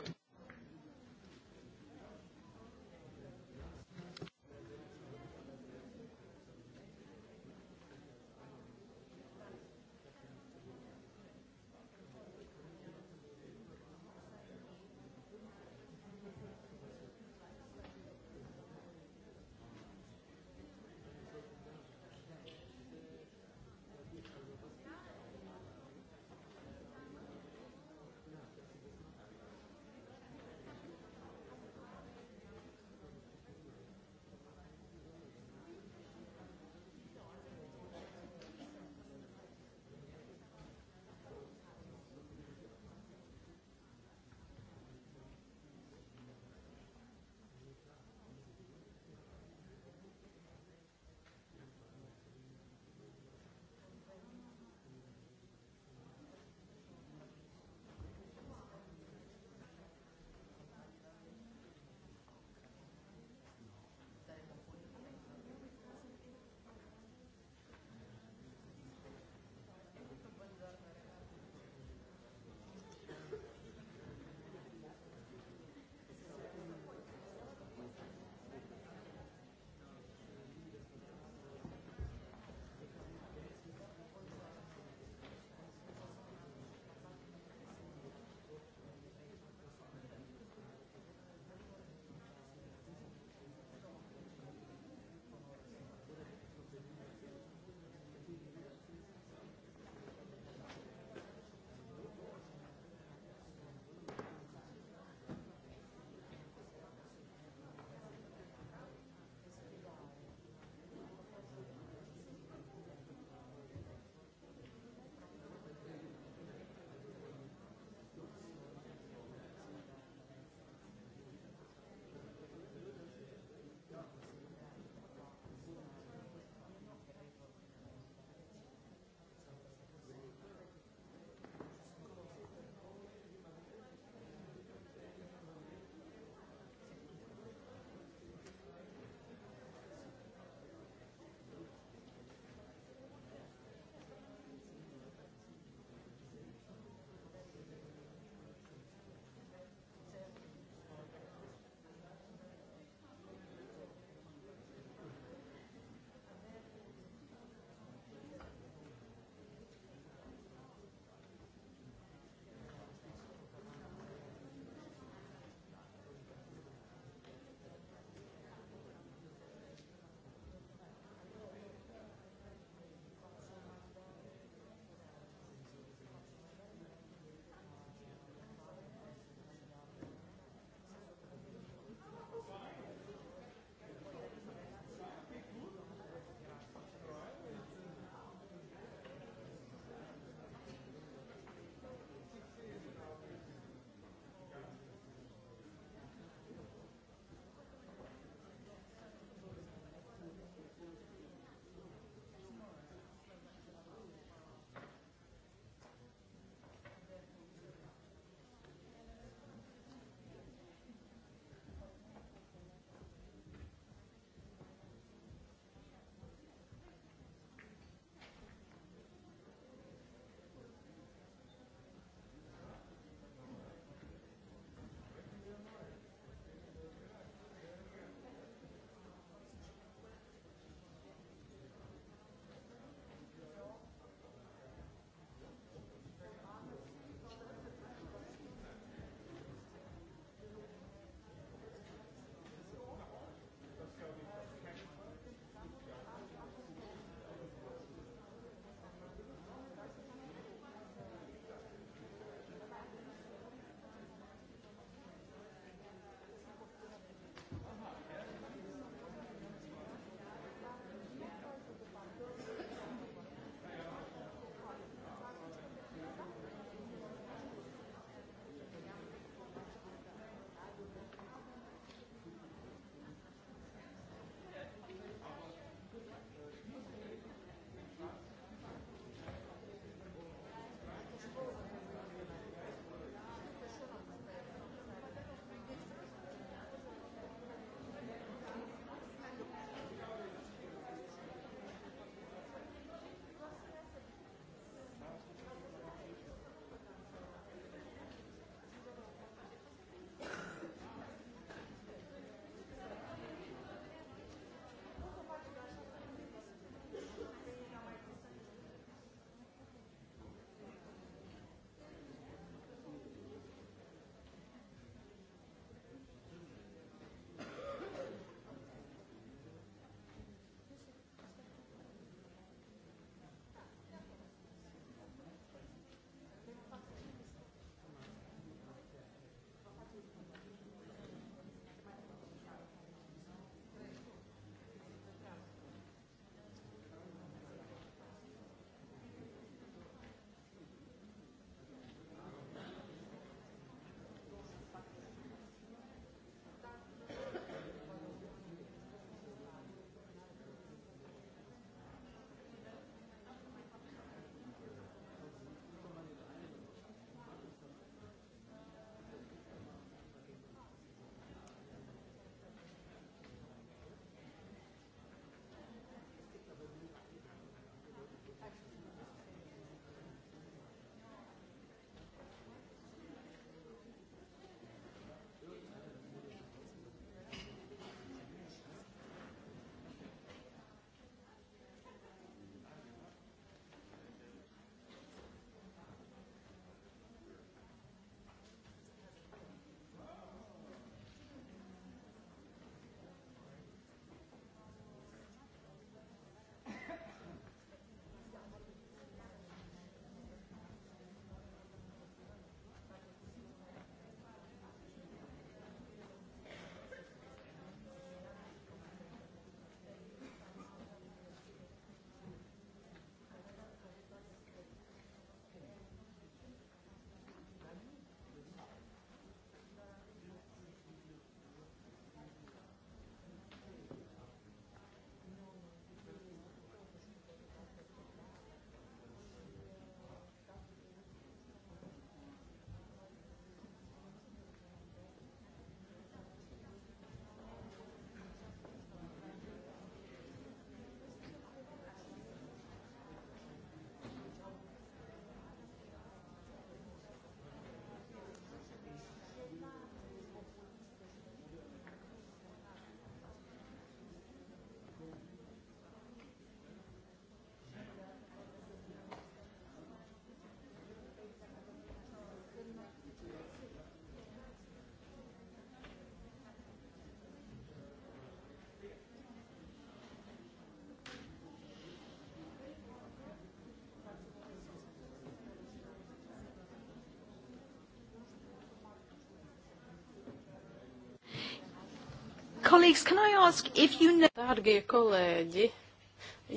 S5: Colleagues, can I ask if you know... Dārgie kolēģi,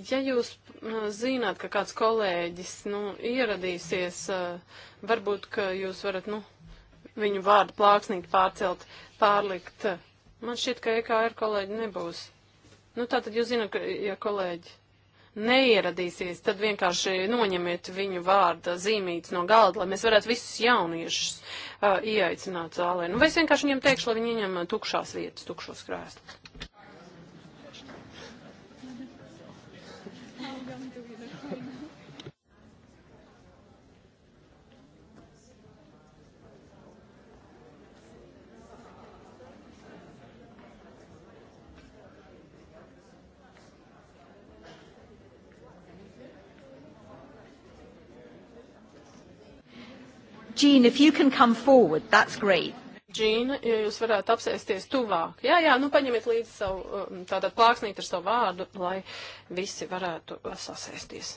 S5: ja jūs uh, zināt, ka kāds kolēģis, nu, ieradīsies, uh, varbūt, ka jūs varat, nu, viņu vārdu plāksnīgi pārcelt, pārlikt. Man šķiet, ka EKR kolēģi nebūs. Nu, tātad jūs zināt, ka, ja kolēģi neieradīsies, tad vienkārši noņemiet viņu vārda zīmītes no galda, lai mēs varētu visus jauniešus uh, ieaicināt zālē. Nu, vai es vienkārši viņiem teikšu, lai viņi ieņem tukšās vietas, tukšos krēslus.
S3: Jean, if you can come forward, that's great.
S5: Džīna, ja jūs varētu apsēsties tuvāk. Jā, jā, nu paņemiet līdzi savu um, tātad plāksnīti ar savu vārdu, lai visi varētu uh, sasēsties.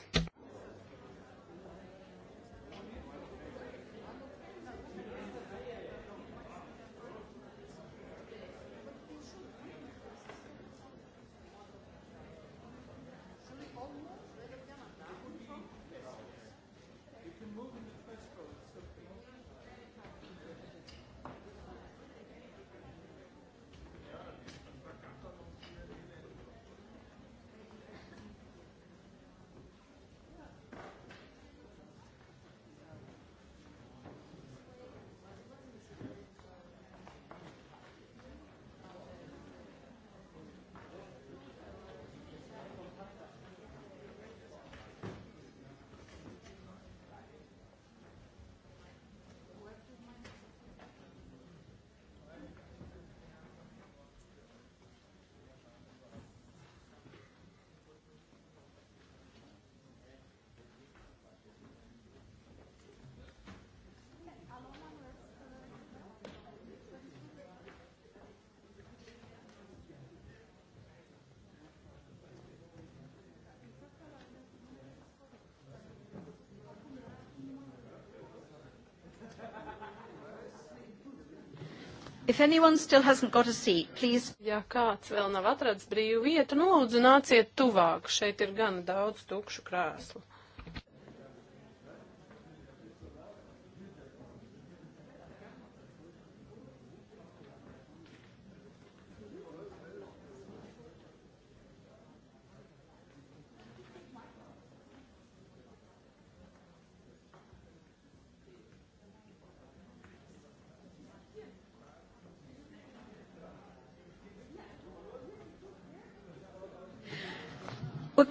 S5: If anyone still hasn't got a seat, please. Ja kāds vēl nav atradis brīvu vietu, nu lūdzu nāciet tuvāk. Šeit ir gan daudz tukšu krēslu.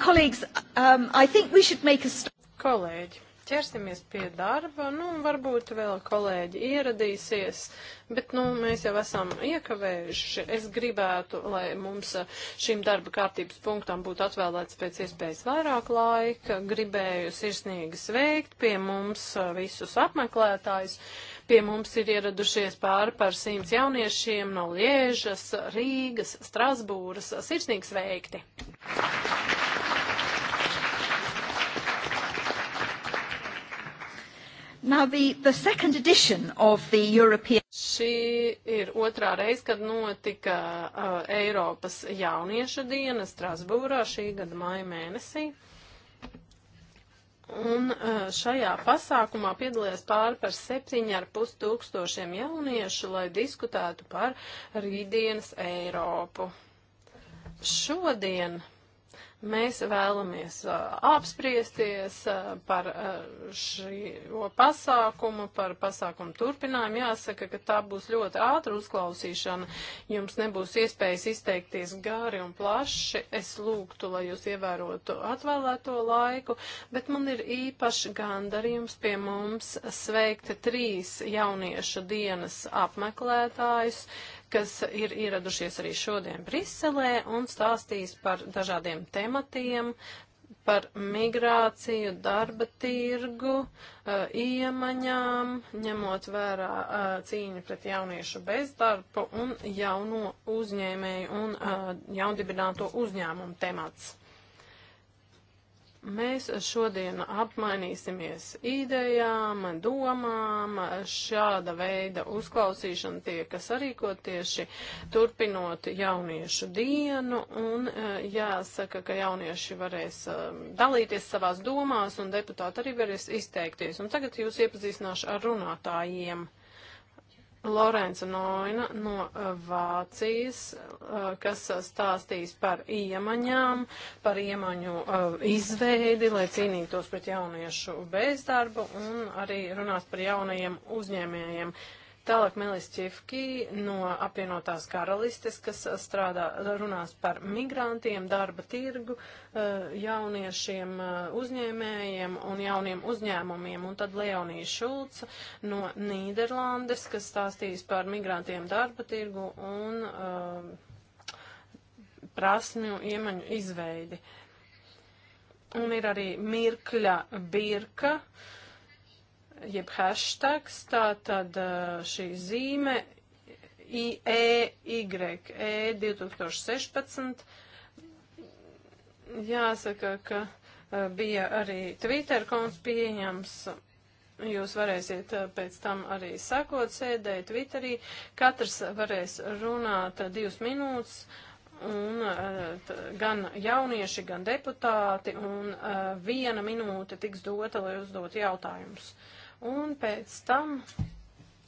S5: Colleagues, um, I think we should make a Kolēģi, ķersimies pie darba, nu, varbūt vēl kolēģi ieradīsies, bet, nu, mēs jau esam iekavējuši. Es gribētu, lai mums uh, šim darba kārtības punktam būtu atvēlēts pēc iespējas vairāk laika. Gribēju sirsnīgi sveikt pie mums uh, visus apmeklētājus. Pie mums ir ieradušies pāri par simts jauniešiem no Liežas, Rīgas, Strasbūras. Sirsnīgi sveikti! Aplausos. Now the, the second edition of the European... Šī ir otrā reize, kad notika uh, Eiropas jaunieša diena Strasbūrā šī gada maija mēnesī. Un uh, šajā pasākumā piedalījās pāri par septiņi ar pus tūkstošiem jauniešu, lai diskutētu par rītdienas Eiropu. Šodien Mēs vēlamies uh, apspriesties uh, par uh, šo pasākumu, par pasākumu turpinājumu. Jāsaka, ka tā būs ļoti ātra uzklausīšana. Jums nebūs iespējas izteikties gāri un plaši. Es lūgtu, lai jūs ievērotu atvēlēto laiku, bet man ir īpaši gandarījums pie mums sveikt trīs jauniešu dienas apmeklētājus. Uh, kas ir ieradušies arī šodien Briselē un stāstīs par dažādiem tematiem, par migrāciju, darba tirgu, uh, iemaņām, ņemot vērā uh, cīņu pret jauniešu bezdarbu un jauno uzņēmēju un uh, eh, jaundibināto uzņēmumu temats. Mēs šodien apmainīsimies idejām, domām, šāda veida uzklausīšana tiek sarīkot tieši turpinot jauniešu dienu, un eh, jāsaka, ka jaunieši varēs eh, dalīties savās domās, un deputāti arī varēs izteikties. Un tagad jūs iepazīstināšu ar runātājiem. Lorenza Noina no eh, Vācijas, eh, kas eh, stāstīs par iemaņām, par iemaņu izveidi, lai cīnītos pret jauniešu bezdarbu un arī runās par jaunajiem uzņēmējiem. Uh, Tālāk Melis Čifki no apvienotās karalistes, kas strādā, runās par migrantiem, darba tirgu, eh, jauniešiem eh, uzņēmējiem un jauniem uzņēmumiem. Un tad Leonija Šulc no Nīderlandes, kas stāstīs par migrantiem darba tirgu un uh, prasmju iemaņu izveidi. Un ir arī Mirkļa Birka. Uh, jeb hashtags, tā tad šī zīme IEYE 2016. E, Jāsaka, ka bija arī Twitter konts pieņems. Jūs varēsiet pēc tam arī sakot sēdē Twitterī. Katrs varēs runāt divas minūtes un t, gan jaunieši, gan deputāti un viena minūte tiks dota, lai uzdot jautājumus. Uh, Un pēc tam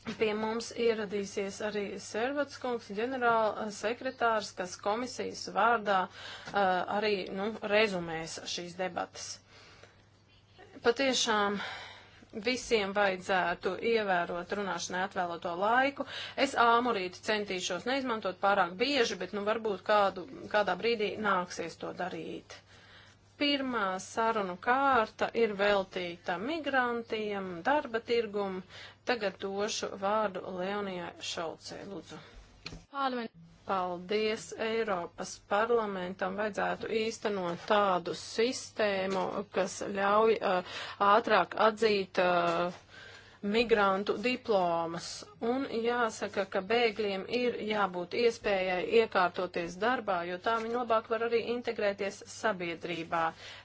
S5: Pie mums ieradīsies arī Servats kungs, ģenerāla eh, sekretārs, kas komisijas vārdā uh, arī nu, rezumēs šīs debatas. Patiešām visiem vajadzētu ievērot runāšanai atvēloto laiku. Es āmurīti centīšos neizmantot pārāk bieži, bet nu, varbūt kādu, kādā brīdī nāksies to darīt. Pirmā sarunu kārta ir veltīta migrantiem, darba tirgumu. Tagad došu vārdu Leonijai Šaucē, lūdzu. Parlament. Paldies Eiropas parlamentam vajadzētu īstenot tādu sistēmu, kas ļauj uh, ātrāk atzīt uh, migrantu diplomas Un jāsaka, ka bēgļiem ir jābūt iespējai iekārtoties darbā, jo tā viņi labāk var arī integrēties sabiedrībā.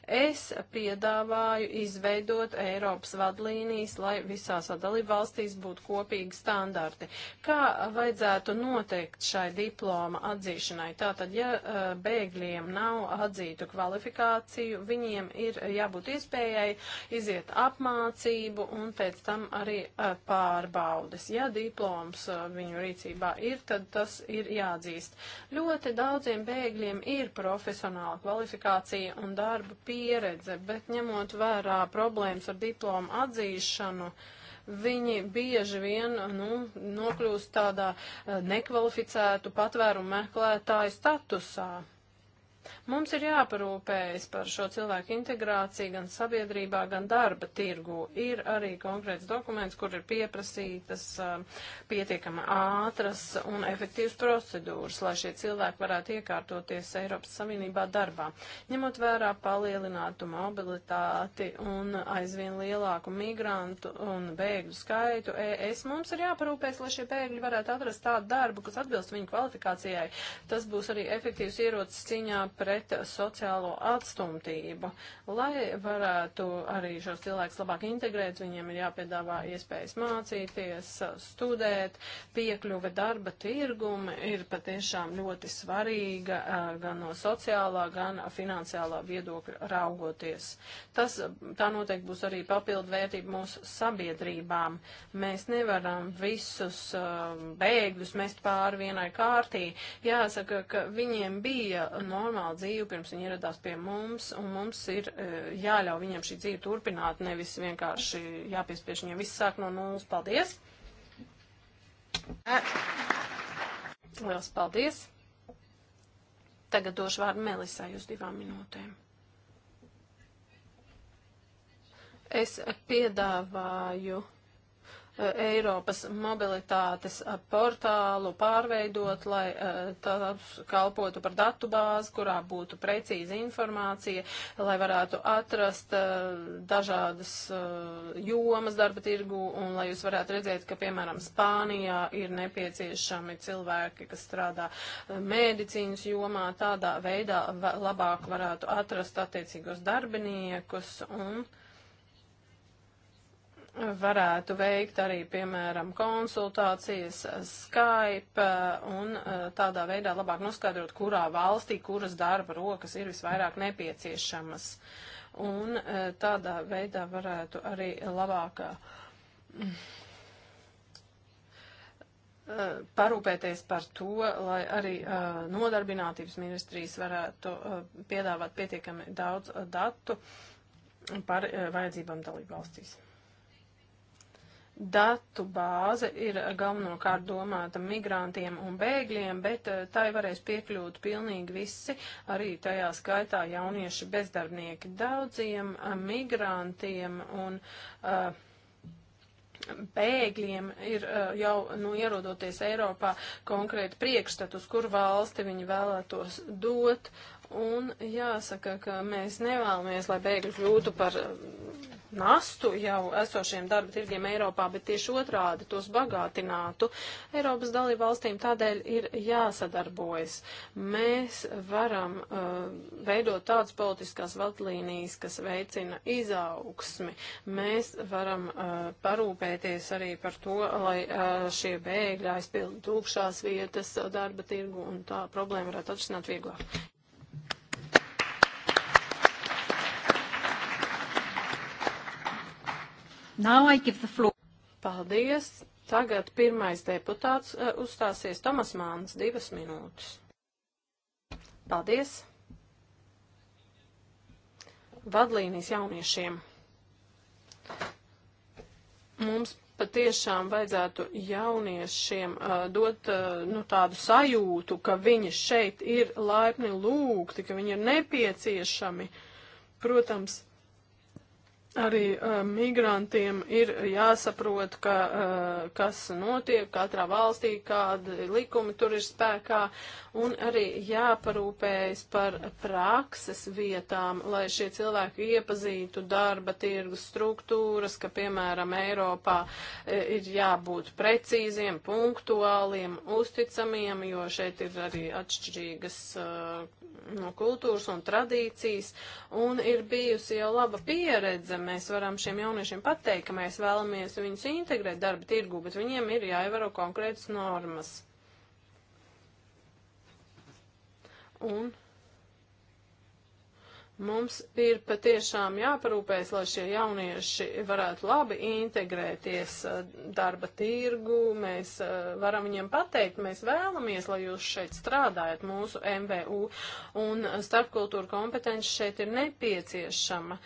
S5: Es piedāvāju izveidot Eiropas vadlīnijas, lai visās dalību valstīs būtu kopīgi standarti. Kā vajadzētu noteikt šai diploma atzīšanai? Tātad, ja eh, bēgļiem nav atzītu kvalifikāciju, viņiem ir jābūt iespējai iziet apmācību un pēc tam arī eh, pārbaudes. Ja diploms uh, viņu rīcībā ir, tad tas ir jāatzīst. Ļoti daudziem bēgļiem ir profesionāla kvalifikācija un darba pieredze, bet ņemot vērā problēmas ar diplomu atzīšanu, viņi bieži vien nu, nokļūst tādā uh, nekvalificētu patvērumu meklētāju statusā. Mums ir jāparūpējas par šo cilvēku integrāciju gan sabiedrībā, gan darba tirgu. Ir arī konkrēts dokuments, kur ir pieprasītas um, pietiekama ātras un efektīvas procedūras, lai šie cilvēki varētu iekārtoties Eiropas Savienībā darbā. Ņemot vērā palielinātu mobilitāti un aizvien lielāku migrantu un bēgļu skaitu, es mums ir jāparūpējas, lai šie bēgļi varētu atrast tādu darbu, kas atbilst viņu kvalifikācijai. Tas būs arī efektīvs ierocis cīņā pret pret sociālo atstumtību. Lai varētu arī šos cilvēkus labāk integrēt, viņiem ir jāpiedāvā iespējas mācīties, studēt, piekļuve darba tirgumi ir patiešām ļoti svarīga gan no sociālā, gan finansiālā viedokļa raugoties. Tas, tā noteikti būs arī papildu vērtība mūsu sabiedrībām. Mēs nevaram visus bēgļus mest pāri vienai kārtī. Jāsaka, ka viņiem bija normāla dzīvi, pirms viņi ieradās pie mums, un mums ir e, jāļauj viņiem šī dzīve turpināt, nevis vienkārši jāpiespiež viņiem viss sāk no nulles. Paldies! Liels paldies! Tagad došu vārdu Melisai uz divām minūtēm. Es piedāvāju Uh, Eiropas mobilitātes uh, portālu pārveidot, lai uh, tās kalpotu par datu bāzi, kurā būtu precīza informācija, lai varētu atrast dažādas jomas darba tirgu un lai jūs varētu redzēt, ka, piemēram, Spānijā ir nepieciešami cilvēki, kas strādā medicīnas jomā, tādā veidā labāk varētu atrast attiecīgos darbiniekus un varētu veikt arī, piemēram, konsultācijas Skype un e, tādā veidā labāk noskaidrot, kurā valstī, kuras darba rokas ir visvairāk nepieciešamas. Un e, tādā veidā varētu arī labāk e, parūpēties par to, lai arī nodarbinātības ministrijas varētu piedāvāt pietiekami daudz datu par vajadzībām dalību valstīs datu bāze ir galvenokārt domāta migrantiem un bēgļiem, bet eh, tai varēs piekļūt pilnīgi visi, arī tajā skaitā jaunieši bezdarbnieki. Daudziem eh, migrantiem un uh, bēgļiem ir jau nu, ierodoties Eiropā konkrēti priekšstat, uz kur valsti viņi vēlētos dot, Un jāsaka, ka mēs nevēlamies, lai bēgļi kļūtu par um, nastu jau esošiem darba tirgiem Eiropā, bet tieši otrādi tos bagātinātu. Eiropas dalību valstīm tādēļ ir jāsadarbojas. Mēs varam uh, veidot tādas politiskās vadlīnijas, kas veicina izaugsmi. Mēs varam uh, parūpēties arī par to, lai uh, šie bēgļi aizpildu tūkšās vietas darba tirgu un tā problēma varētu atrisināt vieglāk. Now I give the floor. Paldies. Tagad pirmais deputāts eh, uzstāsies Tomas Māns divas minūtes. Paldies. Vadlīnijas jauniešiem. Mums patiešām vajadzētu jauniešiem uh, dot uh, nu, tādu sajūtu, ka viņi šeit ir laipni lūgti, ka viņi ir nepieciešami. Protams, Arī uh, migrantiem ir jāsaprot, ka, uh, kas notiek katrā valstī, kādi likumi tur ir spēkā, un arī jāparūpējas par prakses vietām, lai šie cilvēki iepazītu darba tirgus struktūras, ka, piemēram, Eiropā uh, ir jābūt precīziem, punktuāliem, uzticamiem, jo šeit ir arī atšķirīgas uh, no kultūras un tradīcijas, un ir bijusi jau laba pieredze mēs varam šiem jauniešiem pateikt, ka mēs vēlamies viņus integrēt darba tirgu, bet viņiem ir jāievēro konkrētas normas. Un mums ir patiešām jāparūpēs, lai šie jaunieši varētu labi integrēties uh, darba tirgu. Mēs uh, varam viņiem pateikt, mēs vēlamies, lai jūs šeit strādājat mūsu MVU, un uh, starpkultūra kompetence šeit ir nepieciešama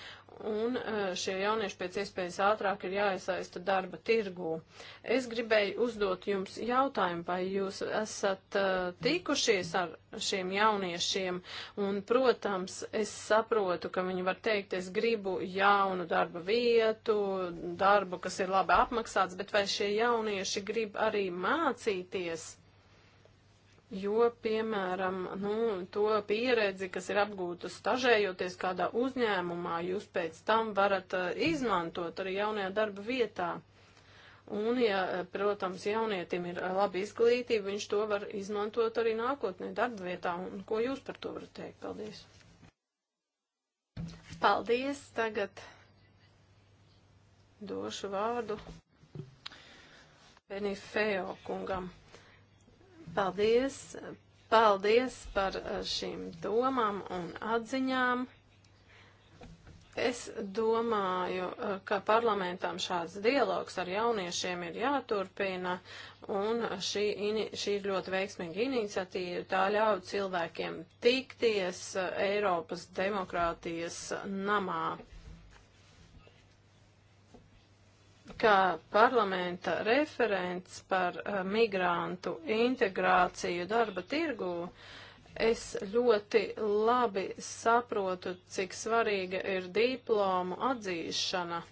S5: un e, šie jaunieši pēc iespējas ātrāk ir jāiesaista darba tirgū. Es gribēju uzdot jums jautājumu, vai jūs esat e, tikušies ar šiem jauniešiem, un, protams, es saprotu, ka viņi var teikt, es gribu jaunu darba vietu, darbu, kas ir labi apmaksāts, bet vai šie jaunieši grib arī mācīties? Jo, piemēram, nu, to pieredzi, kas ir apgūta stažējoties kādā uzņēmumā, jūs pēc tam varat eh, izmantot arī jaunajā darba vietā. Un, ja, eh, protams, jaunietim ir eh, laba izglītība, viņš to var izmantot arī nākotnē darba vietā. Un ko jūs par to varat teikt? Paldies! Paldies! Tagad došu vārdu Benifeo kungam. Paldies! Paldies par uh, šīm domām un atziņām. Es domāju, uh, ka parlamentam šāds dialogs ar jauniešiem ir jāturpina, un šī, ini, šī ir ļoti veiksmīga iniciatīva. Tā ļauj cilvēkiem tikties uh, Eiropas demokrātijas namā. kā parlamenta referents par uh, migrantu integrāciju darba tirgū, es ļoti labi saprotu, cik svarīga ir diplomu atzīšana.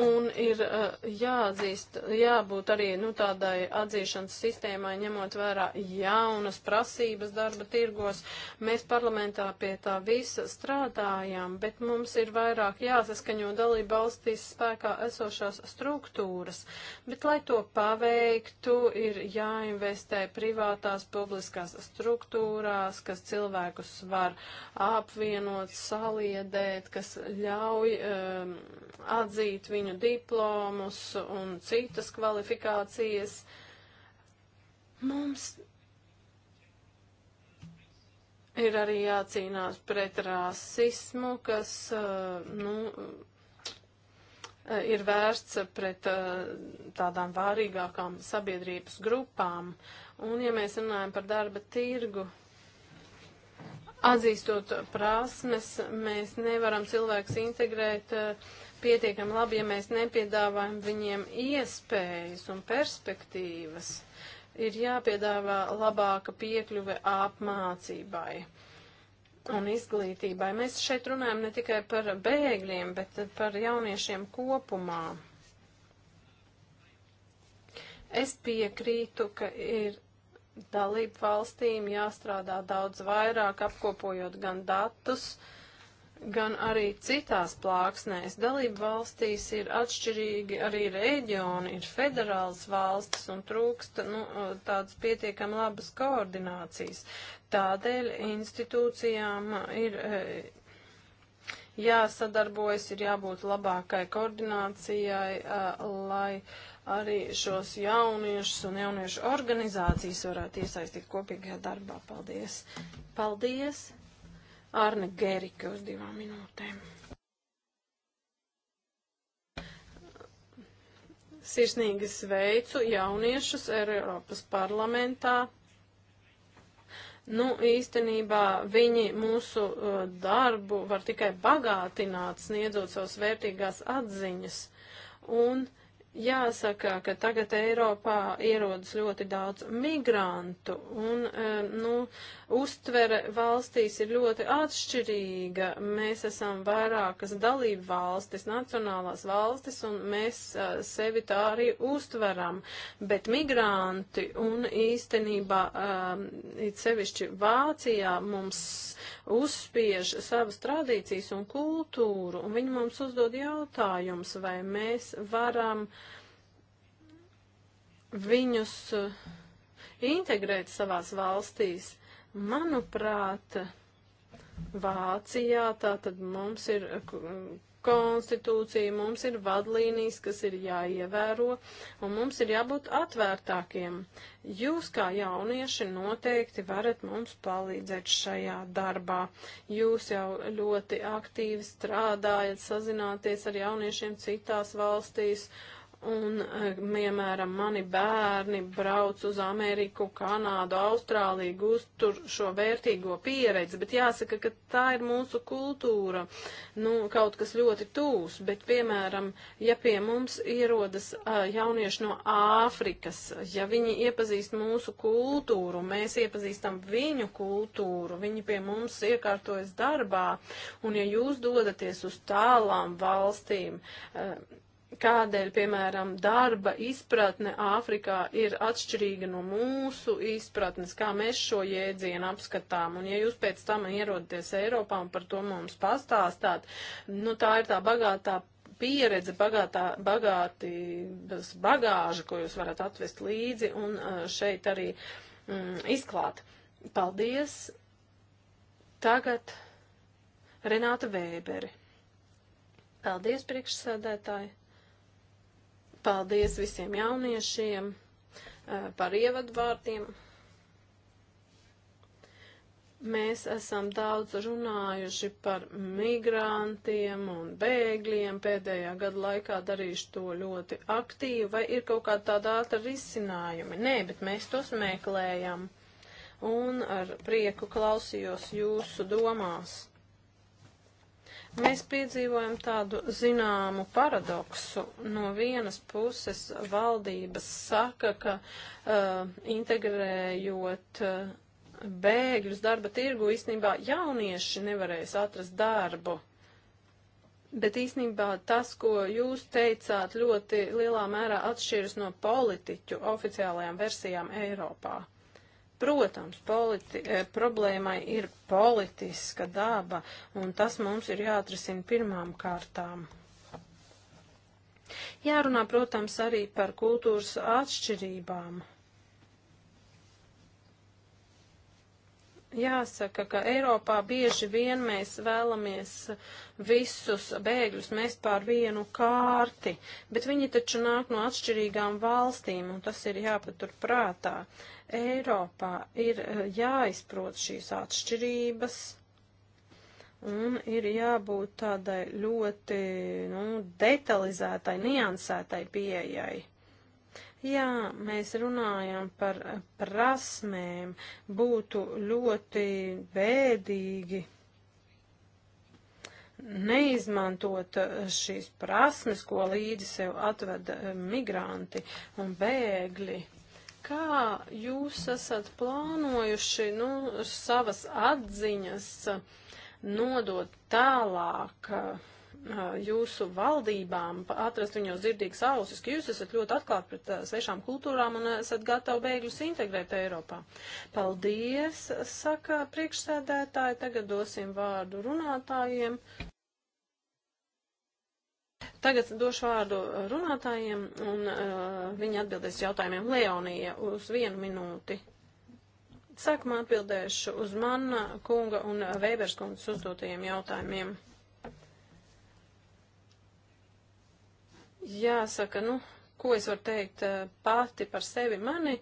S5: Un ir eh, jāatzīst, jābūt arī nu, tādai atzīšanas sistēmai, ņemot vērā jaunas prasības darba tirgos. Mēs parlamentā pie tā visa strādājam, bet mums ir vairāk jāsaskaņo dalība valstīs spēkā esošās struktūras. Bet, lai to paveiktu, ir jāinvestē privātās publiskās struktūrās, kas cilvēkus var apvienot, saliedēt, kas ļauj um, atzīt viņu viņu diplomus un citas kvalifikācijas. Mums ir arī jācīnās pret rasismu, kas, uh, nu, uh, ir vērsts pret uh, tādām vārīgākām sabiedrības grupām. Un, ja mēs runājam par darba tirgu, atzīstot prasmes, mēs nevaram cilvēks integrēt uh, pietiekami labi, ja mēs nepiedāvājam viņiem iespējas un perspektīvas. Ir jāpiedāvā labāka piekļuve apmācībai un izglītībai. Mēs šeit runājam ne tikai par bēgļiem, bet par jauniešiem kopumā. Es piekrītu, ka ir dalību valstīm jāstrādā daudz vairāk, apkopojot gan datus, uh, gan arī citās plāksnēs. Dalību valstīs ir atšķirīgi arī reģioni, ir federāls valstis un trūksta nu, tādas pietiekam labas koordinācijas. Tādēļ institūcijām ir eh, jāsadarbojas, ir jābūt labākai koordinācijai, eh, lai arī šos jauniešus un jauniešu organizācijas varētu iesaistīt kopīgajā darbā. Paldies! Paldies! Arne Gērika uz divām minūtēm. Sirsnīgi sveicu jauniešus Eiropas parlamentā. Nu, īstenībā viņi mūsu uh, darbu var tikai bagātināt, sniedzot savas vērtīgās atziņas. Un uh, Jāsaka, ka tagad Eiropā ierodas ļoti daudz migrantu, un e, nu, uztvere valstīs ir ļoti atšķirīga. Mēs esam vairākas dalību valstis, nacionālās valstis, un mēs e, sevi tā arī uztveram. Bet migranti, un īstenībā, e, it sevišķi Vācijā, mums uzspiež savas tradīcijas un kultūru, un viņi mums uzdod jautājums, vai mēs varam viņus eh, integrēt savās valstīs. Manuprāt, Vācijā tātad mums ir eh, konstitūcija, mums ir vadlīnijas, kas ir jāievēro, un mums ir jābūt atvērtākiem. Jūs kā jaunieši noteikti varat mums palīdzēt šajā darbā. Jūs jau ļoti aktīvi strādājat, sazināties ar jauniešiem citās valstīs, uh, Un, eh, piemēram, mani bērni brauc uz Ameriku, Kanādu, Austrāliju, gūst tur šo vērtīgo pieredzi, bet jāsaka, ka tā ir mūsu kultūra, nu, kaut kas ļoti tūs, bet, piemēram, ja pie mums ierodas uh, jaunieši no Āfrikas, ja viņi iepazīst mūsu kultūru, mēs iepazīstam viņu kultūru, viņi pie mums iekārtojas darbā, un ja jūs dodaties uz tālām valstīm, uh, kādēļ, piemēram, darba izpratne Āfrikā ir atšķirīga no mūsu izpratnes, kā mēs šo jēdzienu apskatām. Un ja jūs pēc tam ierodaties Eiropā un par to mums pastāstāt, nu tā ir tā bagātā pieredze, bagātā, bagātības bagāža, ko jūs varat atvest līdzi un uh, šeit arī mm, izklāt. Paldies! Tagad Renāta Vēberi. Paldies, priekšsēdētāji! Paldies visiem jauniešiem eh, par ievadvārdiem. Mēs esam daudz runājuši par migrantiem un bēgļiem. Pēdējā gada laikā darīšu to ļoti aktīvi. Vai ir kaut kāda tāda ātra risinājumi? Nē, bet mēs tos meklējam. Un ar prieku klausījos jūsu domās. Mēs piedzīvojam tādu zināmu paradoksu. No vienas puses valdības saka, ka uh, integrējot uh, bēgļus darba tirgu, īstenībā jaunieši nevarēs atrast darbu. Bet īstenībā tas, ko jūs teicāt, ļoti lielā mērā atšķiras no politiķu oficiālajām versijām Eiropā. Protams, politi e, problēmai ir politiska daba, un tas mums ir jāatrisina pirmām kārtām. Jārunā, protams, arī par kultūras atšķirībām. Jāsaka, ka Eiropā bieži vien mēs vēlamies visus bēgļus mest pār vienu kārti, bet viņi taču nāk no atšķirīgām valstīm, un tas ir jāpatur prātā. Eiropā ir eh, jāizprot šīs atšķirības, un ir jābūt tādai ļoti nu, detalizētai, niansētai pieejai. Jā, mēs runājam par prasmēm. Būtu ļoti bēdīgi neizmantot šīs prasmes, ko līdzi sev atved migranti un bēgļi. Kā jūs esat plānojuši nu, savas atziņas nodot tālāk? Uh, jūsu valdībām atrast viņos dzirdīgas ausis, ka jūs esat ļoti atklāti pret svešām kultūrām un esat gatavi bēgļus integrēt Eiropā. Paldies, saka priekšsēdētāji. Tagad dosim vārdu runātājiem. Tagad došu vārdu runātājiem un uh, viņi atbildēs jautājumiem Leonija uz vienu minūti. Sākumā atbildēšu uz manna kunga un Vēbers kundas uzdotajiem jautājumiem. Jāsaka, nu, ko es varu teikt eh, pati par sevi. Mani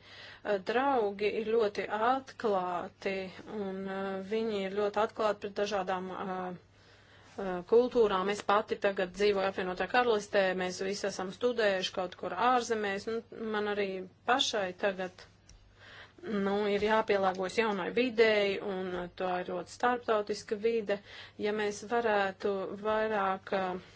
S5: eh, draugi ir ļoti atklāti un eh, viņi ir ļoti atklāti pret dažādām kultūrām. Es pati tagad dzīvoju apvienotā karalistē, mēs visi esam studējuši kaut kur ārzemēs. Nu, man arī pašai tagad nu, ir jāpielāgojas jaunai videi, un tā ir ļoti starptautiska vide. Ja mēs varētu vairāk uh,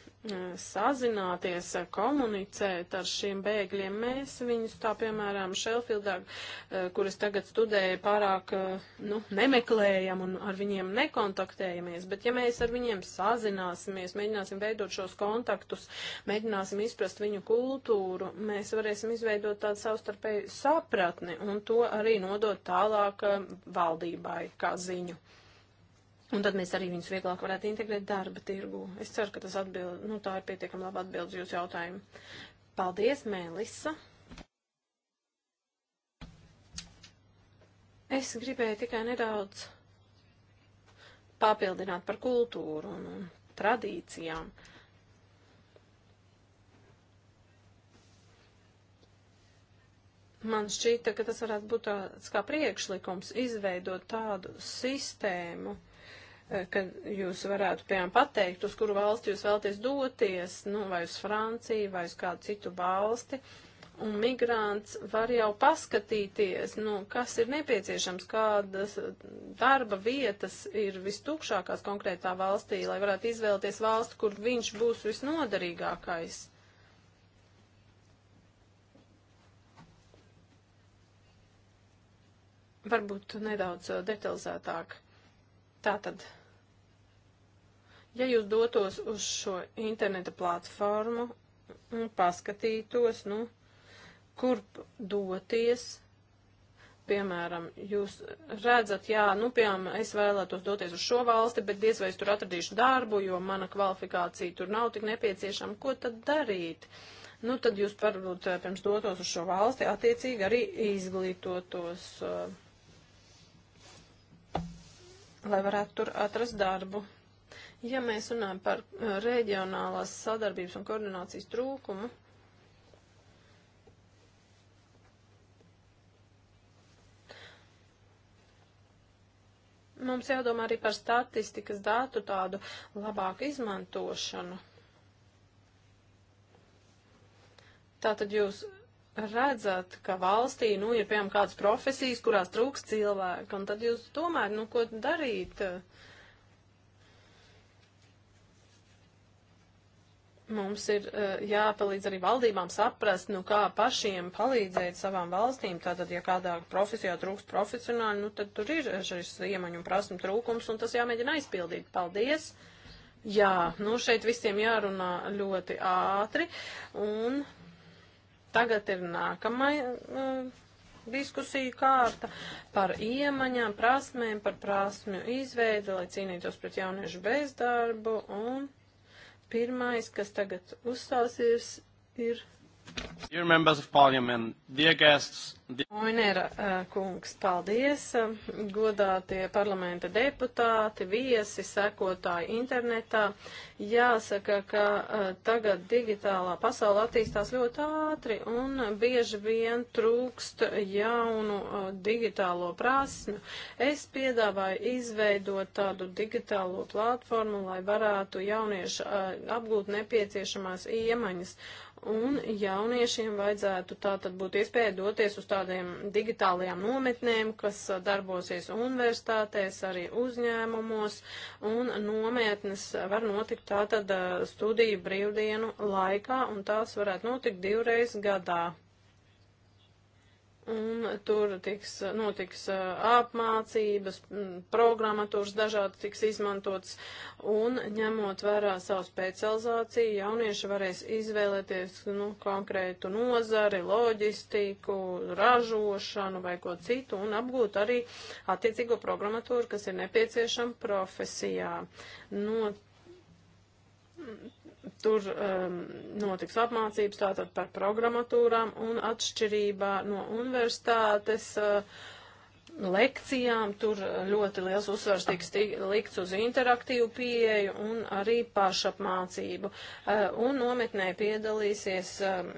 S5: sazināties, komunicēt ar šiem bēgļiem. Mēs viņus tā piemēram Šelfildā, eh, kuras tagad studēja, pārāk eh, nu, nemeklējam un ar viņiem nekontaktējamies, bet ja mēs ar viņiem sazināsimies, mēģināsim veidot šos kontaktus, mēģināsim izprast viņu kultūru, mēs varēsim izveidot tādu savstarpēju sapratni un to arī nodot tālāk eh, valdībai kā ziņu. Un tad mēs arī viņus vieglāk varētu integrēt darba tirgu. Es ceru, ka tas atbild, nu, tā ir pietiekami laba atbildes jūsu jautājumu. Paldies, Mēlisa! Es gribēju tikai nedaudz papildināt par kultūru un, un tradīcijām. Man šķita, ka tas varētu būt tāds kā priekšlikums izveidot tādu sistēmu, Eh, kad jūs varētu, piemēram, pateikt, uz kuru valsti jūs vēlties doties, nu, vai uz Franciju, vai uz kādu citu valsti, un migrants var jau paskatīties, nu, kas ir nepieciešams, kādas darba vietas ir vistukšākās konkrētā valstī, lai varētu izvēlēties valsti, kur viņš būs visnoderīgākais. Varbūt nedaudz eh, detalizētāk. Tātad, ja jūs dotos uz šo interneta platformu un paskatītos, nu, kur doties, piemēram, jūs redzat, jā, nu, piemēram, es vēlētos doties uz šo valsti, bet diez vai es tur atradīšu darbu, jo mana kvalifikācija tur nav tik nepieciešama, ko tad darīt? Nu, tad jūs varbūt eh, pirms dotos uz šo valsti attiecīgi arī izglītotos. Uh, lai varētu tur atrast darbu. Ja mēs runājam par uh, reģionālās sadarbības un koordinācijas trūkumu, mums jādomā arī par statistikas datu tādu labāku izmantošanu. Tātad jūs redzat, ka valstī, nu, ir piemēram kādas profesijas, kurās trūks cilvēku, un tad jūs domājat, nu, ko darīt? Mums ir eh, jāpalīdz arī valdībām saprast, nu, kā pašiem palīdzēt savām valstīm. Tātad, ja kādā profesijā trūks profesionāli, nu, tad tur ir eh, šis iemaņu un prasmu trūkums, un tas jāmēģina aizpildīt. Paldies! Jā, nu, šeit visiem jārunā ļoti ātri, un Tagad ir nākamai uh, diskusiju kārta par iemaņām, prasmēm, par prasmju izveidu, lai cīnītos pret jauniešu bezdarbu. Un pirmais, kas tagad uzstāsies, ir Dear members of parliament, dear guests, dear... Moinera uh, kungs, paldies, godātie parlamenta deputāti, viesi, sekotāji internetā. Jāsaka, ka uh, tagad digitālā pasaule attīstās ļoti ātri un bieži vien trūkst jaunu uh, digitālo prasmju. Es piedāvāju izveidot tādu digitālo platformu, lai varētu jaunieši apgūt nepieciešamās iemaņas Un jauniešiem vajadzētu tātad būt iespēja doties uz tādiem digitālajām nometnēm, kas uh, darbosies universitātēs, arī uzņēmumos, un nometnes var notikt tātad uh, studiju brīvdienu laikā, un tās varētu notikt divreiz gadā. Un tur tiks, notiks apmācības, programmatūras dažādi tiks izmantots, un ņemot vērā savu specializāciju, jaunieši varēs izvēlēties nu, konkrētu nozari, loģistiku, ražošanu vai ko citu, un apgūt arī attiecīgo programmatūru, kas ir nepieciešama profesijā. No, Tur um, notiks apmācības tātad par programmatūrām un atšķirībā no universitātes. Uh, lekcijām, tur ļoti liels uzsvars tiks likts uz interaktīvu pieeju un arī pašapmācību. Uh, un nometnē piedalīsies um,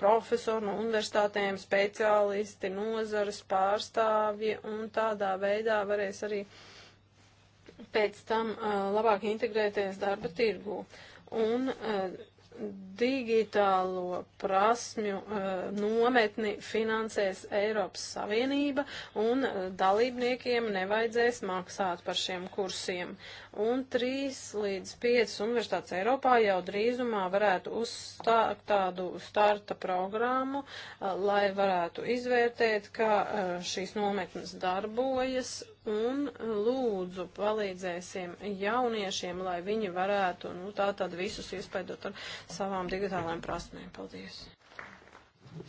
S5: profesori no universitātēm, speciālisti, nozares pārstāvji un tādā veidā varēs arī pēc tam uh, labāk integrēties darba tirgū un eh, digitālo prasmju eh, nometni finansēs Eiropas Savienība un eh, dalībniekiem nevajadzēs maksāt par šiem kursiem. Un 3 līdz 5 universitātes Eiropā jau drīzumā varētu uzstāt tādu starta programmu, lai varētu izvērtēt, kā šīs nometnes darbojas un uh, lūdzu palīdzēsim jauniešiem, lai viņi varētu, nu, tā tad visus iespaidot ar savām digitālajām prasmēm. Paldies!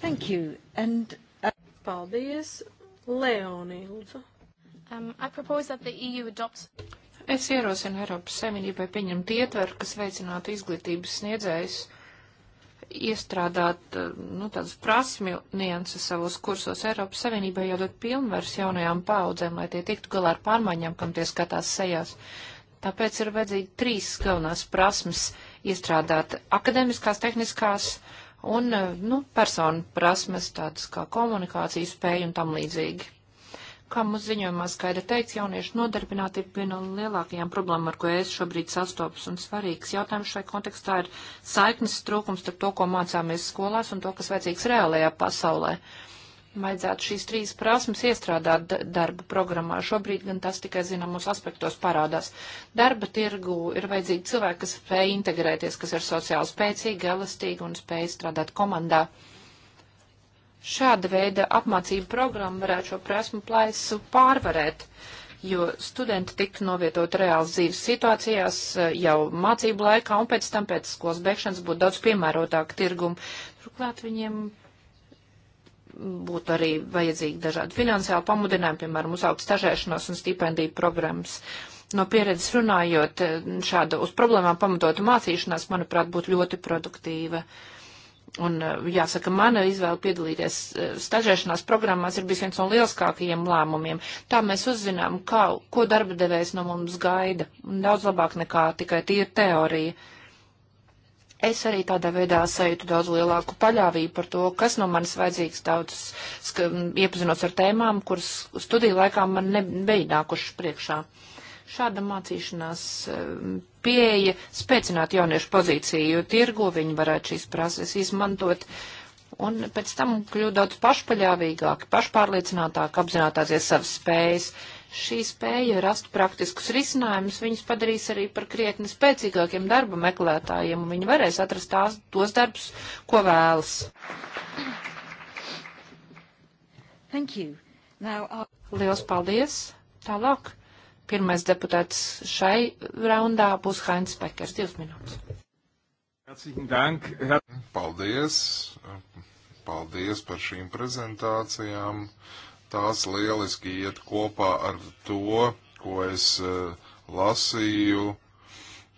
S5: Thank you. And, uh... Paldies! Leonī, lūdzu. Um, I propose that the EU adopts... Es ierosinu
S1: Eiropas Savienībai pieņemt ietveru, kas veicinātu izglītības sniedzējus iestrādāt eh, nu, tādas prasmju nianses savos kursos Eiropas Savienībai, jādod pilnvers jaunajām paudzēm, lai tie tiktu galā ar pārmaiņām, kam tie skatās sejās. Tāpēc ir vajadzīgi trīs galvenās prasmes iestrādāt - akademiskās, tehniskās un eh, nu, personu prasmes, tādas kā komunikācijas spēja un tam līdzīgi. Kā mums ziņojumā skaidri teikts, jauniešu nodarbināti ir viena no lielākajām problēmām, ar ko es šobrīd sastopas, un svarīgs jautājums šai kontekstā ir saiknes trūkums starp to, ko mācāmies skolās un to, kas vajadzīgs reālajā pasaulē. Vajadzētu šīs trīs prasmes iestrādāt darba programmā. Šobrīd gan tas tikai zināmos aspektos parādās. Darba tirgu ir vajadzīgi cilvēki, kas spēj integrēties, kas ir sociāli spēcīgi, elastīgi un spēj strādāt komandā. Uh, Šāda veida apmācību programma varētu šo prasmu plaisu pārvarēt, jo studenti tiktu novietot reāls dzīves situācijās e, jau mācību laikā un pēc tam pēc skolas beigšanas būtu daudz piemērotāk tirgumu. Turklāt viņiem būtu arī vajadzīgi dažādi finansiāli pamudinājumi, piemēram, uzaugt stažēšanos un stipendiju programmas. No pieredzes runājot, e, šāda uz problēmām pamatota mācīšanās, manuprāt, būtu ļoti produktīva. Uh, Un, eh, jāsaka, mana izvēle piedalīties eh, stažēšanās programmās ir bijis viens no lieliskākajiem lēmumiem. Tā mēs uzzinām, kā, ko darba devējs no mums gaida. Un daudz labāk nekā tikai tie teorija. Es arī tādā veidā sajūtu daudz lielāku paļāvību par to, kas no manis vajadzīgs daudz, iepazinos ar tēmām, kuras studiju laikā man nebija nākušas priekšā šāda mācīšanās pieeja spēcinātu jauniešu pozīciju tirgu, viņi varētu šīs prasības izmantot. Un pēc tam kļūt daudz pašpaļāvīgāk, pašpārliecinātāk, apzinātāties savas spējas. Šī spēja rast praktiskus risinājumus viņus padarīs arī par krietni spēcīgākiem darba meklētājiem, un viņi varēs atrast tās, tos darbus, ko vēlas. Thank you. Now, uh... Liels paldies! Tālāk Pirmais deputāts šai raundā būs Hainz Pekers. Divas minūtes.
S2: Paldies! Paldies par šīm prezentācijām. Tās lieliski iet kopā ar to, ko es eh, lasīju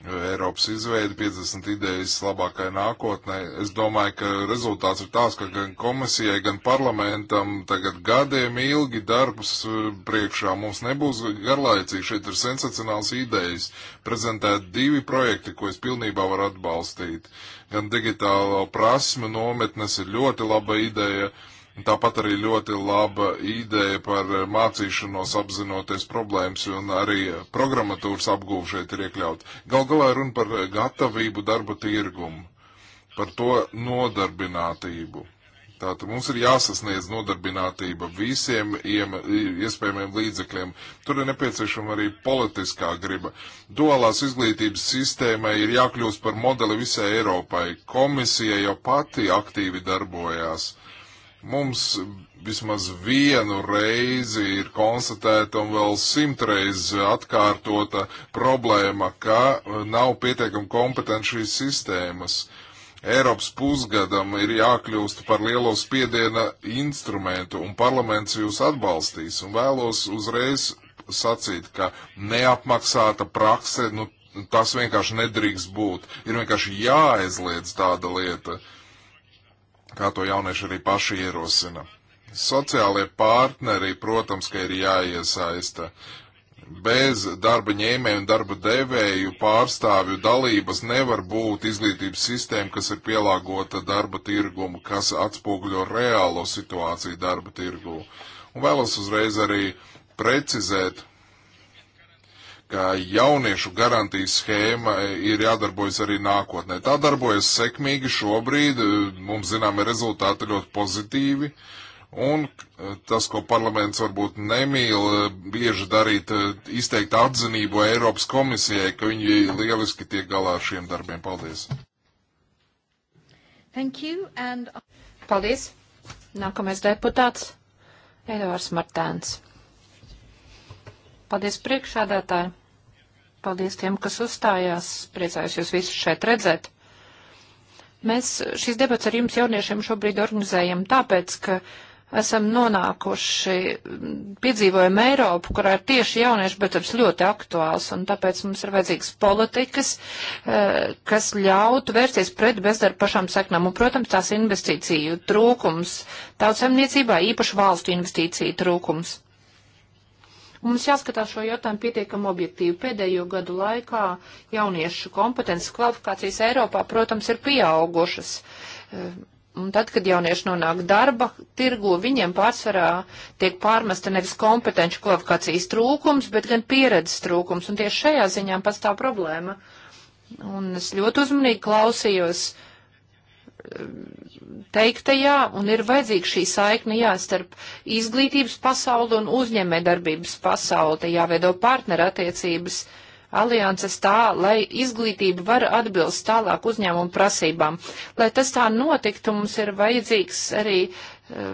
S2: Eiropas izveidi, 50 idejas labākai nākotnē. Es domāju, ka rezultāts ir tās, ka gan komisijai, gan parlamentam tagad gadiem ilgi darbs eh, priekšā mums nebūs garlaicīgi. Šeit ir sensacionāls idejas. Prezentēt divi projekti, ko es pilnībā varu atbalstīt. Gan digitālo prasmu nometnes ir ļoti laba ideja. Uh, Tāpat arī ļoti laba ideja par eh, mācīšanos apzinoties problēmas un arī programmatūras apgūvu šeit ir iekļaut. Gal galā runa par gatavību darba tirgumu, par to nodarbinātību. Tātad mums ir jāsasniedz nodarbinātība visiem iem, iespējamiem līdzekļiem. Tur ir nepieciešama arī politiskā griba. Duālās izglītības sistēmai ir jākļūst par modeli visai Eiropai. Komisija jau pati aktīvi darbojās Mums vismaz vienu reizi ir konstatēta un vēl simtreiz atkārtota problēma, ka e, nav pietiekami kompetenti šīs sistēmas. Eiropas pusgadam ir jākļūst par lielo spiediena instrumentu, un parlaments jūs atbalstīs. Un vēlos uzreiz sacīt, ka neapmaksāta prakse, nu, tas vienkārši nedrīkst būt. Ir vienkārši jāaizliedz tāda lieta. Uh, kā to jaunieši arī paši ierosina. Sociālie partneri, protams, ka ir jāiesaista. Bez darba ņēmēju un darba devēju pārstāvju dalības nevar būt izglītības sistēma, kas ir pielāgota darba tirgumu, kas atspoguļo reālo situāciju darba tirgu. Un vēlos uzreiz arī precizēt, ka jauniešu garantijas schēma e, ir jādarbojas arī nākotnē. Tā darbojas sekmīgi šobrīd, e, mums zināmi rezultāti ļoti pozitīvi, un e, tas, ko parlaments varbūt nemīl bieži darīt, izteikt atzinību Eiropas komisijai, ka viņi lieliski tiek galā ar šiem darbiem. Paldies!
S1: Thank you, and... Paldies! Nākamais deputāts Edvards Martēns. Paldies priekšādātāji! Paldies tiem, kas uzstājās. Priecājos jūs visus šeit redzēt. Mēs šīs debats ar jums jauniešiem šobrīd organizējam tāpēc, ka esam nonākuši, piedzīvojam Eiropu, kurā ir tieši jaunieši, bet tas ļoti aktuāls, un tāpēc mums ir vajadzīgs politikas, eh, kas ļautu vērsties pret bezdarba pašām seknām, un, protams, tās investīciju trūkums, tautsemniecībā īpaši valstu investīciju trūkums. Mums jāskatās šo jautājumu pietiekam objektīvi. Pēdējo gadu laikā jauniešu kompetences kvalifikācijas Eiropā, protams, ir pieaugušas. Eh, un tad, kad jaunieši nonāk darba tirgu, viņiem pārsvarā tiek pārmesta nevis kompetenci kvalifikācijas trūkums, bet gan pieredzes trūkums. Un tieši šajā ziņā pastāv problēma. Un es ļoti uzmanīgi klausījos uh, teiktajā, un ir vajadzīga šī saikne jāstarp izglītības pasauli un uzņēmē darbības pasauli, te jāveido partnerattiecības alianses tā, lai izglītība var atbilst tālāk uzņēmumu prasībām. Lai tas tā notiktu, mums ir vajadzīgs arī, eh,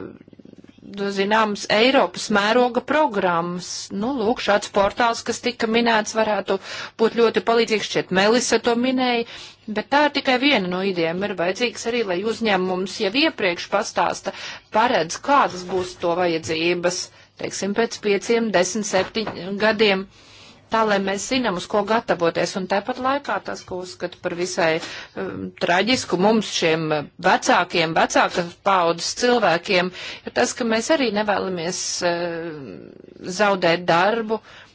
S1: zināms, Eiropas mēroga programmas. Nu, lūk, šāds portāls, kas tika minēts, varētu būt ļoti palīdzīgs, šķiet, Melisa to minēja, Bet tā ir tikai viena no idejām. Ir vajadzīgs arī, lai uzņēmums jau iepriekš pastāsta, paredz, kādas būs to vajadzības, teiksim, pēc pieciem, desmit, septiņiem gadiem. Tā, lai mēs zinām, uz ko gatavoties, un tāpat laikā tas, ko uzskatu par visai um, traģisku mums šiem vecākiem, vecākas paudas cilvēkiem, ir tas, ka mēs arī nevēlamies uh, zaudēt darbu, uh,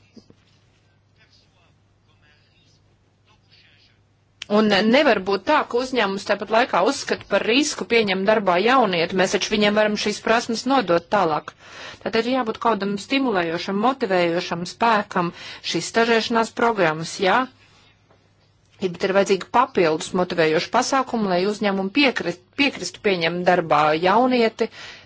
S1: Un nevar būt tā, ka uzņēmums tāpat laikā uzskata par risku pieņem darbā jaunieti. Mēs taču viņiem varam šīs prasmes nodot tālāk. Tātad ir jābūt kādam stimulējošam, motivējošam spēkam šīs stažēšanās programmas, jā. Ja, bet ir vajadzīgi papildus motivējoši pasākumi, lai uzņēmumi piekrist, piekristu pieņemt darbā jaunieti, uh,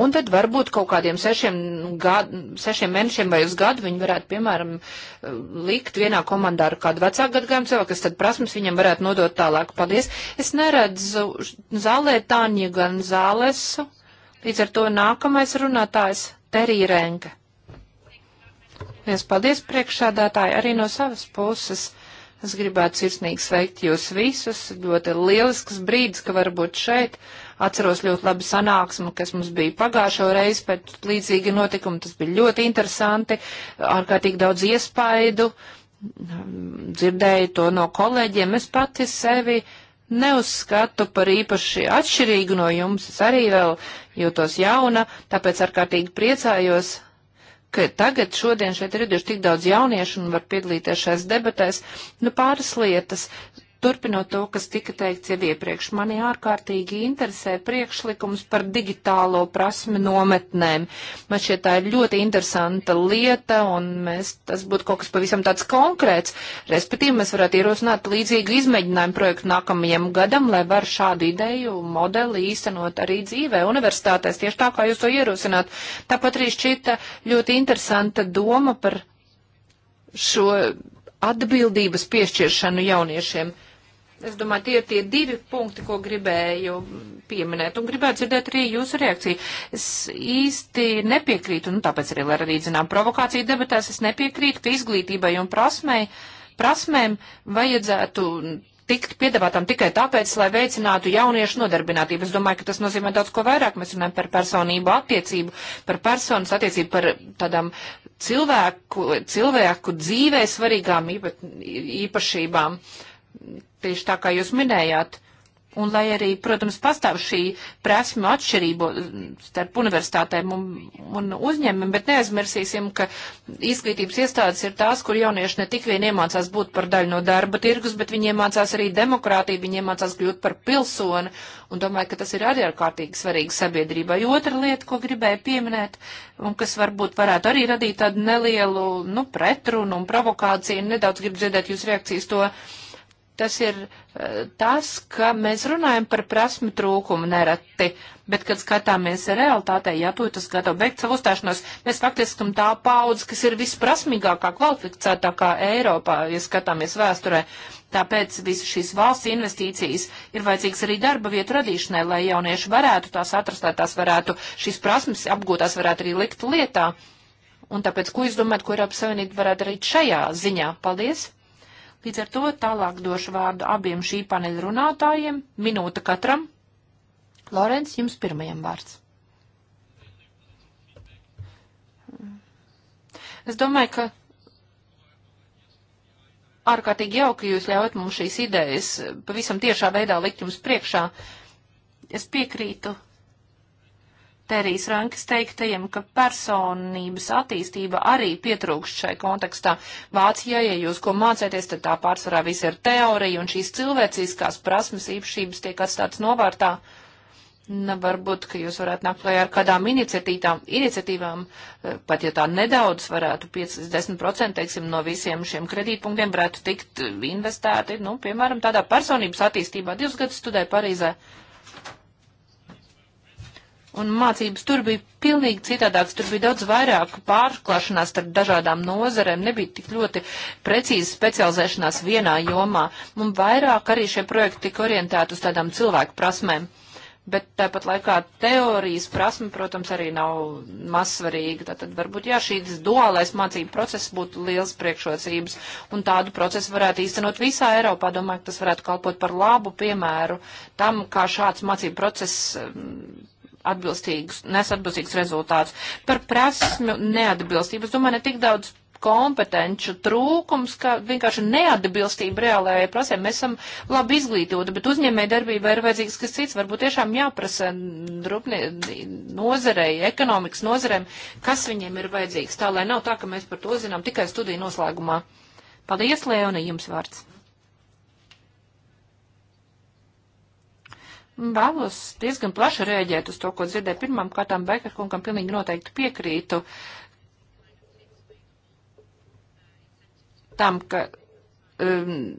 S1: Un tad varbūt kaut kādiem sešiem, gadu, sešiem mēnešiem vai uz gadu viņi varētu, piemēram, likt vienā komandā ar kādu vecāku gadgājumu cilvēku, kas tad prasmes viņam varētu nodot tālāk. Paldies. Es neredzu zālē Tāņu gan zālesu. Līdz ar to nākamais runātājs Terija Renke. Liels paldies priekšādātāji arī no savas puses. Es gribētu sirsnīgi sveikt jūs visus. Ļoti lielisks brīdis, ka varbūt šeit. Uh, Atceros ļoti labi sanāksmi, kas mums bija pagājušo reizi pēc līdzīga notikuma. Tas bija ļoti interesanti, ārkārtīgi daudz iespaidu. Dzirdēju to no kolēģiem. Es pati sevi neuzskatu par īpaši atšķirīgu no jums. Es arī vēl jūtos jauna, tāpēc ārkārtīgi priecājos ka tagad šodien šeit ir ieradušies tik daudz jauniešu un var piedalīties šajās debatēs. Nu, pāris lietas turpinot to, kas tika teikts jau iepriekš. Mani ārkārtīgi interesē priekšlikums par digitālo prasmi nometnēm. Man šķiet, tā ir ļoti interesanta lieta, un mēs, tas būtu kaut kas pavisam tāds konkrēts. Respektīvi, mēs varētu ierosināt līdzīgu izmēģinājumu projektu nākamajam gadam, lai var šādu ideju modeli īstenot arī dzīvē universitātēs, tieši tā, kā jūs to ierosināt. Tāpat arī šķita ļoti interesanta doma par šo atbildības piešķiršanu jauniešiem. Es domāju, tie ir tie divi punkti, ko gribēju pieminēt, un gribētu dzirdēt arī jūsu reakciju. Es īsti nepiekrītu, nu tāpēc arī, lai arī zinām provokāciju debatēs, es nepiekrītu, ka izglītībai un prasmei, prasmēm vajadzētu tikt piedāvātām tikai tāpēc, lai veicinātu jauniešu nodarbinātību. Es domāju, ka tas nozīmē daudz ko vairāk. Mēs runājam par personību attiecību, par personas attiecību, par tādām cilvēku, cilvēku dzīvē svarīgām īpa, īpašībām tieši tā kā jūs minējāt. Un lai arī, protams, pastāv šī prasme atšķirība starp universitātēm un, un uzņēmumiem, bet neaizmirsīsim, ka izglītības iestādes ir tās, kur jaunieši ne tik vien iemācās būt par daļu no darba tirgus, bet viņi iemācās arī demokrātiju, viņi iemācās kļūt par pilsoni. Un domāju, ka tas ir arī ārkārtīgi svarīgi sabiedrībai. Otra lieta, ko gribēju pieminēt, un kas varbūt varētu arī radīt tādu nelielu, nu, pretrunu un provokāciju, nedaudz gribu dzirdēt jūsu reakcijas to. Uh, tas ir eh, tas, ka mēs runājam par prasmu trūkumu nereti, bet, kad skatāmies realitātē, ja tu tas gatavo beigt savu uzstāšanos, mēs faktiski esam tā paudze, kas ir visprasmīgākā, kvalificētākā Eiropā, ja skatāmies vēsturē. Tāpēc visas šīs valsts investīcijas ir vajadzīgas arī darba vietu radīšanai, lai jaunieši varētu tās atrast, lai tās varētu šīs prasmes apgūtās varētu arī likt lietā. Un tāpēc, ko jūs domājat, ko Eiropas Savienība varētu darīt šajā ziņā? Paldies! Līdz ar to tālāk došu vārdu abiem šī paneļa runātājiem, minūte katram. Lorenz, jums pirmajam vārds. Es domāju, ka ārkārtīgi jauki jūs ļaujat mums šīs idejas pavisam tiešā veidā likt jums priekšā. Es piekrītu Terijas Rankas teiktajiem, ka personības attīstība arī pietrūkst šai kontekstā. Vācijā, ja jūs ko mācāties, tad tā pārsvarā viss ir teorija, un šīs cilvēciskās prasmes īpašības tiek atstātas novārtā. Na, varbūt, ka jūs varētu nākt klajā ar kādām iniciatīvām, eh, pat ja tā nedaudz varētu, 5-10% teiksim, no visiem šiem kredītpunktiem varētu tikt eh, investēti, nu, piemēram, tādā personības attīstībā. Divus gadus studēju Parīzē. Uh, Un mācības tur bija pilnīgi citādāks, tur bija daudz vairāk pārklāšanās starp dažādām nozarēm, nebija tik ļoti precīzi specializēšanās vienā jomā. Un vairāk arī šie projekti tika orientēti uz tādām cilvēku prasmēm. Bet tāpat laikā teorijas prasme, protams, arī nav mazsvarīga. Tātad varbūt, jā, šīs duālais mācību process būtu liels priekšrocības, un tādu procesu varētu īstenot visā Eiropā. Domāju, ka tas varētu kalpot par labu piemēru tam, kā šāds mācību process atbilstīgus, nes atbilstīgus rezultātus. Par prasmu neatbilstību, es domāju, ne tik daudz kompetenču trūkums, ka vienkārši neatbilstība reālajai prasē. Mēs esam labi izglītoti, bet uzņēmē darbībā ir vajadzīgs kas cits. Varbūt tiešām jāprasa rupnie, nozarei, ekonomikas nozarēm, kas viņiem ir vajadzīgs. Tā lai nav tā, ka mēs par to zinām tikai studiju noslēgumā. Paldies, Leona, jums vārds. Vēlos diezgan plaši rēģēt uz to, ko dzirdēju. Pirmām kārtām Bekarkungam pilnīgi noteikti piekrītu tam, ka. Um,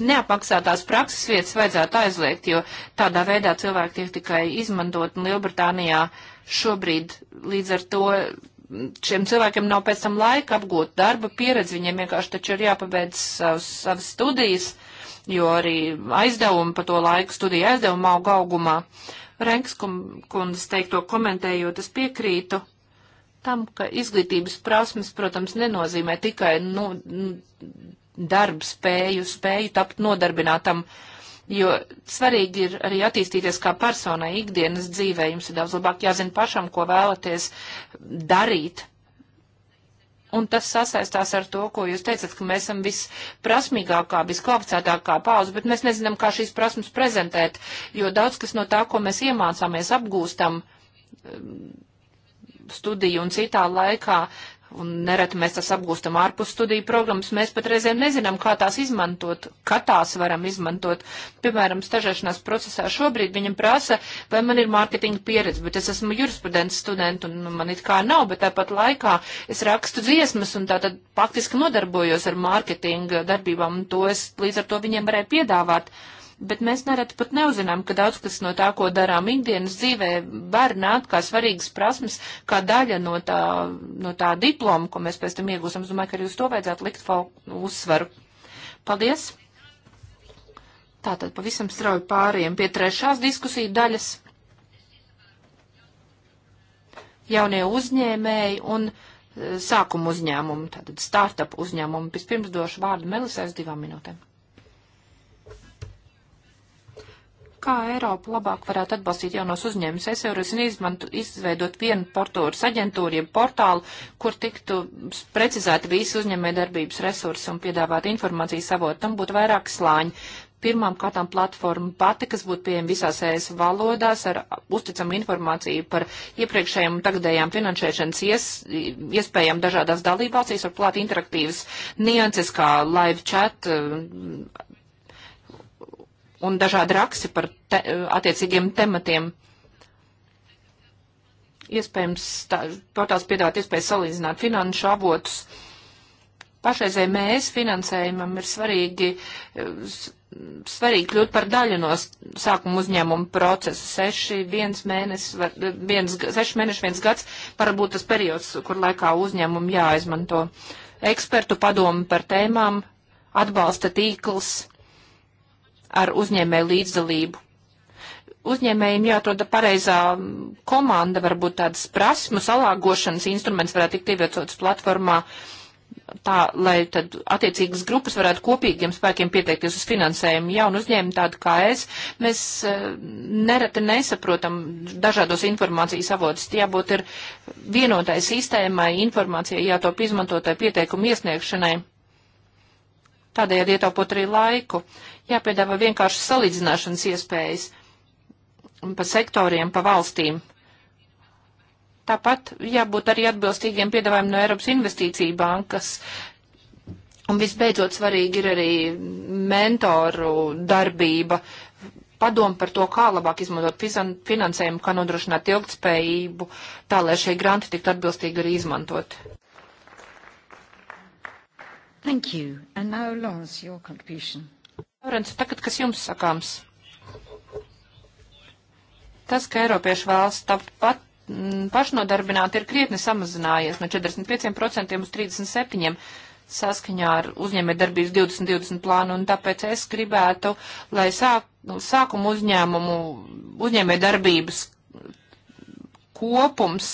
S1: Neapmaksātās prakses vietas vajadzētu aizliegt, jo tādā veidā cilvēki tiek tikai izmantot, un Lielbritānijā šobrīd līdz ar to šiem cilvēkiem nav pēc tam laika apgūt darba pieredzi, viņiem vienkārši taču ir jāpabeidz savas, savas studijas, jo arī aizdevumi pa to laiku studija aizdevuma auga augumā. Renks kundas teikto komentējot, es piekrītu tam, ka izglītības prasmes, protams, nenozīmē tikai nu, darbu spēju, spēju tapt nodarbinātam, jo svarīgi ir arī attīstīties kā personai ikdienas dzīvē. Jums ir daudz labāk jāzina pašam, ko vēlaties darīt Un tas sasaistās ar to, ko jūs teicat, ka mēs esam visprasmīgākā, viskvalificētākā paudze, bet mēs nezinām, kā šīs prasmes prezentēt, jo daudz kas no tā, ko mēs iemācāmies, apgūstam um, studiju un citā laikā, Un nereti mēs tas apgūstam ārpus studiju programmas. Mēs patreizēm nezinām, kā tās izmantot, kā tās varam izmantot. Piemēram, stažēšanās procesā šobrīd viņam prasa, vai man ir mārketinga pieredze, bet es esmu jurisprudents students un man it kā nav, bet tāpat laikā es rakstu dziesmas un tātad faktiski nodarbojos ar mārketinga darbībām un to es līdz ar to viņiem varēju piedāvāt. Uh, bet mēs nereti pat neuzinām, ka daudz kas no tā, ko darām ikdienas dzīvē, var nākt kā svarīgas prasmes, kā daļa no tā, no tā diploma, ko mēs pēc tam iegūstam. Es domāju, ka arī uz to vajadzētu likt uzsvaru. Paldies! Tātad pavisam strauji pāriem pie trešās diskusiju daļas. Jaunie uzņēmēji un eh, sākuma uzņēmumi, tātad startup uzņēmumi. Vispirms došu vārdu Melisai uz divām minūtēm. kā Eiropa labāk varētu atbalstīt jaunos uzņēmumus. Es jau esmu izmantu, izveidot vienu portūras aģentūru, jeb portālu, kur tiktu precizēti visi uzņēmē darbības resursi un piedāvāt informāciju savot. Tam būtu vairāk slāņi pirmām kārtām platforma pati, kas būtu pieejama visās ES valodās ar uzticamu informāciju par iepriekšējām un tagadējām finansēšanas ies, iespējām dažādās dalībvalstīs, ar plāt interaktīvas nianses kā live chat, un dažādi raksti par te, attiecīgiem tematiem. Iespējams, tā, portāls piedāvāt iespēju salīdzināt finanšu avotus. Pašreizēji mēs finansējumam ir svarīgi, svarīgi kļūt par daļu no sākuma uzņēmuma procesa. Seši, viens mēnesis, viens, seši mēneši, viens gads varbūt tas periods, kur laikā uzņēmumu jāizmanto. Ekspertu padomu par tēmām, atbalsta tīkls ar uzņēmēju līdzdalību. Uzņēmējiem jāatroda pareizā komanda, varbūt tādas prasmu salāgošanas instruments varētu tikt ievietots platformā, tā, lai tad attiecīgas grupas varētu kopīgiem spēkiem pieteikties uz finansējumu. Jaunu uzņēmumu tādu kā es, mēs eh, nereti nesaprotam dažādos informācijas avotus. Jābūt ir vienotai sistēmai, informācijai jātop izmantotai pieteikumu iesniegšanai tādējādi ietaupot arī laiku jāpiedāvā vienkārši salīdzināšanas iespējas pa sektoriem, pa valstīm. Tāpat jābūt arī atbilstīgiem piedāvājumiem no Eiropas investīcija bankas. Un visbeidzot svarīgi ir arī mentoru darbība, padomu par to, kā labāk izmantot finansējumu, kā nodrošināt ilgtspējību, tā lai šie granti tiktu atbilstīgi arī izmantot. Thank you. And now, Lawrence, your contribution. Lorenz, tagad kas jums sakāms? Tas, ka Eiropiešu vēlas tāpat mm, pašnodarbināti ir krietni samazinājies no 45% uz 37% saskaņā ar uzņēmējdarbības 2020 plānu, un tāpēc es gribētu, lai sāk, sākumu uzņēmumu uzņēmējdarbības kopums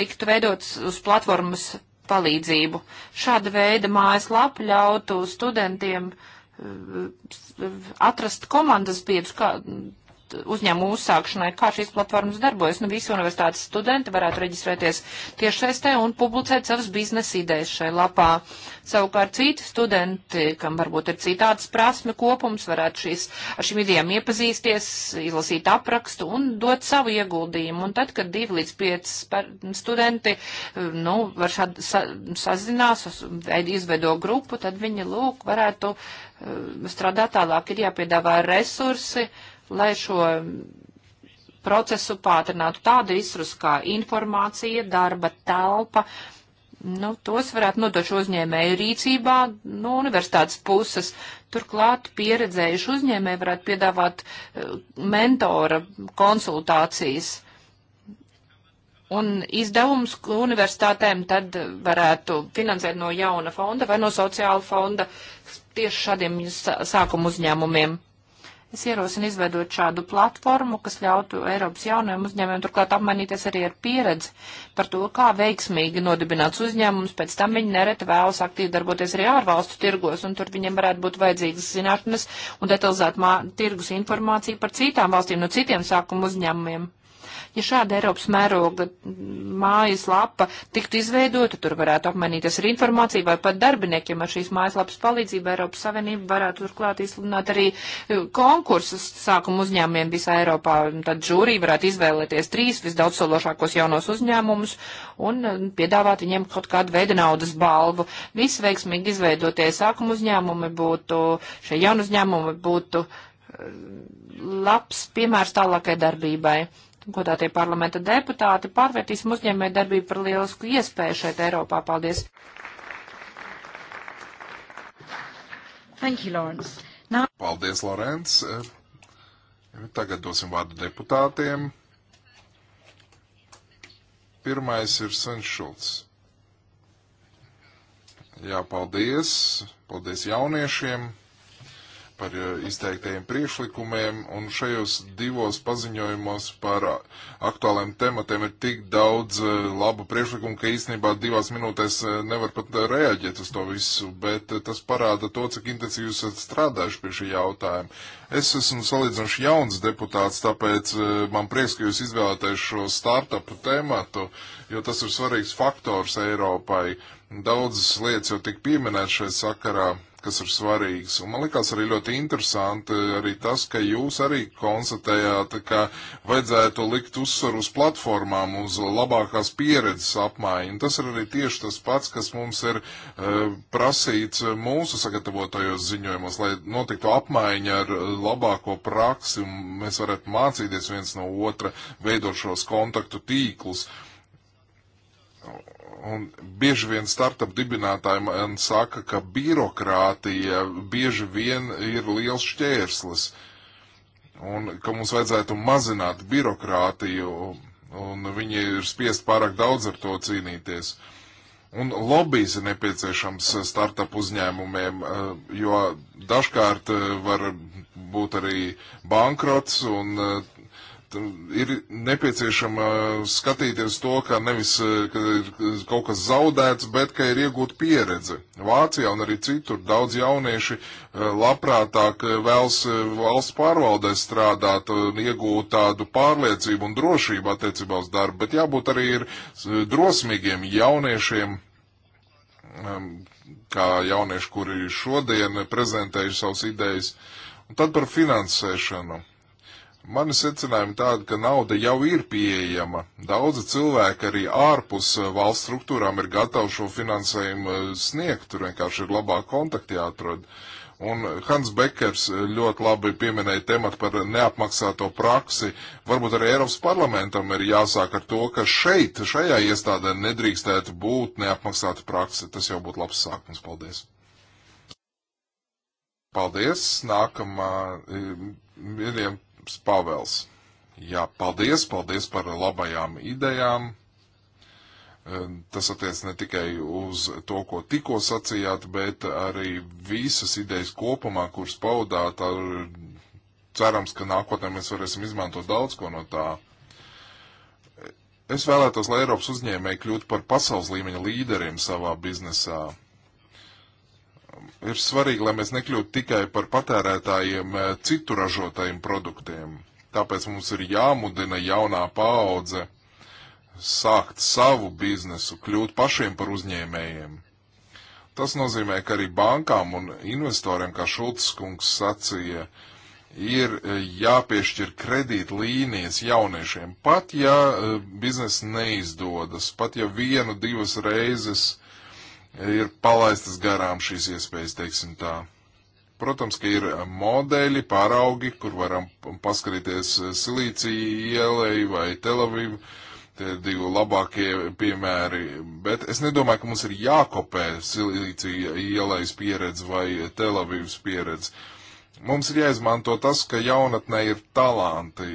S1: tiktu veidots uz platformas palīdzību. Šāda veida mājaslapa ļautu studentiem uh, atrast komandas biedrus, kā uzņēmumu uzsākšanai, kā šīs platformas darbojas. Nu, visi universitātes studenti varētu reģistrēties tiešsaistē un publicēt savas biznesa idejas šai lapā. Savukārt citi studenti, kam varbūt ir citādas prasme kopums, varētu šīs, ar šīm idejām iepazīsties, izlasīt aprakstu un dot savu ieguldījumu. Un tad, kad divi līdz pieci studenti, nu, var šādi sa sazinās, izveido grupu, tad viņi, lūk, varētu eh, strādāt tālāk. Ir jāpiedāvā resursi lai šo procesu pātrinātu tādu izrus kā informācija, darba telpa. Nu, tos varētu nodot uzņēmēju rīcībā no universitātes puses. Turklāt pieredzējuši uzņēmēji varētu piedāvāt eh, mentora konsultācijas. Un izdevums universitātēm tad varētu finansēt no jauna fonda vai no sociāla fonda tieši šādiem sākumu uzņēmumiem. Es ierosinu izveidot šādu platformu, kas ļautu Eiropas jaunajiem uzņēmumiem turklāt apmainīties arī ar pieredzi par to, kā veiksmīgi nodibināts uzņēmums, pēc tam viņi nereti vēlas aktīvi darboties arī ārvalstu tirgos, un tur viņiem varētu būt vajadzīgas zinātnes un detalizēt tirgus informāciju par citām valstīm no citiem sākuma uzņēmumiem. Ja šāda Eiropas mēroga mājas lapa tiktu izveidota, tur varētu apmainīties ar informāciju vai pat darbiniekiem ar šīs mājas lapas palīdzību Eiropas Savienība varētu turklāt izsludināt arī e, konkursus sākumu uzņēmumiem visā Eiropā. Tad žūrī varētu izvēlēties trīs visdaudzsološākos jaunos uzņēmumus un e, piedāvāt viņiem kaut kādu veidu naudas balvu. Visveiksmīgi izveidotie sākumu uzņēmumi būtu, šie jaunu uzņēmumi būtu e, labs piemērs tālākai darbībai godātie parlamenta deputāti, pārvērtīsim uzņēmē darbību par lielisku iespēju šeit Eiropā. Paldies! Thank you, Lawrence. Now...
S2: Paldies, Lorence. Tagad dosim vārdu deputātiem. Pirmais ir Senšults. Jā, paldies. Paldies jauniešiem par eh, izteiktajiem priešlikumiem, un šajos divos paziņojumos par eh, aktuāliem tematiem ir tik daudz eh, labu priešlikumu, ka īstenībā divās minūtēs nevar pat reaģēt uz to visu, bet tas parāda to, cik intensīvi jūs esat strādājuši pie šī jautājuma. Es esmu salīdzinoši jauns deputāts, tāpēc man prieks, ka jūs izvēlēties šo startupu tēmatu, jo tas ir svarīgs faktors Eiropai. Daudzas lietas jau tik pieminētas šajā sakarā kas ir svarīgs. Un man likās arī ļoti interesanti arī tas, ka jūs arī konstatējāt, ka vajadzētu likt uzsvaru uz platformām, uz labākās pieredzes apmaiņu. Tas ir arī tieši tas pats, kas mums ir uh, prasīts mūsu sagatavotajos ziņojumos, lai notiktu apmaiņa ar e, labāko praksi un mēs varētu mācīties viens no otra veidošos kontaktu tīklus Un bieži vien startup dibinātāji man saka, ka birokrātija bieži vien ir liels šķērslis. Un ka mums vajadzētu mazināt birokrātiju, un viņi ir spiest pārāk daudz ar to cīnīties. Un lobbyis ir nepieciešams startup uzņēmumiem, eh, jo dažkārt eh, var būt arī bankrots, un eh, ir nepieciešama skatīties to, ka nevis e, ka ir kaut kas zaudēts, bet ka ir iegūta pieredze. Vācijā un arī citur daudz jaunieši e, labprātāk vēlas e, valsts pārvaldē strādāt un iegūt tādu pārliecību un drošību attiecībā uz darbu, bet jābūt arī ir drosmīgiem jauniešiem um, kā jaunieši, kuri šodien prezentējuši savas idejas. Un tad par finansēšanu Mani secinājumi tādi, ka nauda jau ir pieejama. Daudzi cilvēki arī ārpus eh, valsts struktūrām ir gatavi šo finansējumu eh, sniegt, tur vienkārši ir labāk kontakti jāatrod. Un Hans Bekers eh, ļoti labi pieminēja tematu par neapmaksāto praksi. Varbūt arī Eiropas parlamentam ir jāsāk ar to, ka šeit, šajā iestādē nedrīkstētu būt neapmaksāta praksi. Tas jau būtu labs sākums. Paldies! Paldies! Nākamā, Mirjam, Pāvels. Jā, paldies, paldies par labajām idejām. Tas attiec ne tikai uz to, ko tikko sacījāt, bet arī visas idejas kopumā, kuras paudāt. Cerams, ka nākotnē mēs varēsim izmantot daudz ko no tā. Es vēlētos, lai Eiropas uzņēmēji kļūtu par pasaules līmeņa līderiem savā biznesā ir svarīgi, lai mēs nekļūtu tikai par patērētājiem eh, citu ražotajiem produktiem. Tāpēc mums ir jāmudina jaunā paudze sākt savu biznesu, kļūt pašiem par uzņēmējiem. Tas nozīmē, ka arī bankām un investoriem, kā Šulcis kungs sacīja, ir eh, jāpiešķir kredīt līnijas jauniešiem. Pat ja eh, biznesa neizdodas, pat ja vienu, divas reizes uh, ir palaistas garām šīs iespējas, teiksim tā. Protams, ka ir modeļi, pāraugi, kur varam paskatīties Silīcija ielai vai Telavivu. Tie ir divi labākie piemēri, bet es nedomāju, ka mums ir jākopē Silīcija ielais pieredze vai Telavivas pieredze. Mums ir jāizmanto tas, ka jaunatnē ir talanti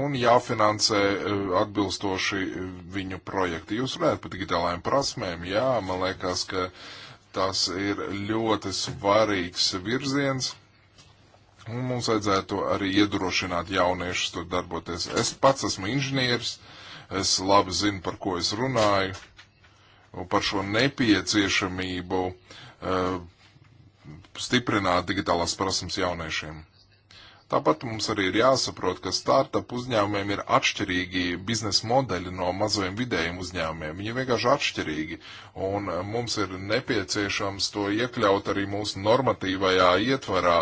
S2: un jāfinansē eh, atbilstoši eh, viņu projekti. Jūs runājat par digitālajām prasmēm, jā, man liekas, ka tas ir ļoti svarīgs virziens. Un mums vajadzētu arī iedrošināt jauniešus tur darboties. Es pats esmu inženieris, es labi zinu, par ko es runāju, un par šo nepieciešamību uh, stiprināt digitālās prasmes jauniešiem. Tāpat mums arī ir jāsaprot, ka startup uzņēmumiem ir atšķirīgi biznesa modeļi no mazajiem vidējiem uzņēmumiem. Viņi vienkārši atšķirīgi, un eh, mums ir nepieciešams to iekļaut arī mūsu normatīvajā ietvarā,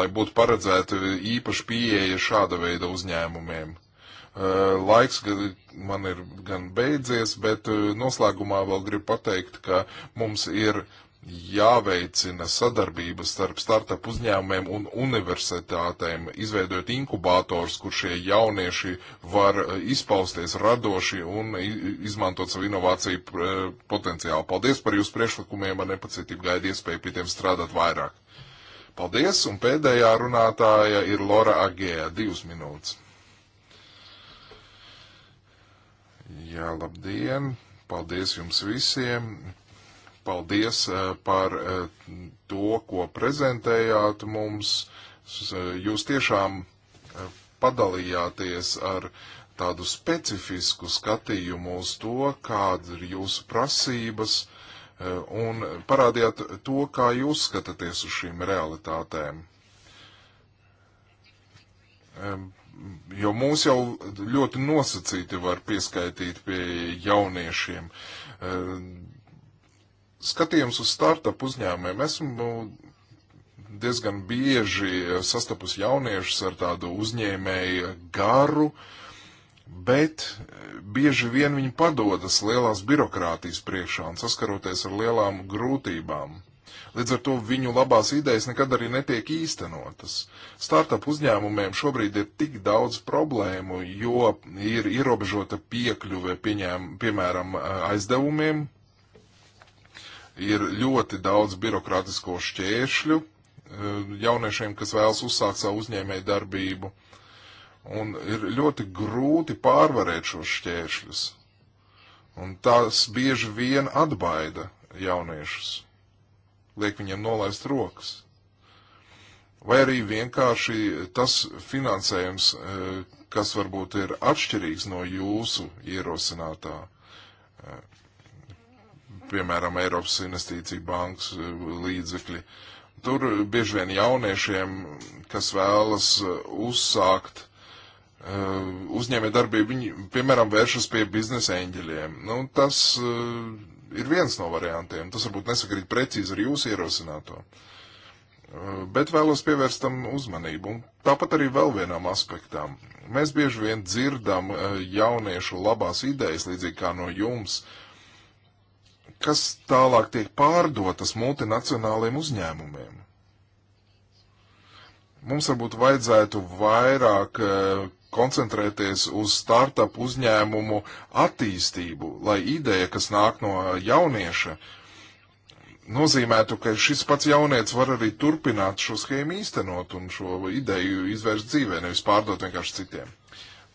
S2: lai būtu paredzēta īpaši pieeja šāda veida uzņēmumiem. Eh, laiks man ir gan beidzies, bet eh, noslēgumā vēl gribu pateikt, ka mums ir jāveicina sadarbība starp startup uzņēmumiem un universitātēm, izveidot inkubators, kur šie jaunieši var e, izpausties radoši un izmantot savu inovāciju e, potenciālu. Paldies par jūsu priekšlikumiem, ar nepacietību gaidu iespēju pie tiem strādāt vairāk. Paldies, un pēdējā runātāja ir Lora Agēja, divas minūtes. Jā, labdien! Paldies jums visiem! paldies eh, par eh, to, ko prezentējāt mums. Eh, jūs tiešām padalījāties ar tādu specifisku skatījumu uz to, kāda ir jūsu prasības, un parādījāt to, kā jūs skatāties uz šīm realitātēm. Jo mūs jau ļoti nosacīti var pieskaitīt pie jauniešiem skatījums uz startup uzņēmumiem. Esmu diezgan bieži sastapus jauniešus ar tādu uzņēmēju garu, bet bieži vien viņi padodas lielās birokrātijas priekšā un saskaroties ar lielām grūtībām. Līdz ar to viņu labās idejas nekad arī netiek īstenotas. Startup uzņēmumiem šobrīd ir tik daudz problēmu, jo ir ierobežota piekļuve, pieņēm, piemēram, aizdevumiem, ir ļoti daudz birokrātisko šķēršļu eh, jauniešiem, kas vēlas uzsākt savu uzņēmēju darbību. Un ir ļoti grūti pārvarēt šos šķēršļus. Un tās bieži vien atbaida jauniešus, liek viņiem nolaist rokas. Vai arī vienkārši tas finansējums, eh, kas varbūt ir atšķirīgs no jūsu ierosinātā eh, piemēram, Eiropas investīcija bankas eh, līdzekļi. Tur bieži vien jauniešiem, kas vēlas eh, uzsākt eh, uzņēmē darbību, viņi, piemēram, vēršas pie biznesa eņģeļiem. Nu, tas ir viens no variantiem. Tas varbūt nesakrīt precīzi ar jūsu ierosināto. Bet vēlos pievērst tam uzmanību. Un tāpat arī vēl vienam aspektam. Mēs bieži vien dzirdam jauniešu labās idejas, līdzīgi kā no jums, uh, kas tālāk tiek pārdotas multinacionāliem uzņēmumiem. Mums varbūt vajadzētu vairāk e, koncentrēties uz startup uzņēmumu attīstību, lai ideja, kas nāk no jaunieša, nozīmētu, ka šis pats jaunietis var arī turpināt šo schēmu īstenot un šo ideju izvērst dzīvē, nevis pārdot vienkārši citiem.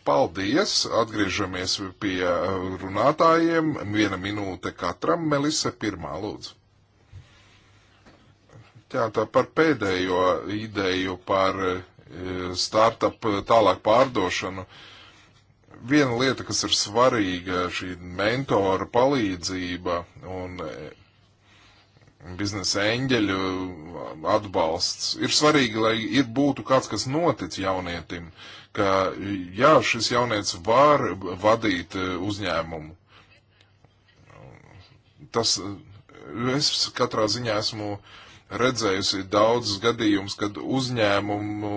S2: Paldies! Atgriežamies pie eh, runātājiem. Viena minūte katram. Melise pirmā lūdzu. Jā, tā par pēdējo ideju par eh, startup tālāk pārdošanu. Viena lieta, kas ir svarīga, šī mentora palīdzība un eh, biznesa eņģeļu atbalsts. Ir svarīgi, lai ir būtu kāds, kas notic jaunietim. Uh, ka jā, šis jaunietis var vadīt e, uzņēmumu. Tas, e, es katrā ziņā esmu redzējusi daudzus gadījumus, kad uzņēmumu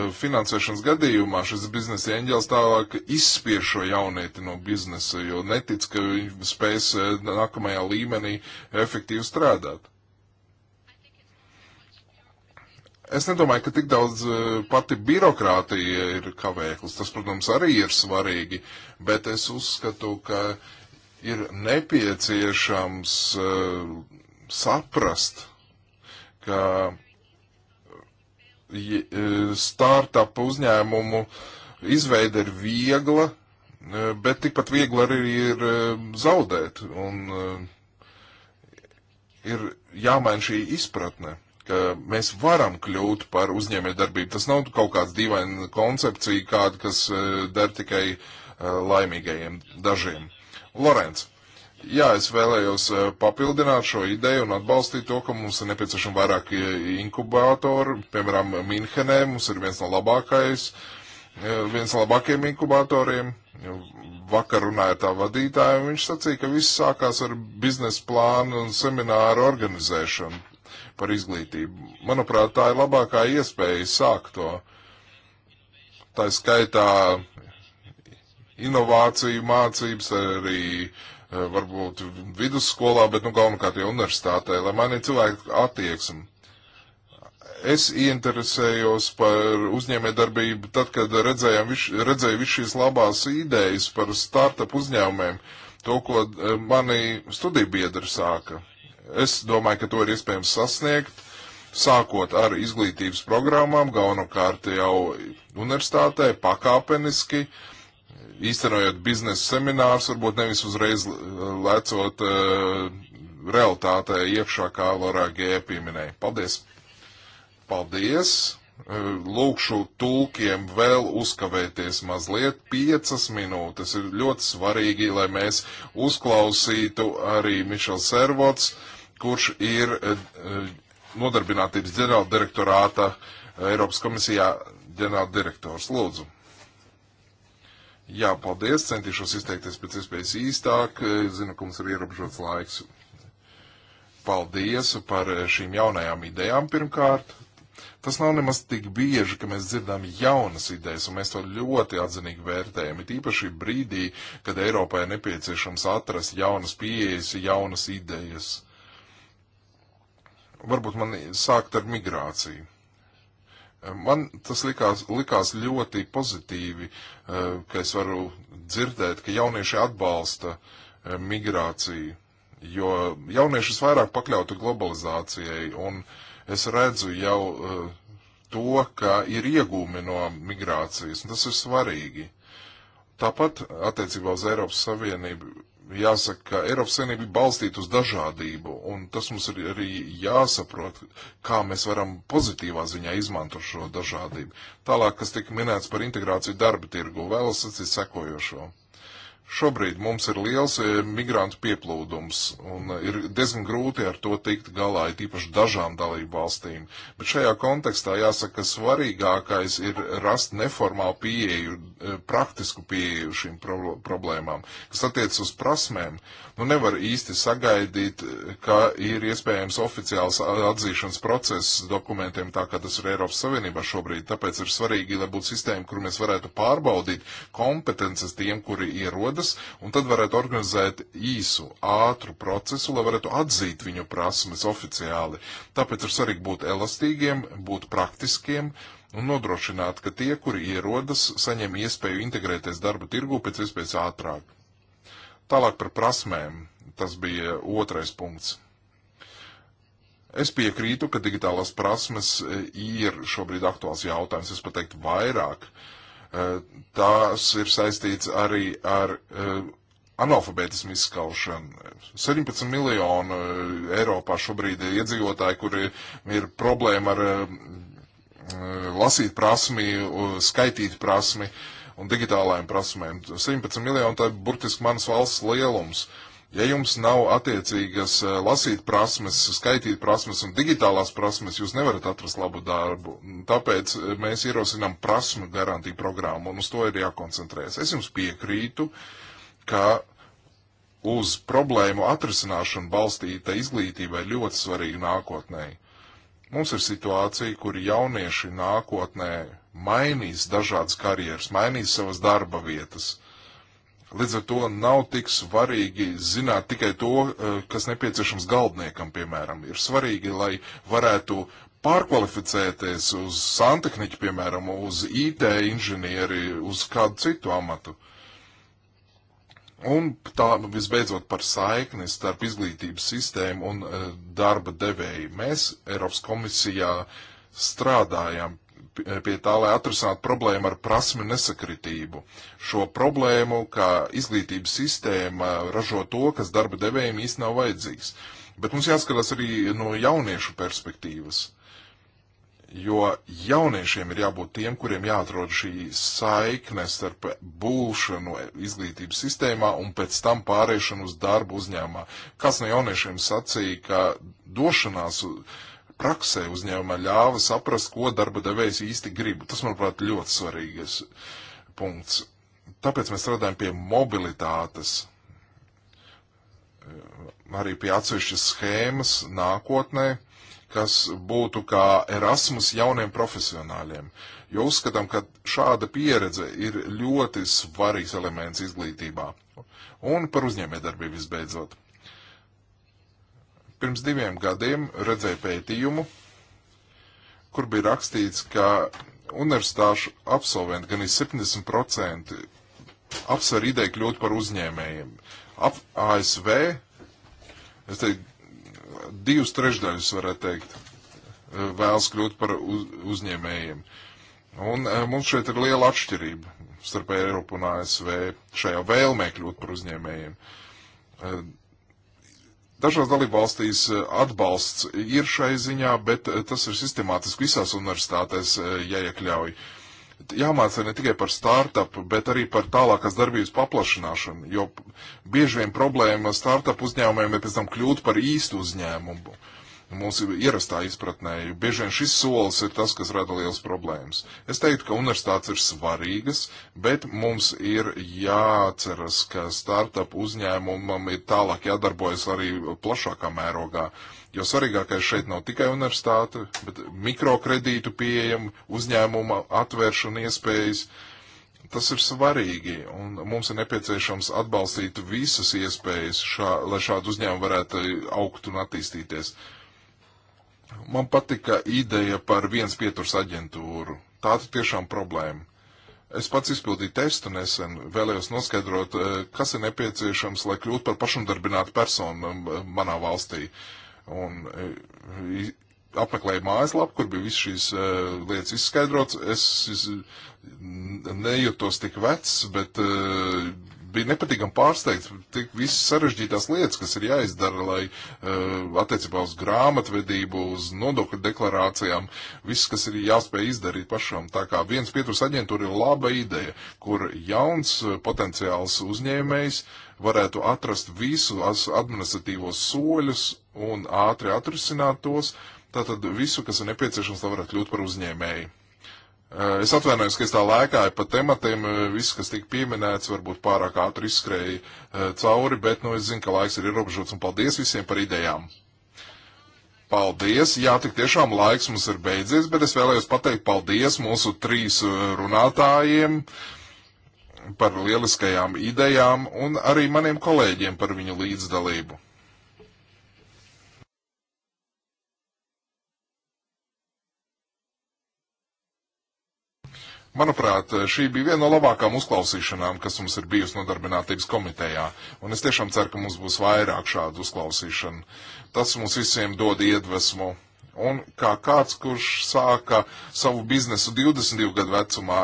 S2: e, finansēšanas gadījumā šis biznesa eņģēls tālāk izspiež šo jaunieti no biznesa, jo netic, ka viņš spēs nākamajā līmenī efektīvi strādāt. Es nedomāju, ka tik daudz e, pati birokrātija ir kavēklis. Tas, protams, arī ir svarīgi, bet es uzskatu, ka ir nepieciešams uh, saprast, ka e, startup uzņēmumu izveide ir viegla, bet tikpat viegli arī ir zaudēt un uh, ir jāmaina šī izpratne ka mēs varam kļūt par uzņēmējdarbību. Tas nav kaut kāds dīvaini koncepcija, kāda, kas eh, der tikai eh, laimīgajiem dažiem. Lorenz. Jā, es vēlējos eh, papildināt šo ideju un atbalstīt to, ka mums ir nepieciešama vairāk inkubātoru. Piemēram, Minhenē mums ir viens no labākais, viens no labākajiem inkubātoriem. Vakar runāja tā vadītāja, un viņš sacīja, ka viss sākās ar biznesa plānu un semināru organizēšanu par izglītību. Manuprāt, tā ir labākā iespēja sākt to. Tā skaitā inovāciju mācības arī eh, varbūt vidusskolā, bet nu galvenokārt jau universitātē, lai mainītu cilvēku attieksmi. Es ieinteresējos par uzņēmējdarbību tad, kad redzējām, viš, redzēju visu šīs labās idejas par startup uzņēmumiem, to, ko eh, mani studiju biedri sāka. Es domāju, ka to ir iespējams sasniegt, sākot ar izglītības programmām, galvenokārt jau universitātē, pakāpeniski, īstenojot biznesa seminārus, varbūt nevis uzreiz lecot uh, realitātē iekšā, kā Lorā G. pieminēja. Paldies! Paldies! Eh, lūkšu tulkiem vēl uzkavēties mazliet piecas minūtes. Ir ļoti svarīgi, lai mēs uzklausītu arī Mišels Servots kurš ir eh, eh, nodarbinātības ģenerāla direktorāta eh, Eiropas komisijā ģenerāla direktors. Lūdzu. Jā, paldies. Centīšos izteikties pēc iespējas īstāk. Zinu, ka mums ir ierobežots laiks. Paldies par šīm jaunajām idejām pirmkārt. Tas nav nemaz tik bieži, ka mēs dzirdam jaunas idejas, un mēs to ļoti atzinīgi vērtējam. It īpaši brīdī, kad Eiropai nepieciešams atrast jaunas pieejas, jaunas idejas varbūt man sākt ar migrāciju. Eh, man tas likās, likās ļoti pozitīvi, eh, ka es varu dzirdēt, ka jaunieši atbalsta eh, migrāciju, jo jauniešus vairāk pakļautu globalizācijai, un es redzu jau to, ka ir iegūmi no migrācijas, un tas ir svarīgi. Tāpat attiecībā uz Eiropas Savienību jāsaka, ka Eiropas Savienība ir balstīta uz dažādību, un tas mums ir arī jāsaprot, kā mēs varam pozitīvā ziņā izmantot šo dažādību. Tālāk, kas tika minēts par integrāciju darba tirgu, vēlas sacīt sekojošo. Šobrīd mums ir liels e, migrantu pieplūdums un e, ir diezgan grūti ar to tikt galā, it īpaši dažām dalību valstīm. Bet šajā kontekstā jāsaka, ka svarīgākais ir rast neformālu pieeju, e, praktisku pieeju šīm problēmām. Kas attiec uz prasmēm, nu nevar īsti sagaidīt, ka ir iespējams oficiāls atzīšanas process dokumentiem tā, kā tas ir Eiropas Savienībā šobrīd. Tāpēc ir svarīgi, lai būtu sistēma, kur mēs varētu pārbaudīt kompetences tiem, kuri ierodas komandas, un tad varētu organizēt īsu, ātru procesu, lai varētu atzīt viņu prasmes oficiāli. Tāpēc ir svarīgi būt elastīgiem, būt praktiskiem un nodrošināt, ka tie, kuri ierodas, saņem iespēju integrēties darba tirgu pēc iespējas ātrāk. Tālāk par prasmēm. Tas bija otrais punkts. Es piekrītu, ka digitālās prasmes ir šobrīd aktuāls jautājums, es pateiktu vairāk. Uh, Eh, tās ir saistīts arī ar eh, analfabētismu izskaušanu. 17 miljonu eh, Eiropā šobrīd ir iedzīvotāji, kuri ir problēma ar lasīt prasmi, skaitīt prasmi un digitālajām prasmēm. 17 miljoni tā ir burtiski manas valsts lielums. Uh, Ja jums nav attiecīgas eh, lasīt prasmes, skaitīt prasmes un digitālās prasmes, jūs nevarat atrast labu darbu. Tāpēc eh, mēs ierosinām prasmu garantiju programmu un uz to ir jākoncentrējas. Es jums piekrītu, ka uz problēmu atrisināšanu balstīta izglītība ir ļoti svarīga nākotnē. Mums ir situācija, kur jaunieši nākotnē mainīs dažādas karjeras, mainīs savas darba vietas Līdz ar to nav tik svarīgi zināt tikai to, eh, kas nepieciešams galdniekam, piemēram. Ir svarīgi, lai varētu pārkvalificēties uz santehniķu, piemēram, uz IT inženieri, uz kādu citu amatu. Un tā nu, visbeidzot par saikni starp izglītības sistēmu un eh, darba devēju. Mēs Eiropas komisijā strādājam pie tā, lai atrisinātu problēmu ar prasmi nesakritību. Šo problēmu, kā izglītības sistēma ražo to, kas darba devējiem īsti nav vajadzīgs. Bet mums jāskatās arī no jauniešu perspektīvas. Jo jauniešiem ir jābūt tiem, kuriem jāatrod šī saikne starp būšanu izglītības sistēmā un pēc tam pāriešanu uz darbu uzņēmumā. Kas no jauniešiem sacīja, ka došanās uh, praksē uzņēmumā ļāva saprast, ko darba devējs īsti grib. Tas, manuprāt, ļoti svarīgs punkts. Tāpēc mēs strādājam pie mobilitātes, eh, arī pie atsevišķas schēmas nākotnē, kas būtu kā Erasmus jauniem profesionāļiem. Jo uzskatām, ka šāda pieredze ir ļoti svarīgs elements izglītībā. Un par uzņēmējdarbību visbeidzot. Pirms diviem gadiem redzēju pētījumu, kur bija rakstīts, ka universitāšu absolventi gan ir 70% apsver ideju kļūt par uzņēmējiem. Ap, ASV, es teiktu, divus trešdaļus, varētu teikt, vēlas kļūt par uz, uzņēmējiem. Un eh, mums šeit ir liela atšķirība starp Eiropu un ASV šajā vēlmē kļūt par uzņēmējiem. Eh, Dažās dalībvalstīs eh, atbalsts ir šai ziņā, bet eh, tas ir sistemātiski visās universitātēs eh, jāiekļauj. Jāmācā ne tikai par startup, bet arī par tālākas darbības paplašināšanu, jo bieži vien problēma startup uzņēmumiem ir pēc tam kļūt par īstu uzņēmumu. Uh, mūsu ierastā izpratnē. Bieži vien šis solis ir tas, kas rada liels problēmas. Es teiktu, ka universitātes ir svarīgas, bet mums ir jāceras, ka startup uzņēmumam ir tālāk jādarbojas arī plašākā mērogā. Jo svarīgākais šeit nav tikai universitāte, bet mikrokredītu pieejama, uzņēmuma atvēršana iespējas. Tas ir svarīgi, un mums ir nepieciešams atbalstīt visas iespējas, šā, lai šādu uzņēmumu varētu augt un attīstīties. Uh, Man patika ideja par viens pieturs aģentūru. Tā tiešām problēma. Es pats izpildīju testu nesen, vēlējos noskaidrot, eh, kas ir nepieciešams, lai kļūtu par pašnodarbinātu personu manā valstī. Un eh, apmeklēju mājaslapu, kur bija viss šīs eh, lietas izskaidrots. Es, es nejutos tik vecs, bet biju nepatīkami pārsteigts, tik visas sarežģītās lietas, kas ir jāizdara, lai uh, attiecībā uz grāmatvedību, uz nodokļu deklarācijām, viss, kas ir jāspēj izdarīt pašam. Tā kā viens pieturas aģentūra ir laba ideja, kur jauns eh, potenciāls uzņēmējs varētu atrast visu administratīvos soļus un ātri atrisināt tos, tātad visu, kas ir nepieciešams, lai varētu kļūt par uzņēmēju. Eh, es atvainojos, ka es tā lēkāju pa tematiem, eh, viss, kas tika pieminēts, varbūt pārāk ātri izskrēja eh, cauri, bet, nu, es zinu, ka laiks ir ierobežots, un paldies visiem par idejām. Paldies! Jā, tik tiešām laiks mums ir beidzies, bet es vēlējos pateikt paldies mūsu trīs runātājiem par lieliskajām idejām un arī maniem kolēģiem par viņu līdzdalību. Manuprāt, šī bija viena no labākām uzklausīšanām, kas mums ir bijusi nodarbinātības komitejā. Un es tiešām ceru, ka mums būs vairāk šādu uzklausīšanu. Tas mums visiem dod iedvesmu. Un kā kāds, kurš sāka savu biznesu 22 gadu vecumā,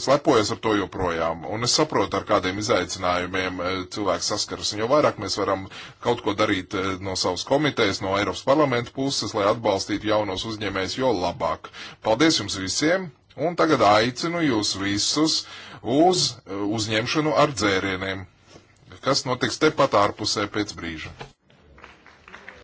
S2: es lepojos ar to joprojām. Un es saprotu, ar kādiem izaicinājumiem eh, cilvēks saskaras. Un jo vairāk mēs varam kaut ko darīt eh, no savas komitejas, no Eiropas parlamenta puses, lai atbalstītu jaunos uzņēmējus, jo labāk. Paldies jums visiem! Un tagad aicinu jūs visus uz uzņemšanu ar dzērieniem, kas notiks tepat ārpusē pēc brīža.